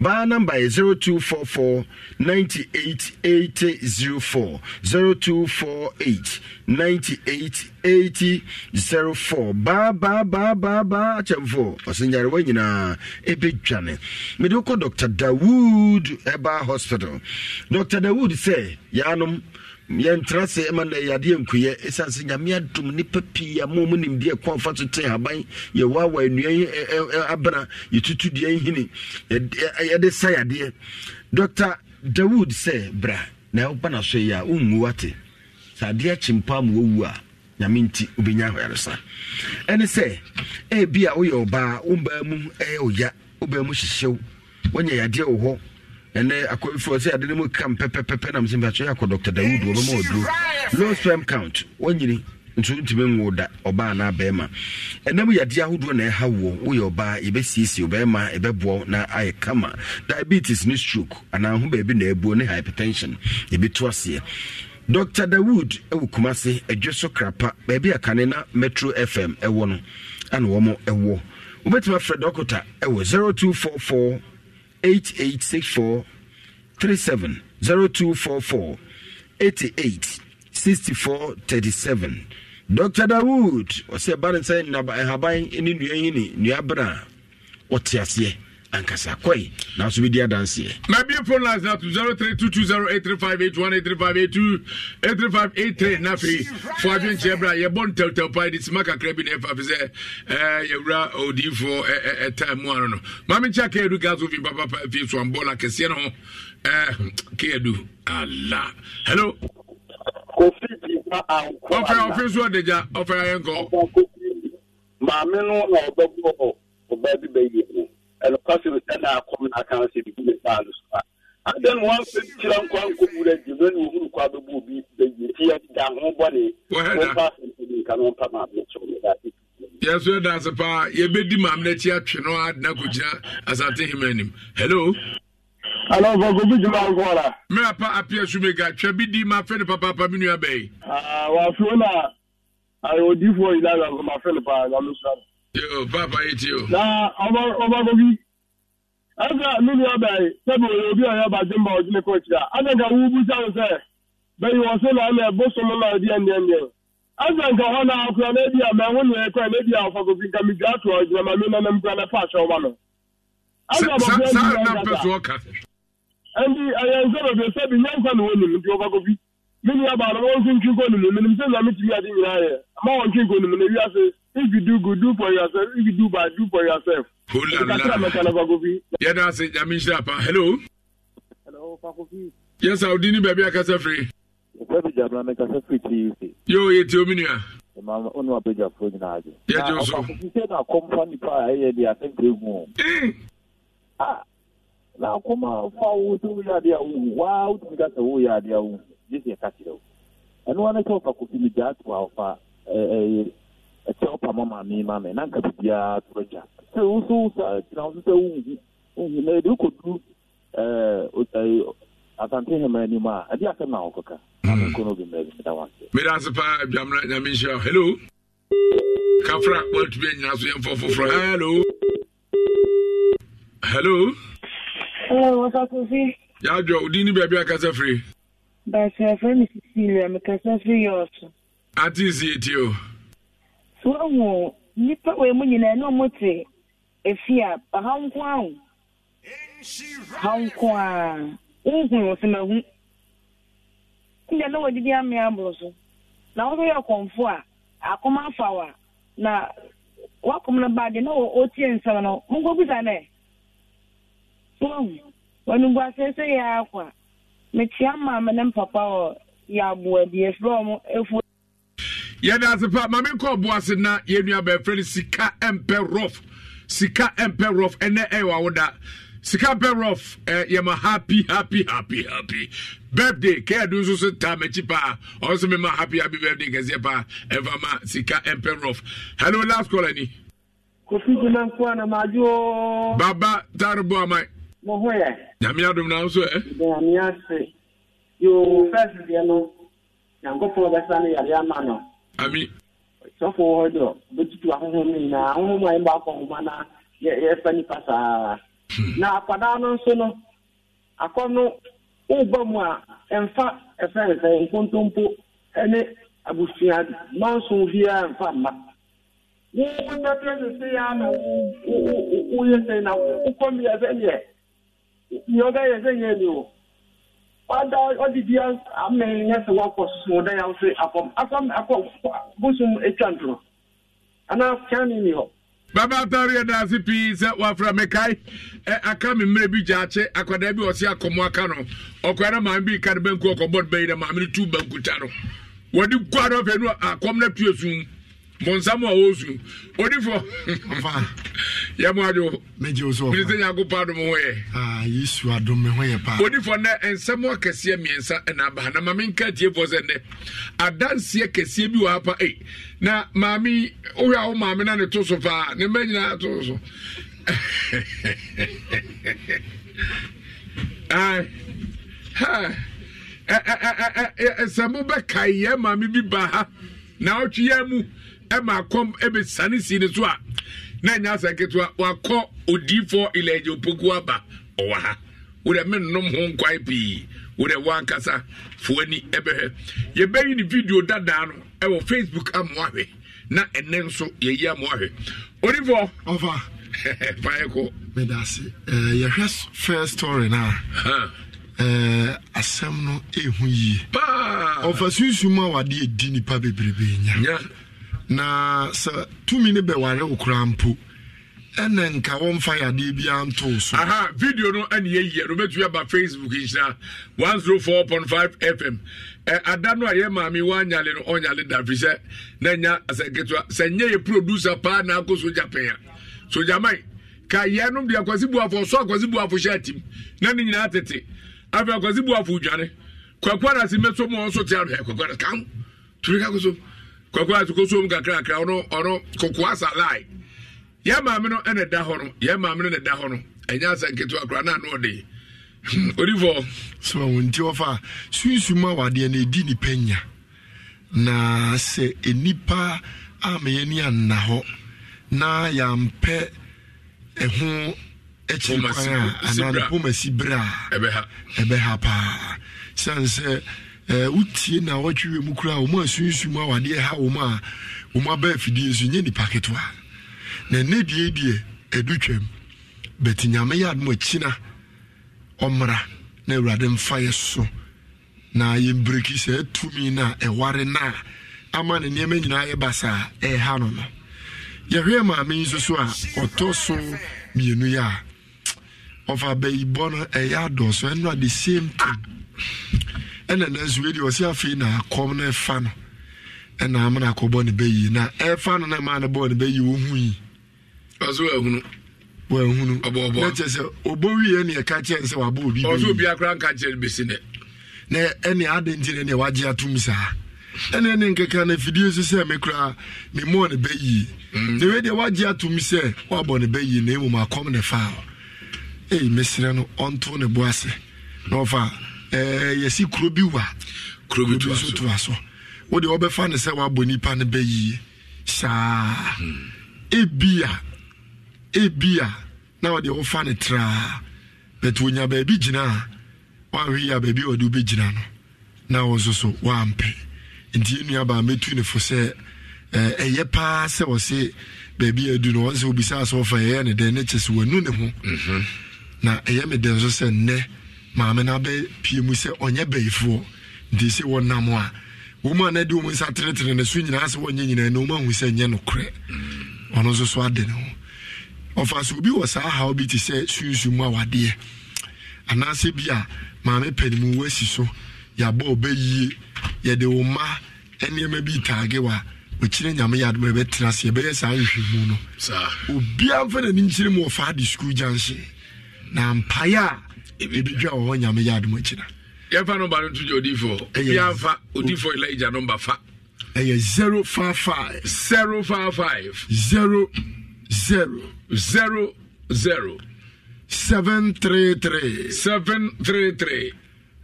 [SPEAKER 16] baa namba yɛ 0244 98804 0248 98804 baa baa baa baa baa akyɛmfo ɔsenyarewa nyinaa ɛbɛdwane mede wokɔ dr dawood ɛbaa hospital dr dawood sɛ yɛanom yɛntra sɛ ma na yɛadeɛ nkuyɛ ɛsiane sɛ nyame adom nnipa pii a mo mu nimdeɛ ɛkɔ afa so te haban yɛwaawa nnua abena yɛtutu deɛ nhini yɛde sa yadeɛ dr dawood sɛ bra na ɛwoba na so yi a wongu wate sɛ adeɛ kye mpa ma wawu a nyame nti wobɛnya ahoyaresa ɛne sɛ ɛbi a woyɛ ɔbaa wo mu ɛyɛ oya wobaa mu hyehyew woanya yadeɛ wɔ hɔ ɛnɛ akɔfo ade no mu kam pɛpɛpɛpɛ nam sɛ mpatwɛ akɔ dr dawood wɔbɛma ɔduro low sperm count wɔnyini nso ntumi nwo da ɔbaa na bɛrima ɛnam yadeɛ ahodoɔ na ɛha wo woyɛ ɔbaa yɛbɛsiesie ɔbɛrima yɛbɛboɔ na ayɛ kama diabetes ne stroke anaa ho baabi na ɛbuo ne hypertension yɛbɛto aseɛ dr dawood ɛwɔ kumase adwe so krapa baabi a kane na metro fm ɛwɔ no ana wɔn ɛwɔ wobɛtumi afrɛ dɔkota ɛwɔ 0244 8864 37 0244 88 64 37 dr dawood ɔsɛ ɛba ne nsa haban ne nnua yi ne nnuaberɛ a ɔte aseɛ ankasa kɔi nanso bɛdi adanseɛ
[SPEAKER 1] na biefo lines na to 0322083581 8583 na afei fo adwenkyerɛ berɛ a yɛbɔ ntɛwtɛw paa de sima kakra bi na ɛfa fi sɛ yɛwura odiyifoɔ ɛtime mu ano no mamenkyɛ kaadu gaso fi papapa fie soambɔla kɛseɛ no ho kaadu ala hello ɔfɛ ɔfɛ nso ɔdagya ɔfɛ ayɛnkɔ maame no na ɔbɛbɔ ɔbaa bi bɛyie no ɛnokwasɛm sɛ na akɔm na aka sɛ bibi ne baa no so a adan mu wamfɛ kyerɛ nkwa nkɔwura adwuma ne wɔhunu kɔ abɛbɔ obi bɛyie nti yɛda ho bɔne wɔmfa asɛmsɛdinka no wɔmpa maamene kyerɛ ne daase yɛso yɛda ase paa yɛbɛdi maamene akyi atwe no adena kɔgyina asante hema anim hello
[SPEAKER 18] Hello, Bogo, be the
[SPEAKER 1] man, Gora. Me apa appear to make a chubby di my friend, Papa Pamina Bay. Ah, well,
[SPEAKER 18] Fiona, I will do for you now, my friend, Papa, I'm sorry.
[SPEAKER 1] Yo, papa eti o. Na,
[SPEAKER 18] ọba gogi. Asa nínú ọbẹ̀ yìí, sẹ́bi òye obi ọ̀yọ́ bàjẹ́ mbà ọdún kò ya. Asa nka wú bú sáwọn sẹ́, bẹ́ẹ̀ wọ́n sọ náà ẹ̀ bó sọmọ náà ọdí ẹ̀ nke ndíẹ̀. Asa nka náà akura náà ebi àmà ẹ̀hún nìyẹn kọ́ ẹ̀ n'ebi àwọ̀fọ̀ gogi nka mi gbà tó ọ̀gyina ma mi nana nkura náà fà ọba nọ.
[SPEAKER 1] Asa ọba na wọ́n nkí if you do good, do for yourself. If you do bad, do for yourself. Hold on, hold Yeah, that's it. Hello. Hello, Fakofi. Yes, I'll do baby. I can say free. Ebi jabra mi kasa fi ti ife. Yo ye ti omi nua.
[SPEAKER 19] Ìmọ̀ ọ̀nà àpéjà fún ọ̀nà àjẹ. Yẹ jọ sọ. Ọkọ̀ fífi sẹ́ni àkọ́mfà nípa ayẹyẹ di àtẹ̀kẹ́ egun o.
[SPEAKER 1] Na àkọ́mọ afa owó tó wúyà adé àwọn òwò wá ó ti mi kasa owó yà adé àwọn òwò. Jésù yẹ ká kyerẹ́ o. Ẹnu wa ní sọ̀fà kò fi mi jà àtúwà
[SPEAKER 18] ọ̀fà ẹ̀ẹ́yẹ ɛkyɛ ɔpa eh, ma maame ma hmm. me na nka biribiara to agya sɛ wo so wo saa gyina wo so sɛ wonhu wonhu na ɛde wokɔduru asante hema anim a ɛde asɛm na wokɔka amenkɔ no obimmerɛ bi meda wase
[SPEAKER 1] meda ase paa adwamra nyame nhyira hello kafra woatumi anyina so yɛmfɔ foforɔ hello hello hello wɔsakofi yɛadwɔ wo din ne baabi akasa firi
[SPEAKER 19] bakyerɛfrɛ me sisilia mekasa firi yɛ ɔso
[SPEAKER 1] ate sie tio
[SPEAKER 19] wahu nnipa wei mu nyinaa ne ɔmo te efi a ɔhaw nko ahu haw nko a wohu ɔsɛmahu ndeɛ na wɔdidi amea aboro so na wɔn yɛ kɔnfo a akoma afaw a na wakɔm no baade na ɔtie nsɛm no monkɔbisa dɛ wahu wɔnuguasɛsɛ yɛ akɔ a maame ne mpapa wɔ yɛ aboa bi efiri ɔmo efu
[SPEAKER 1] yɛda ase pa maame nkɔ ase na yɛnua bɛfrɛ no sika mpɛ rof sika mpɛ rof ɛnɛ ɛyɛ wawoda sika mpɛ rof ɛ yɛma happy happy happy happy birthday kɛɛdu nso so taa m'akyi paa ɔno so mema happy happy birthday kɛseɛ paa ɛmfa ma sika mpɛ rof hello last call ni. kofi juma nkoa na maajo. baba taare bo aman. mo ho yɛ. nyame adum na nso ɛ. nyame
[SPEAKER 19] ase yoo fɛs deɛ no nyankopɔn bɛsa ne yare ama no ami. sọfọ wọ dọ betutu ahụhụ m nyinaa ahụhụ m anyị bụ akọ ọhụma na yɛfa nipa saa na akwadaa no nso no akɔ no woba mu a ɛmfa ɛfɛ sɛ nkontompo ne abusua manson biara mfa mma wonya bi asese ya na woyɛ sɛ na wokɔ mmea sɛ neɛ neɛ ɔbɛyɛ sɛ nyɛ ni o ọda ọdidi ameghi ya sị wakọ sụsụ ụda ya sị akọm akọm akọ
[SPEAKER 1] bụsụm etwa ntụrụ ana kyani ni hɔ. bàbá atari yɛ daase pii sɛ wafra mekae ɛ aka mi mmerɛ bi gya akye akwadaa bi ɔsi akɔmɔ aka no ɔkɔɛ na maame bi ka ne bɛnku ɔkɔbɔ ne bɛyi na maame ne tu bɛnku ta no wɔde kua no afɛ no akɔm na tue sum. bọnsam a ozu odifo yẹmu adwo
[SPEAKER 8] minisita
[SPEAKER 1] nyankunpọ adum ho yẹ.
[SPEAKER 8] yesu onwe mi ho yẹ paa.
[SPEAKER 1] nẹ nsẹmú akẹsíẹ mmiɛnsa ẹna aba na maami nka tie fọ sẹ nẹ bi apa e na maami wohwɛ awo maami na ne to so paa ne mma na to so. nsɛmú bɛ ka yɛ maame bi ba ha na ɔtwi yɛ mu. ɛma akɔm sani si ne so a na ɛnya asa ketewa wakɔ odiifoɔ ilɛgye opoku aba ɔwɔ ha wodɛ menom ho nkwae pii wodɛ wankasa foani ɛbɛhwɛ yɛbɛyi ne video dadaa no ɛwɔ facebook amoahwɛ na ɛnɛ nso yɛyi amoahwɛ odifoɔ ɔfa
[SPEAKER 8] paɛ (laughs) kɔ medase yɛhwɛ first story no a asɛm no ɛhu yie ɔfa sunsum a wade ɛdi nnipa bebrebe nya na sɛ tumi no bɛware wo koraa mpo ɛnɛ nka wɔmfa yadeɛ biara nto so aha
[SPEAKER 1] video no ɛne yɛyiɛ no bɛtumi aba facebook nhyira 104.5 fm eh, ada no a yɛ maame woanyale no ɔnyale da firi sɛ na nya sɛ ketewa sɛ nyɛ yɛ producer paa na akɔ sogya pɛn a sogya man ka yɛnom deɛ akwasi buafo ɔsɔ akwasi buafo hyɛ atim na ne nyinaa tete afei akwasi buafo dwane kwakuarase mɛso mu ɔ nso te ano ɛ kwakuarase kam tumi ka ko so kwakora ati kosom kakrakra ɔno ɔno kokoa salai yɛ maame no ɛna da hɔ no yɛ maame no na da hɔ no ɛnyɛ asɛ nketewa kora na ano ɔde
[SPEAKER 8] (laughs) odifo. sọ wọn nti wɔfa sunsum a wadeɛ na edi nipa nya na sɛ nipa a meyɛ ni anna hɔ na yɛampɛ ɛho akyiri kwan a anaa ne pomasi bere a ɛbɛha paa sɛn wotie eh, na wɔtwe mu koraa wɔn a sunsum a wadeɛ ha wɔn a wɔn aba afidie nso nye nipa ketewa na ne deɛ deɛ edu twam bɛti nyame yɛ adum akyina ɔmmra na awurade mfa yɛ so na yɛmbreki sɛ atumi no a ɛware e no a ama ne nneɛma nyinaa yɛba saa ɛha e no no yɛhwɛ maame nso so a ɔtɔ so mmienu yi a ɔfa bɛyibɔ no ɛyɛ adɔɔso ɛno a the same thing ɛna na wei deɛ ɔsi afei na kɔm no fa no ɛna ama akɔbɔ ne bɛyi na ɛfa no na ma ne bɛyi yi ɔso na kyerɛ sɛ ɔbɔ ɛka wabɔ obi ɔso obi akora nka na ɛne ade nti ne neɛ wagye saa ɛne ne nkeka na afidie nso sɛ me koraa ne bɛyi na mm. wei deɛ wagye sɛ wabɔ ne bɛyi na akɔm ne mesrɛ no ne bo ase na ɔfa Eh, yɛsi kuro bi wa kuro bi to aso wode wɔbɛfa no sɛ woabɔ nipa no bɛyie saa hmm. ebia ebia na wɔde wɔfa no traa but wonya baabi gyina a woahwe yi a baabi a wɔde wobɛgyina no na wo nso nti ɛnua baa mɛtu ne fo sɛ eh, ɛyɛ paa sɛ ɔse baabi a adu no ɔn sɛ obisaa ɛyɛ ne dɛn ne kyɛ sɛ wanu ne ho mhm. na ɛyɛ me dɛn so sɛ nnɛ maame no abɛpie mu sɛ ɔnyɛ bɛyifoɔ nti sɛ wɔnam a wɔmu a na de nsa teretere no so nyinaa sɛ wɔnyɛ nyinaa na wɔmahu sɛ nyɛ nokorɛ mm. ɔno nso so ade ne ho ɔfa so obi wɔ saa haw bi te sɛ sunsum mu awadeɛ anaasɛ bi a maame panimu wasi so yɛabɔ ɔbɛyie yɛde wo mma nneɛma bi taage wa ɔkyerɛ nyame yɛ adoma yɛbɛtena ase yɛbɛyɛ saa nhwehwɛmu no obiaa mfa n'ani nkyerɛ mu ɔfa de sukuu gyanhye na mpaeɛ a ɛdetwa wɔ hɔ nyame yɛ adom akyira
[SPEAKER 1] yɛmfa nomba no nto gya odifoɔ biamfa odifoɔ elija nomba fa
[SPEAKER 8] ɛyɛ 055 055 0 0 0 0 733 733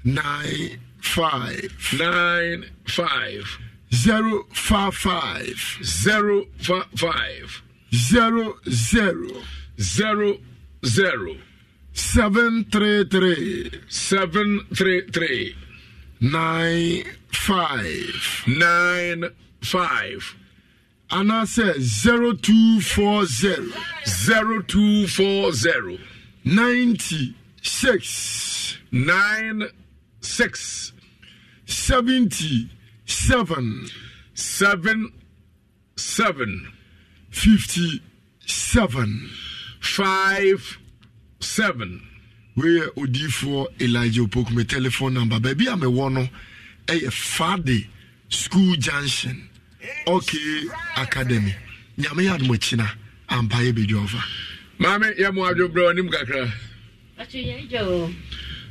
[SPEAKER 8] 9 5 9 5 0 5 5 0 5 5 0 0 0 0 seven three three seven three three nine five nine five and I say zero two four zero zero two four zero ninety six nine six seventy seven seven seven fifty seven five seven. weyɛ odiifoɔ elija opokume telephone number baabi a mewɔ no ɛyɛ school junction ok academy nyame yɛ adomɔkyina ampayɛ bɛdwaɔfa maame
[SPEAKER 1] yɛ mo adwo brɛ ɔnim kakra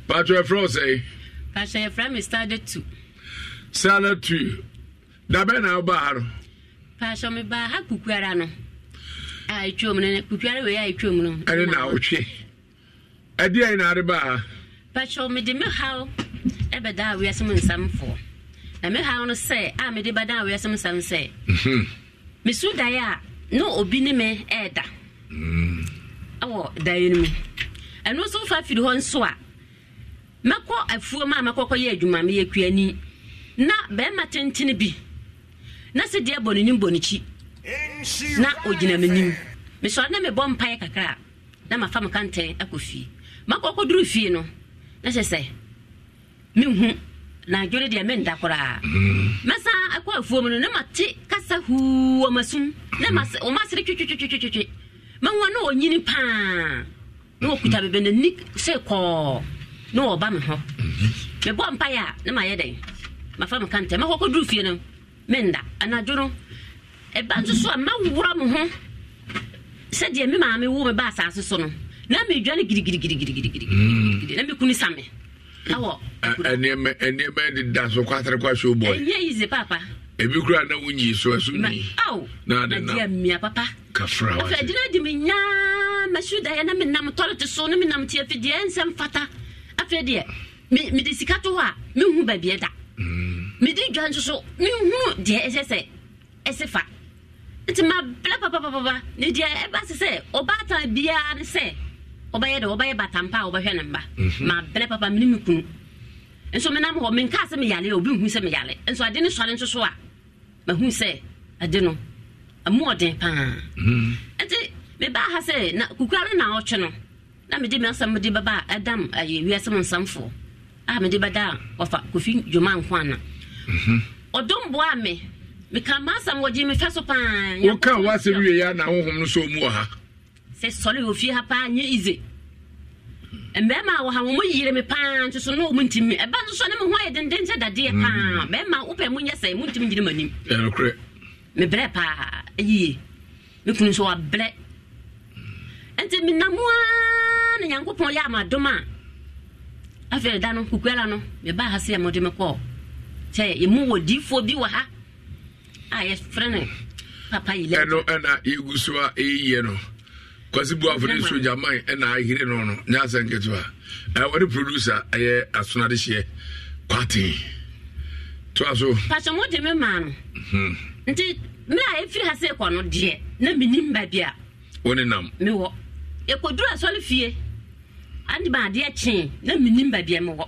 [SPEAKER 1] patro ɛfrɛ wo sɛi
[SPEAKER 10] patro yɛfrɛ me stade tu
[SPEAKER 1] sala tu dabɛ na wobaa no
[SPEAKER 10] patro mebaa ha kukuara no a ɛtwom no kukuara wei
[SPEAKER 1] a ɛdeɛ yi na adeba a.
[SPEAKER 10] bɛtwɛw mede me haw ɛbɛda awiasɛm nsamfoɔ na me haw no sɛ a mede bɛda awiasɛm nsam sɛ mhm. mesu daeɛ a na obi ne me ɛɛda mm. ɛwɔ daeɛ no mu ɛno nso fa firi hɔ nso a mɛkɔ afuom a mɛkɔkɔ yɛ adwuma meyɛ kuani na bɛrima tenten bi na sɛ deɛ bɔ ne bɔ ne na ogyina m'anim mesɔre na mebɔ mpaeɛ kakra a na mafa me kantɛn akɔ fie makɔ duru fie no na hyɛ sɛ mehu na adwene deɛ menta koraa mɛsa mhm. akɔ afuo mu no na mate kasa huu ɔmasum na mhm. ɔmasere twetwetwetwetwe mawa na ɔnyini paa na wɔkuta bebɛ n'ani sɛ kɔɔ na wɔba me hɔ mhm. mebɔ mpaeɛ a na mayɛ dɛn mafa me kantɛ makɔ kɔduru fie no menda anadwo no ɛba nso so a mawora me ho sɛdeɛ me maame wo me ba asase so no na medwane girigirigirigirigirigirigiri hmm. na mekunu same awɔ
[SPEAKER 1] eh, eh, nneɛma nneɛma de da so kɔ atare kɔ ahyɛ bɔ ɛnyɛ easy papa ebi kura na wonyi so ɛso nyi aw na ade na papa kafra wa ɔfɛ
[SPEAKER 10] gyina di mi nyaa masu na na mi nam tiɛ fi deɛ nsɛm fata afɛ deɛ mi mi de sika to hɔ a mi hu baabi ɛda mi hmm. di dwa nso so mi hu deɛ fa nti ma bla papapapa ne deɛ ɛba sɛ sɛ ɔbaatan biara ne sɛ ɔbɛyɛ dɛ ɔbɛyɛ bata mpa a ɔbɛhwɛ ne mba mhm. ma bɛrɛ papa mene me kunu nso menam hɔ menkaa sɛ meyale a obi hu sɛ meyale nso ade ne sɔre nso so a mahu sɛ ade no mu ɔden paa mhm. nti mebaa ha sɛ na kukura no na ɔtwe no na mede me asɛm mede bɛba ɛdam ayɛ wiase m nsamfoɔ a mede bɛda a ɔfa kofi dwoma nko ana mhm. ɔdom boa me meka ma asɛm wɔgye mefɛ so paa woka woasɛm wieɛ a na wohom no sɛ ɔmu ɔha sɛ sɔre wɔ fie ha paa nyɛ ize mmarima wɔ ha wɔn mo yire me paa nso so na wɔn ntumi ɛba nso so ne mo ho ayɛ denden sɛ dadeɛ paa mm. mmarima wopɛ mo nyɛ sɛ mo ntumi gyina mo anim. ɛnukurɛ. mebrɛ paa yie me kunu nso wabrɛ nti menam a na nyankopɔn yɛ amadom a afei da no kukuala no mebaa ha sɛ mode me kɔɔ sɛ ɛmu wɔ diifoɔ bi wɔ ha a yɛfrɛ no papa
[SPEAKER 1] yilɛno ɛna yɛgu so a ɛyiyɛ no kwasi buafo ne soja man ɛna ahiri no no nyɛ asɛ nketewa ɛwɔ ne producer ɛyɛ asonade hyɛ kwaten aso. so
[SPEAKER 10] pasɛ mode me maa no mhm. nti mmerɛ a ɛfiri ha sɛ ɛkɔ no deɛ na menim ba bi a wo ne nam mewɔ ɛkɔduru asɔre fie ade ma adeɛ kyee na menim ba bi a mewɔ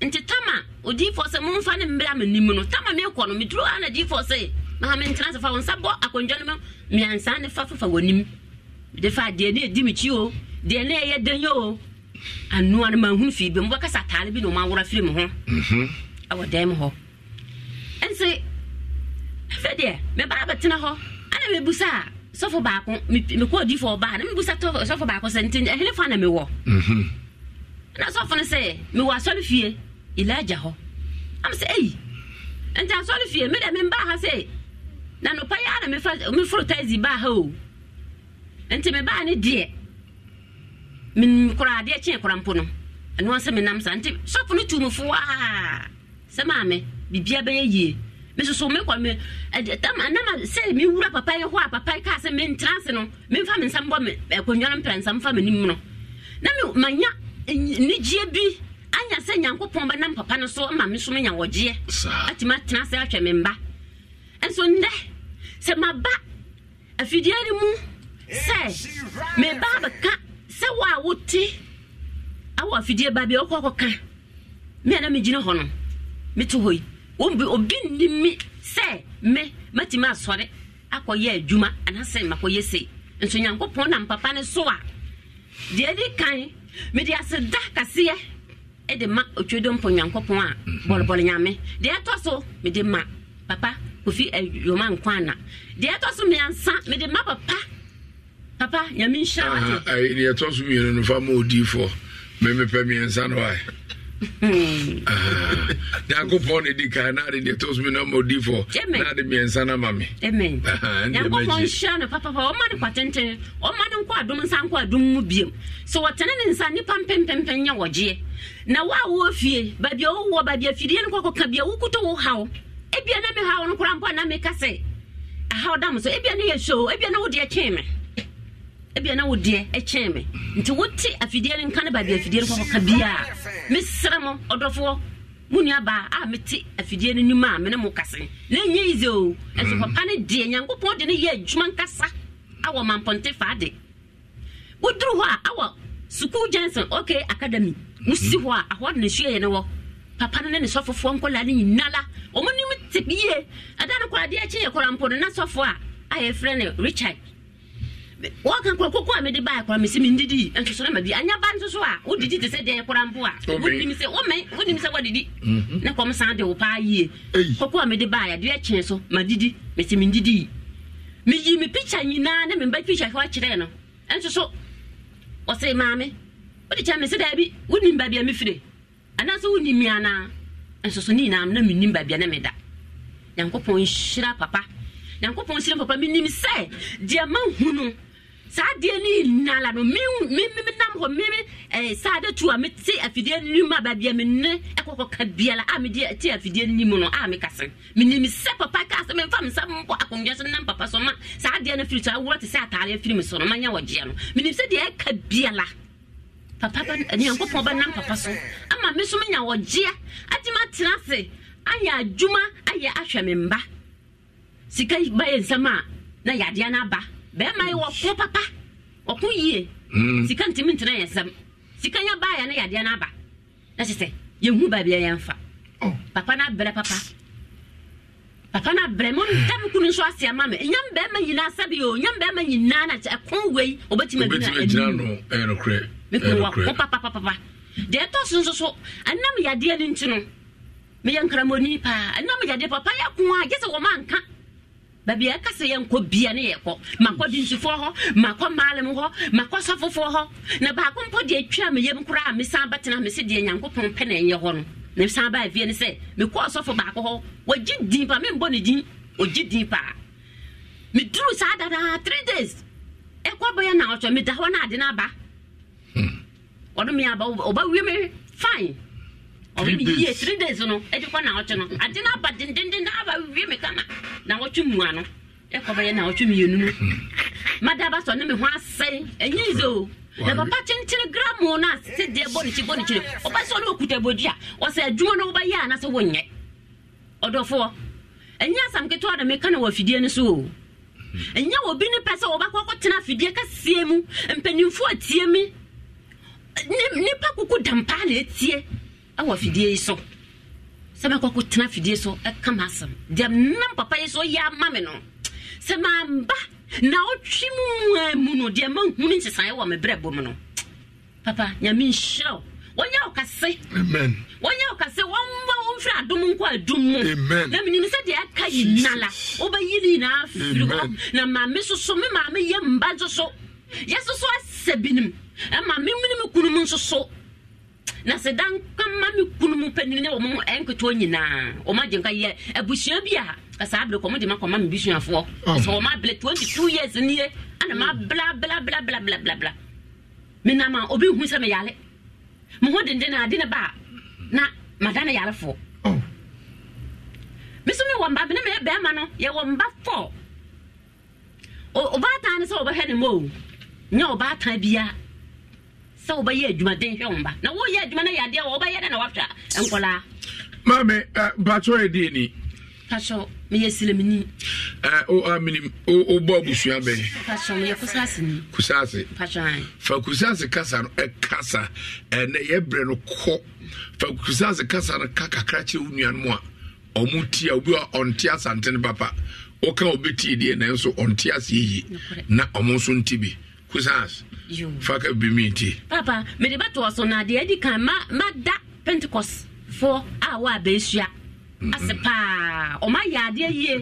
[SPEAKER 10] nti tama odiifoɔ sɛ momfa ne mmerɛ a menim no tama meekɔ no meduru a na diifoɔ sɛ mahame ntena sɛ fa wo nsa bɔ akɔndwa no mu miansa ne fa fafa w'anim defa deɛ ne ɛdi mekyi o deɛ ne ɛyɛ danyɛ o anoa no mahunu fii bɛ mobɛkasa ataale bi ne ɔma awora firi me ho ɛwɔ mhm. dan mu hɔ ɛnse afɛ deɛ mebaa bɛtena hɔ ana mebusa a sɔfo baako mekɔ odifoɔ ɔbaa na mebusa sɔfo baako sɛ nti ɛhene fa na mewɔ mhm. na sɔfo no sɛ mewɔ asɔre fie elagya hɔ am sɛ ei nti asɔre fie medɛ membaa ha sɛ na nɔpa yɛ a na meforo taxi baa ha o nti mebaa ne deɛ menkora adeɛ kyee kora mpo no ɛno sɛ menam saa nti sɔfo no tu mu foaa sɛ maame biribia bɛyɛ yie mesoso mekɔ me nama sɛ mewura papa yi hɔ a papa yi kaa sɛ mentena ase no memfa me nsam bɔ akonnwa no mprɛnsa mfa m'anim no na manya nigyeɛ bi anya sɛ nyankopɔn bɛnam papa no so ma me so menya wɔgyeɛ atumi atena ase ahwɛ me mba ɛnso ndɛ sɛ maba afidie no mu sɛ meba ka sɛ wo a wote awɔ afidie ba bia wokɔ kɔka me a na megyina hɔ no mete hɔ yi obi nni mi sɛ me matumi asɔre akɔyɛ adwuma anaasɛ makɔyɛ sei nso nyankopɔn nam papa ne so a deɛ di kan mede ase da kaseɛ ɛde ma otwedo mpo nyankopɔn a bɔlebɔle nyame deɛ ɛtɔ so mede ma papa kofi ayoma nkwa ana deɛ ɛtɔ so mmiɛnsa mede ma papa papa nyame eh,
[SPEAKER 1] nhyira so mmienu no fa ma no ae hmm. nyankopɔn ne di naade deɛ ɛtɔ so naade
[SPEAKER 10] no nhyira no papapa ɔma kwatenten ɔma nkɔ adom nsa nkɔ adom mu sɛ wɔtene ne nsa nnipa mpempempɛn nyɛ wɔgyeɛ na wo a wowɔ fie baabi a baabi no kɔkɔka bia wokuto wo haw ebia na mehaw no koraa mpo a na meka sɛ ahaw so ebia yɛ so ebia na wodeɛ me ebi na wo ɛkyɛn e, e mi nti wote afidie no nka ne baabi afidie no kɔkɔ ka biara mesrɛ mo ɔdɔfoɔ mu nuabaa a mete afidie no nim a mene mo kase na ɛnyɛ yize o ɛso mm. papa no deɛ nyankopɔn de no yɛ adwuma nkasa awɔ mampɔnte faa de woduru hɔ a awɔ sukuu johnson ok academy wosi hɔ a ahoɔ de ne suaeɛ no wɔ papa no ne ne sɔfofoɔ nkɔla no nyinaa la ɔmo nim te yie ɛda no kɔ adeɛ akyi yɛ kɔra mpo na sɔfoɔ a ayɛfrɛ no richard wɔka kɔkɔkɔ a mede baa kora mesi mendidi ntosoro ma bi anyɛ ba nso so a Didi te sɛ deɛ kora mpo a wonim sɛ wome wonim sɛ wodidi na kɔm san de o wo paa yie kɔkɔ a mede baa yɛdeɛ kyene so ma didi mesi mendidi meyi me picture nyinaa ne memba picture hɔ akyerɛɛ no nso so wɔse maame wode kyɛ me sɛ daabi wonim baabi a mefire anaasɛ wonim me anaa nso so ne nyinaa na mennim baabi a ne meda nyankopɔn nhyira papa nyankopɔn hyerɛ papa menim sɛ deɛ mahu no saa deɛ no nnala no menam hɔ me eh, saa da tu a mete afidie no mu a baabia menne ɛkɔkɔka biala a mede te afidie no mu no a mekase menim sɛ papa ka sɛ memfa me sɛ mbɔ akongua so nam papa so ma saa deɛ no firi so aworɔ te sɛ ataare afiri me so no manyɛ wɔgyeɛ no menim sɛ deɛ ɛka biala papa nyankopɔn bɛnam papa so ama me so menya wɔgyeɛ agye matena ase ayɛ adwuma ayɛ ahwɛ me mba sika ba yɛ nsɛm a na yadeɛ no aba bɛrima yi wɔko papa ɔko yie hmm. sika ntumi ntena yɛ nsɛm sika yɛ baayɛ na yadeɛ no aba na kyɛ sɛ yɛhu baabi a yɛmfa oh. papa no abrɛ papa papa no abrɛ ma ɔnda me kunu nso ase ama me ɛnyam bɛrima nyinaa sɛbe o nyam bɛrima nyinaa na kyɛ ɛko wei ɔbɛtumi adina
[SPEAKER 1] ɛnokorɛ mekuru wɔko
[SPEAKER 10] papapapa deɛ ɛtɔ so nso so ɛnam yadeɛ no nti no meyɛ nkramɔni paa ɛnam yadeɛ papa yɛ ko a gye sɛ wɔma nka baabi a ɛkasa yɛ nkɔ bia ne yɛkɔ makɔ dinsufoɔ hɔ makɔ maalem hɔ makɔ sɔfofoɔ hɔ na baako mpo deɛ atwa me yam koraa mesan bɛtena me se deɛ nyankopɔn pɛ na ɛnyɛ hɔ no na mesan baa fie ne sɛ mekɔ ɔsɔfo baako hɔ wɔgye din pa membɔ ne din ɔgye din paa meduru saa dadaa three days ɛkɔ e bɛyɛ na ɔtɔ meda hɔ no ade no hmm. aba ɔno meaba ɔba wie me fine ɔno ne three days no ɛde kɔ nawɔtwe no ade no aba dendenden na aba wie me kama nawɔtwe mua no ɛkɔbɛyɛ nawɔtwe mmienu no madaba sɔ ne me ho asɛe ɛnyɛ dɛ o na papa kyenkyere gramo no ase deɛ bɔ ne kyi bɔ ne kyire ɔbɛ sɛ ɔne ɔkuta bɔdi a ɔsɛ adwuma no wobɛyɛ a na sɛ wonyɛ ɔdɔfoɔ ɛnyɛ asam ketewa na meka na wɔ afidie no so o ɛnyɛ wɔ bi ne pɛ sɛ wɔbɛkɔ kɔtena afidie kɛseɛ mu mpanimfoɔ atie me nipa koko dampa na ɛtie ɛwɔ fidie yi so sɛ mɛkɔko tena fidie so ɛka m asɛm deɛ nam papa yi so yɛ ama me no sɛ mamba na ɔtwe mu a mu no deɛ mahunu nsesaeɛ wɔ me berɛ bɔ mu no papa nyame nhyira wo wɔnyɛ wo kase wɔnyɛ wo kase wɔmma wɔmfiri adom nkɔ adom mu na menim sɛ deɛ aka nyina la wobɛyi ne nyinaa firi hɔ na maame soso me maame yɛ mba nso yɛ soso asɛ binom ɛma me mene me kunom nso so na sɛ danka ma me kunu mu panini ne ɔmo ɛnketewa nyinaa ɔmo agye nka yɛ abusua bi a kasa abere kɔmo de ma kɔma me bisuafoɔ sɛ ɔmo abere ah. twenty two years nie ana ma bla bla bla bla bla bla bla me nam a obi hu sɛ me yare me ho denden na ade ne ba na mada ne yarefoɔ oh. me so me wɔ mba me ne me bɛrima no yɛwɔ mba fɔ ɔbaatan ne sɛ ɔbɛhwɛ ne mo o nyɛ ɔbaatan biara sɛ wobɛyɛ adwuma den hwɛ wo mba na woyɛ adwuma no yɛadeɛ wɔ wobɛyɛ dɛ na woahwɛ nkɔlaa
[SPEAKER 1] mame mpatɔ ɛdeɛ ni
[SPEAKER 10] pasɔ meyɛ silamini
[SPEAKER 1] menim wobɔ abusua bɛn kusase fa kusase kasa no ɛkasa ɛnɛ yɛbrɛ no kɔ fa kusase kasa no ka kakra kyerɛ wo nuanom a ɔmo ti a obi a ɔnte asante no papa woka wobɛtie deɛ nanso ɔnte ase yie na ɔmo nso nti bi kusase fa ka eh, bi mi ti.
[SPEAKER 10] papa mede bɛ tɔ so na deɛ di kan ma ma da pentecost fo a wa bɛ esua ase paa ɔma yɛ adeɛ yie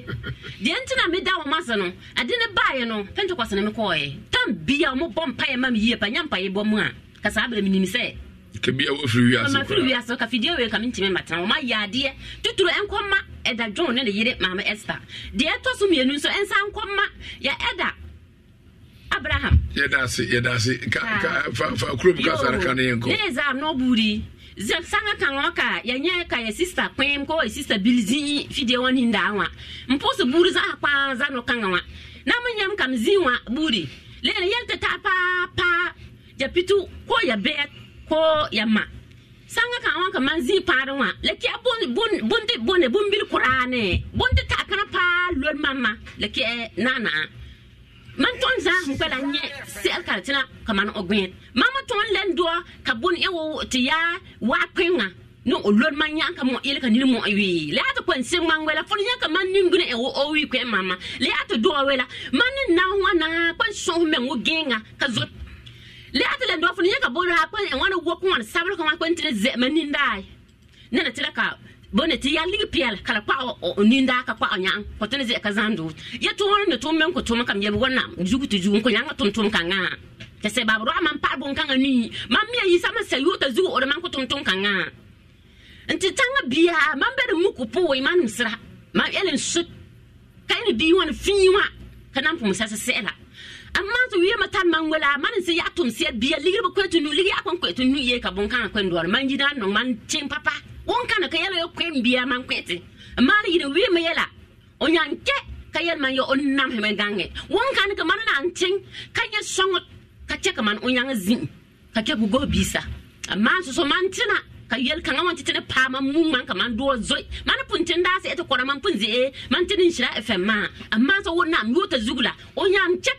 [SPEAKER 10] deɛ nti na meda wɔn ase no ade ne baeɛ no pentecost ne me kɔɔɛ tam bia ɔmo bɔ mpaeɛ ma me yie pa nya mpaeɛ bɔ mu a kasa abɛrɛ mi nim sɛ.
[SPEAKER 1] kabia wɔfiri wiase kora wɔfiri
[SPEAKER 10] wiase ka fidie wei ka me ntimi matena wɔma yɛ adeɛ tuturo nkɔma ɛda john ne ne yere maame esther deɛ ɛtɔ so mmienu nso ɛnsa nkɔma yɛ ɛda abraham
[SPEAKER 1] yɛdase yɛdase ah. kurom kasareka no yɛnkɔ yɛza
[SPEAKER 10] nɔburi sanga ka ŋɔ ka yɛnyɛ ka yɛ sista kpɛm kɔ yɛ sista bilizii fidie wɔ nin daa wa mpusi buuri zaa kpaa za nɔ kaŋa wa na mi nyɛm kam wa buuri lɛɛrɛ yɛl tɛ taa paa paa jɛ pitu ko yɛ bɛɛ ko yɛ ma sanga ka ŋɔ ka man zii paari wa lɛ bon bon bon de bon de bon biri kuraa ne bon de taa kana paa lori ma ma mantɔn zaa kpɛla n nyɛ sɛl ka tɩna ka man o gõed mama tõnd lɛn doa ka bõn ẽ tɩ yaa waa kẽngã ne o lod man yãn ka mõ ka nin mõ e wɩɩ la yaa tɩ kõn sɩg man wɛla fo yãn ka man ningdẽ ẽ e o wɩɩ mama la yaa tɩ doa wɛla man ne nam wãna kõn sõs meng o gẽnga ka zot la yaa tɩ lɛn doa fo yãn ka bõn raa kõn ẽ e wãna wok wãn sablg wã kõn tɩ ne zɛma nindaay nana tɩ ka bone ya yal lig kala kpa nindaa ka kpa nyaŋ ko tɩ ne zɛka zãn doot ne tʋʋm meŋ ko tʋm kam yeb wẽnnaam zug tɩ zugum ko yãngã tʋm-tʋm kãngã tɩ sɛ bab roa mam paar bõn-kãngã nii mam mia yisa mam sɛ yoota zug oda mam ko tʋm-tʋm kãngã n tɩ tãngã bia mam bed n muku pʋʋɩ mam nemsra mam el n sot ka yẽ ne bii wã ne fĩi wã ka na n pʋm sɛs sɛla amma tɩ wɩɩmã tar man sẽn yaa tʋm sɩd bia ligr b koe tɩ nu ligr yaa kõn koe nu yee ka bõn-kãngã koe n man yɩ na man tẽng pa wonkana ka yɛla yɔkɔɛm bia man kpɛti maana yina wie ma yɛla o nyan kɛ ka yɛl man onnam he nam hɛmɛ gaŋɛ wonkana ka mana na tiŋ ka nyɛ sɔŋɔ ka kyɛ ka man o nyaŋa ka kyɛ ko gɔɔ bisa maa soso man tina ka yɛl kaŋa wan titini paa man mu man ka man doɔ zoi man pun tin daasɛ ɛti kɔda man pun ze'e man tini nhyira FM. maa a maa sɔ wo nam yota zugu la o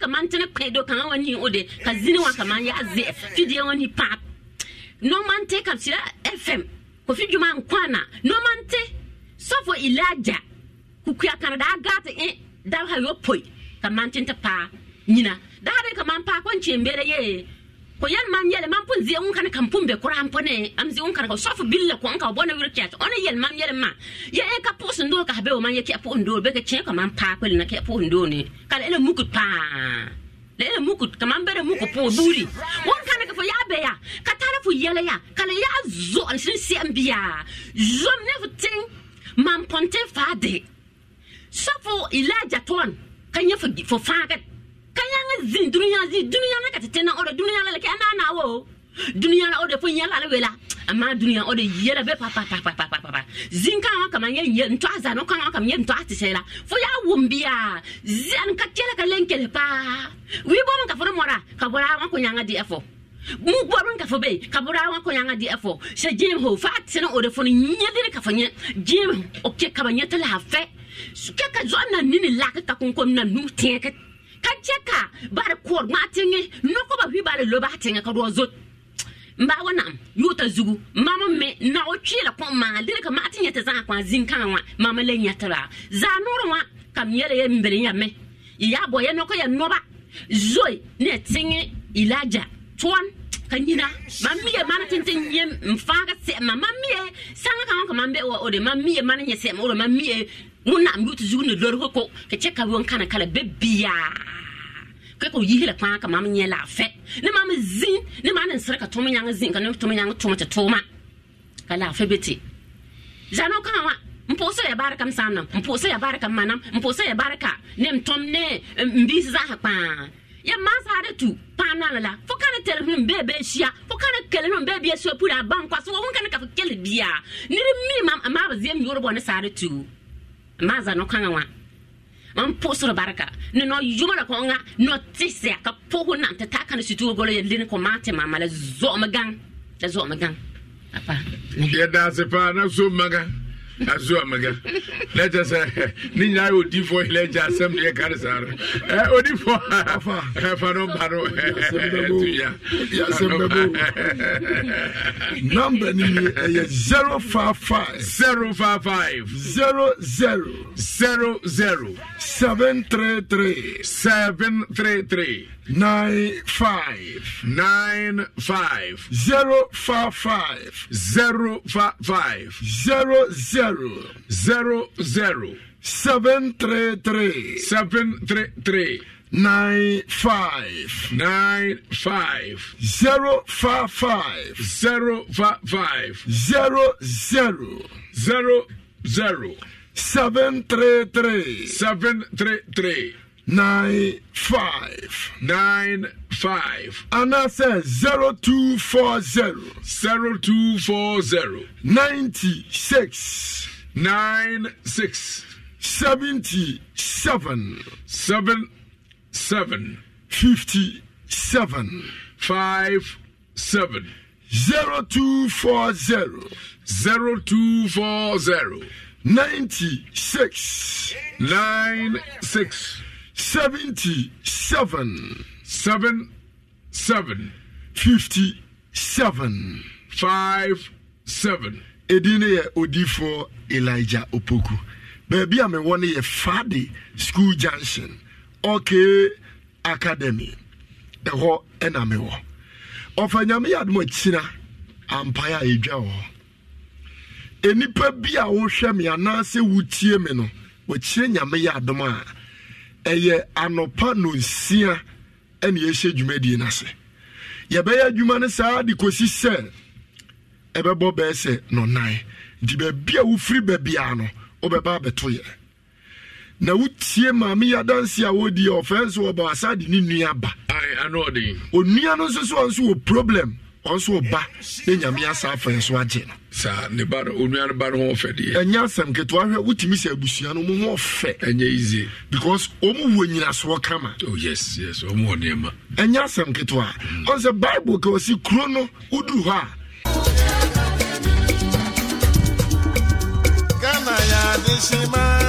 [SPEAKER 10] ka man tini kpɛ do kaŋa wan nii o de ka zini wan ka man yɛ a ze'ɛ fidiɛ wan no man take ka sira fm kofi dwuma nkwana nɔmante sɔfo ilaja kukua kana daa gaate e daa ha yɔpoi ka mante te paa nyina daa de ka man paa kɔn kyeen bere ye ko yɛn man yɛlɛ man pun zie unkana kan pun be kora ne am zie unkana ko sɔfo billa ko anka bɔna wuro kyat ɔne yɛl man yɛlɛ ma yɛ e ka pɔs ndo ka be o ma ye kɛ pɔn ndo be ka kyeen ka man paa kɔli na kɛ pɔn ndo ne kala ele mukut paa lele eh, muku kaman bere muku po buri won kana ka fo ya ya ka tare fo yele ya kana ya zo an sin si an biya zo ne fo tin man ponte fa de so fo ilaja ton kan ya fo fa ka kan ya zin duniya zin na ka tete na ora duniya la ke ana na wo dunia la o de fo yala le wela ama duniya o yela be pa pa pa pa pa pa pa zinka wa kama nye nye ntwa za no kama kama nye ntwa ti fo ya wumbia zan ka tela ka lenkel pa wi bom ka fo mora ka bora wa ko nyanga di efo mu bɔrun kafo be ka bora wa ko yanga di efo se jim ho fa tsena o de fo nye de ka fo nye jim o ke ka ba tela ha fe ke ka zo na nini la ka kun ko na nu tieke ka cheka bare ko ma tenge no ko ba wi bare lo ba tenge ka do zot mba wo nam yuta zugu mama me na ochi la kon ma dire ka ma ti nyete za kwa zin kan wa mama le nyatra za nuru wa kam yele ye mbere ya me ya bo ye no ko ye no ba zoi ne tingi ilaja tuan kanyina mamie mana tenten nye mfanga sema mamie sanga kan ka mambe o ode mamie mana nye sema o mamie wona am yuta zugu ne lor ko ke cheka won kana kala be kaka o yihila kpãa ka mam nyɛ laafɛ ne mam zĩn ne maa nen sɩrɛ ka tʋm yãng zĩn ka ne tʋm yãng tʋm tɩ tʋʋma ka laafɛ be tɩ zãno kãa wã n pʋʋsa ya barka m sãam nam n pʋʋsa ya barka m manam n pʋʋsa ya barka ne m tõm ne n biis zaasa kpãa ya maa saada tu paam na la fo kana telefon bee bee sia fo kana kele no bee bee sia pura ban kwa so won kana ka fo kele bia ne mi mam ma ba ziem yoro bo ne saada tu ma za no kanga wa amposro barka ne no yumara ko nga no tisi ka pohu nan ta taka ne situ golo yelin ko mate mama la zo magan la zo magan
[SPEAKER 1] apa ya da se pa na zo magan asu amaga lẹjẹ sẹ ni nyinaa yẹ odifo lẹjẹ asẹm ni yẹ kari sáré ẹ odifo ẹ fanu baro ẹ tuya
[SPEAKER 8] namba ni ye eh, ẹ yẹ zero five five zero five five zero zero zero zero seven three three seven three three. nine five nine five zero four five zero four five zero zero zero zero seven three three seven three three nine five nine five zero four five zero four five zero zero zero zero seven three three seven three three nine five nine five says zero two four zero zero two four zero ninety six nine six seventy seven seven seven fifty seven five seven zero two four zero zero two four zero ninety six nine six. seventy seven. seven seven. fifty seven. five seven. edin yɛ odifo elijah opoku beebi a mewɔ no yɛ fade school junction ɔke academy ɛhɔ ɛna mewɔ ɔfa nyame yɛ adom akyina ampae a ɛdwa wɔ hɔ nnipa bi a wohwɛ me anaasɛ wotie me no wɔkyerɛ nyame yɛ adom a ɛyɛ anɔpa nonsia ɛne yɛhyɛ dwumadie no ase yɛbɛyɛ adwuma no saa de kɔsi sɛ ɛbɛbɔ bɛɛ sɛ nɔnan nti baabi a wofiri baabiaa no wobɛba abɛto yɛ na wotie maame yadanse a wodie ɔfɛ nso wɔba asa de ne nua ba
[SPEAKER 1] ɔnua
[SPEAKER 8] no nso so ɔnso wɔ problem ɔnso ɔba ne nyame asa afɛn so agye no saa ne ba onua ba no ho ɔfɛ deɛ ɛnyɛ asɛm ketewa hwɛ wotumi sɛ abusua no mu ho ɔfɛ ɛnyɛ easy because ɔmu wɔ nyinasoɔ kama oh yes yes ɔmu wɔ nneɛma ɛnyɛ asɛm ketewa mm. ɔn bible ka ɔsi kuro no woduru hɔ a
[SPEAKER 17] Ghana yà á di ṣe máa.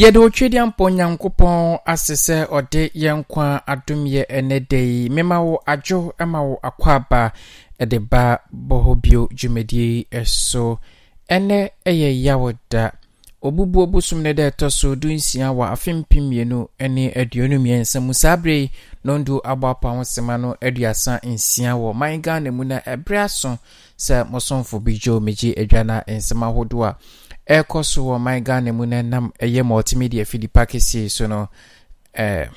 [SPEAKER 20] yɛde otwedi ampɔ nyankopɔn ase sɛ ɔde yɛn nkwa adomyɛ ɛnɛ da yi mema wo adwo ma wo akɔaba ɛde ba bɔhɔ bio dwumadie ɛso ɛnɛ ɛyɛ yawo da obubuo bosom no da ɛtɔ so du nsia wɔ afe mpemmienu ne aduonu mmiɛnsa mu saa berɛ yi nondo aboapa ho sema no aduasa nsia wɔ man ghana mu na ɛberɛ aso sɛ mosomfo bi gyo megye adwa nsɛm ahodoɔ a ɛrekɔ so wɔ ɔman ghana mu na nam ɛyɛ multimedia fidipa kɛseɛ so no ɛɛ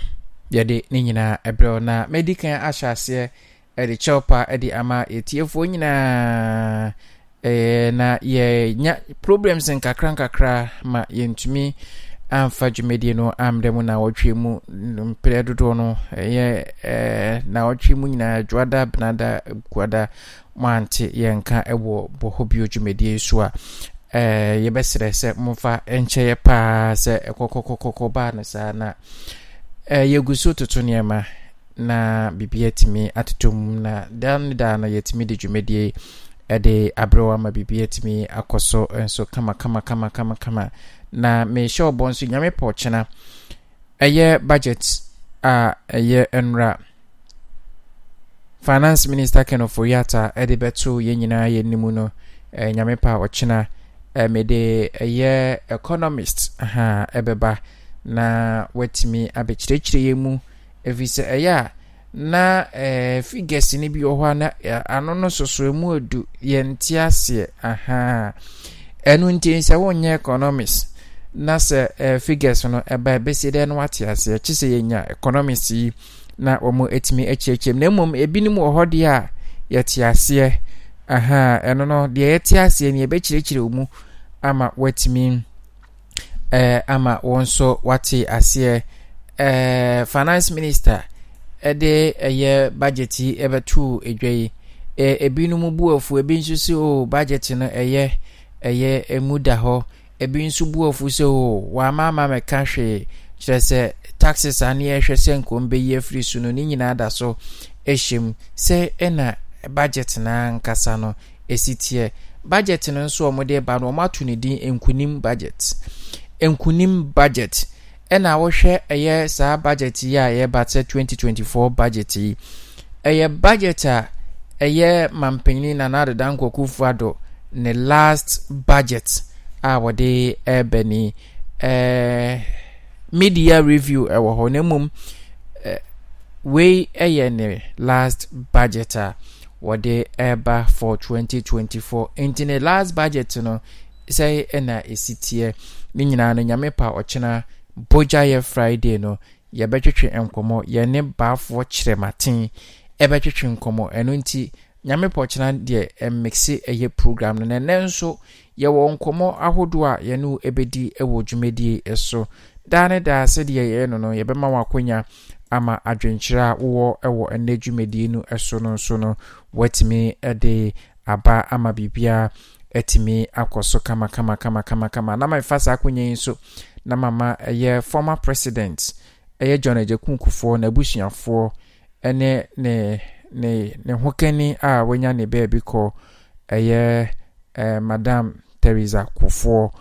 [SPEAKER 20] yɛde ne nyinaa ɛbrɛw na mɛdi kan ahyɛ aseɛ ɛde kyɛwpa ɛde ama etiefoɔ nyinaa ɛɛ na yɛnya problems nkakra nkakra ma yɛntumi amfa dwumadie no amdɛ mu nawɔtwe mu mprɛ dodoɔ no ɛyɛ ɛɛ nawɔtwe mu nyinaa dwoada benada guada mo ante yɛnka ɛwɔ bɔhɔ bio dwumadie so a yɛbɛserɛ sɛ momfa nkyɛyɛ paa sɛ ɛkɔkɔkɔkɔkɔ baa no saa na eh, yɛgu eh, eh, so toto nneɛma na biribi atumi atotɔ mu na daa no daa no yɛtumi de dwumadie ɛde aberɛw ama biribi atumi akɔ so nso kamakamakamakama na mehyɛ ɔbɔ nso nyame pɔ ɛyɛ eh, budget a ɛyɛ nwura finance minister kenofo yata ɛde bɛto yɛn nyinaa yɛn nimu no nyame pa ɔkyena Eh, mede ɛyɛ eh, economist ha ɛbɛba na watumi abɛkyerɛkyerɛ yɛ mu ɛfiri sɛ ɛyɛ eh, a na figures no bi wɔ hɔ a na ano no soso mu adu yɛnte aseɛ aha ɛno nti sɛ wonyɛ economist na sɛ figures no ɛba ɛbɛsi dɛ no wate aseɛ kye sɛ yɛnya economist yi na wɔn atumi akyerɛkyerɛ mu na mmom ebinom wɔ hɔ deɛ a yɛte aseɛ aha ɛno no deɛ yɛte aseɛ no yɛbɛkyerɛkyerɛ wo mu ama woatumi ɛɛ eh, ama wɔn nso wɔate aseɛ eh, finance minister ɛde ɛyɛ eh, budget yi ɛbɛtoo adwa yi ɛɛ eh, ebinom bu afu ebi nso sɛ o oh, budget no ɛyɛ ɛyɛ ɛmu da hɔ ebi nso bu afu sɛ o oh, wama ama mɛka hwee kyerɛ sɛ taxes a ne yɛhwɛ sɛ nkɔm bɛyi afiri so no ne nyinaa da so ɛhyɛ mu sɛ ɛna budget nkasa no ɛsitiɛ budget no nso ɔmode ba no ɔma ato no din nkonim budget nkonim budget ɛna wohwɛ ɛyɛ saa budget yi a yɛba sɛ 2024 budget yi ɛyɛ budget a ɛyɛ mampanin nanaadeda nkɔkufo ado ne last budget a wɔde ɛbɛni ɛɛ media review ɛwɔ hɔ na mmom ɛɛ wei ɛyɛ ne last budget a. Uh, wɔde ɛreba for 2024 nti ne last budget no sɛe ɛna ɛsi teɛ ne nyinaa no nyame pa ɔkyena bogyayɛ friday no yɛbɛtwetwe nkɔmmɔ yɛne baafoɔ kyerɛmaten ɛbɛtwetwe nkɔmɔ ɛno nti nyame pa ɔkyena deɛ ɛmmikse ɛyɛ program no nɛnɛ nso yɛwɔ nkɔmɔ ahodoɔ a yɛne ɛbɛdi ɛwɔ dwumadie so daa ne daa sɛdeɛ yɛɛ no no yɛbɛma wɔakonya ama adwenkyerɛ a wowɔ wɔ ɛnɛ dwumadie no so no nso no wɔtumi de aba ama biribiaa atumi akɔ so kamakamakamakama na mamefa saa yi nso na mama ɛyɛ former president ɛyɛ john agyakunkufoɔ n'abusuafoɔ ne ne ne ne hokani a wɔanya ne baabi kɔ ɛyɛ eh, madam teresa kufoɔ.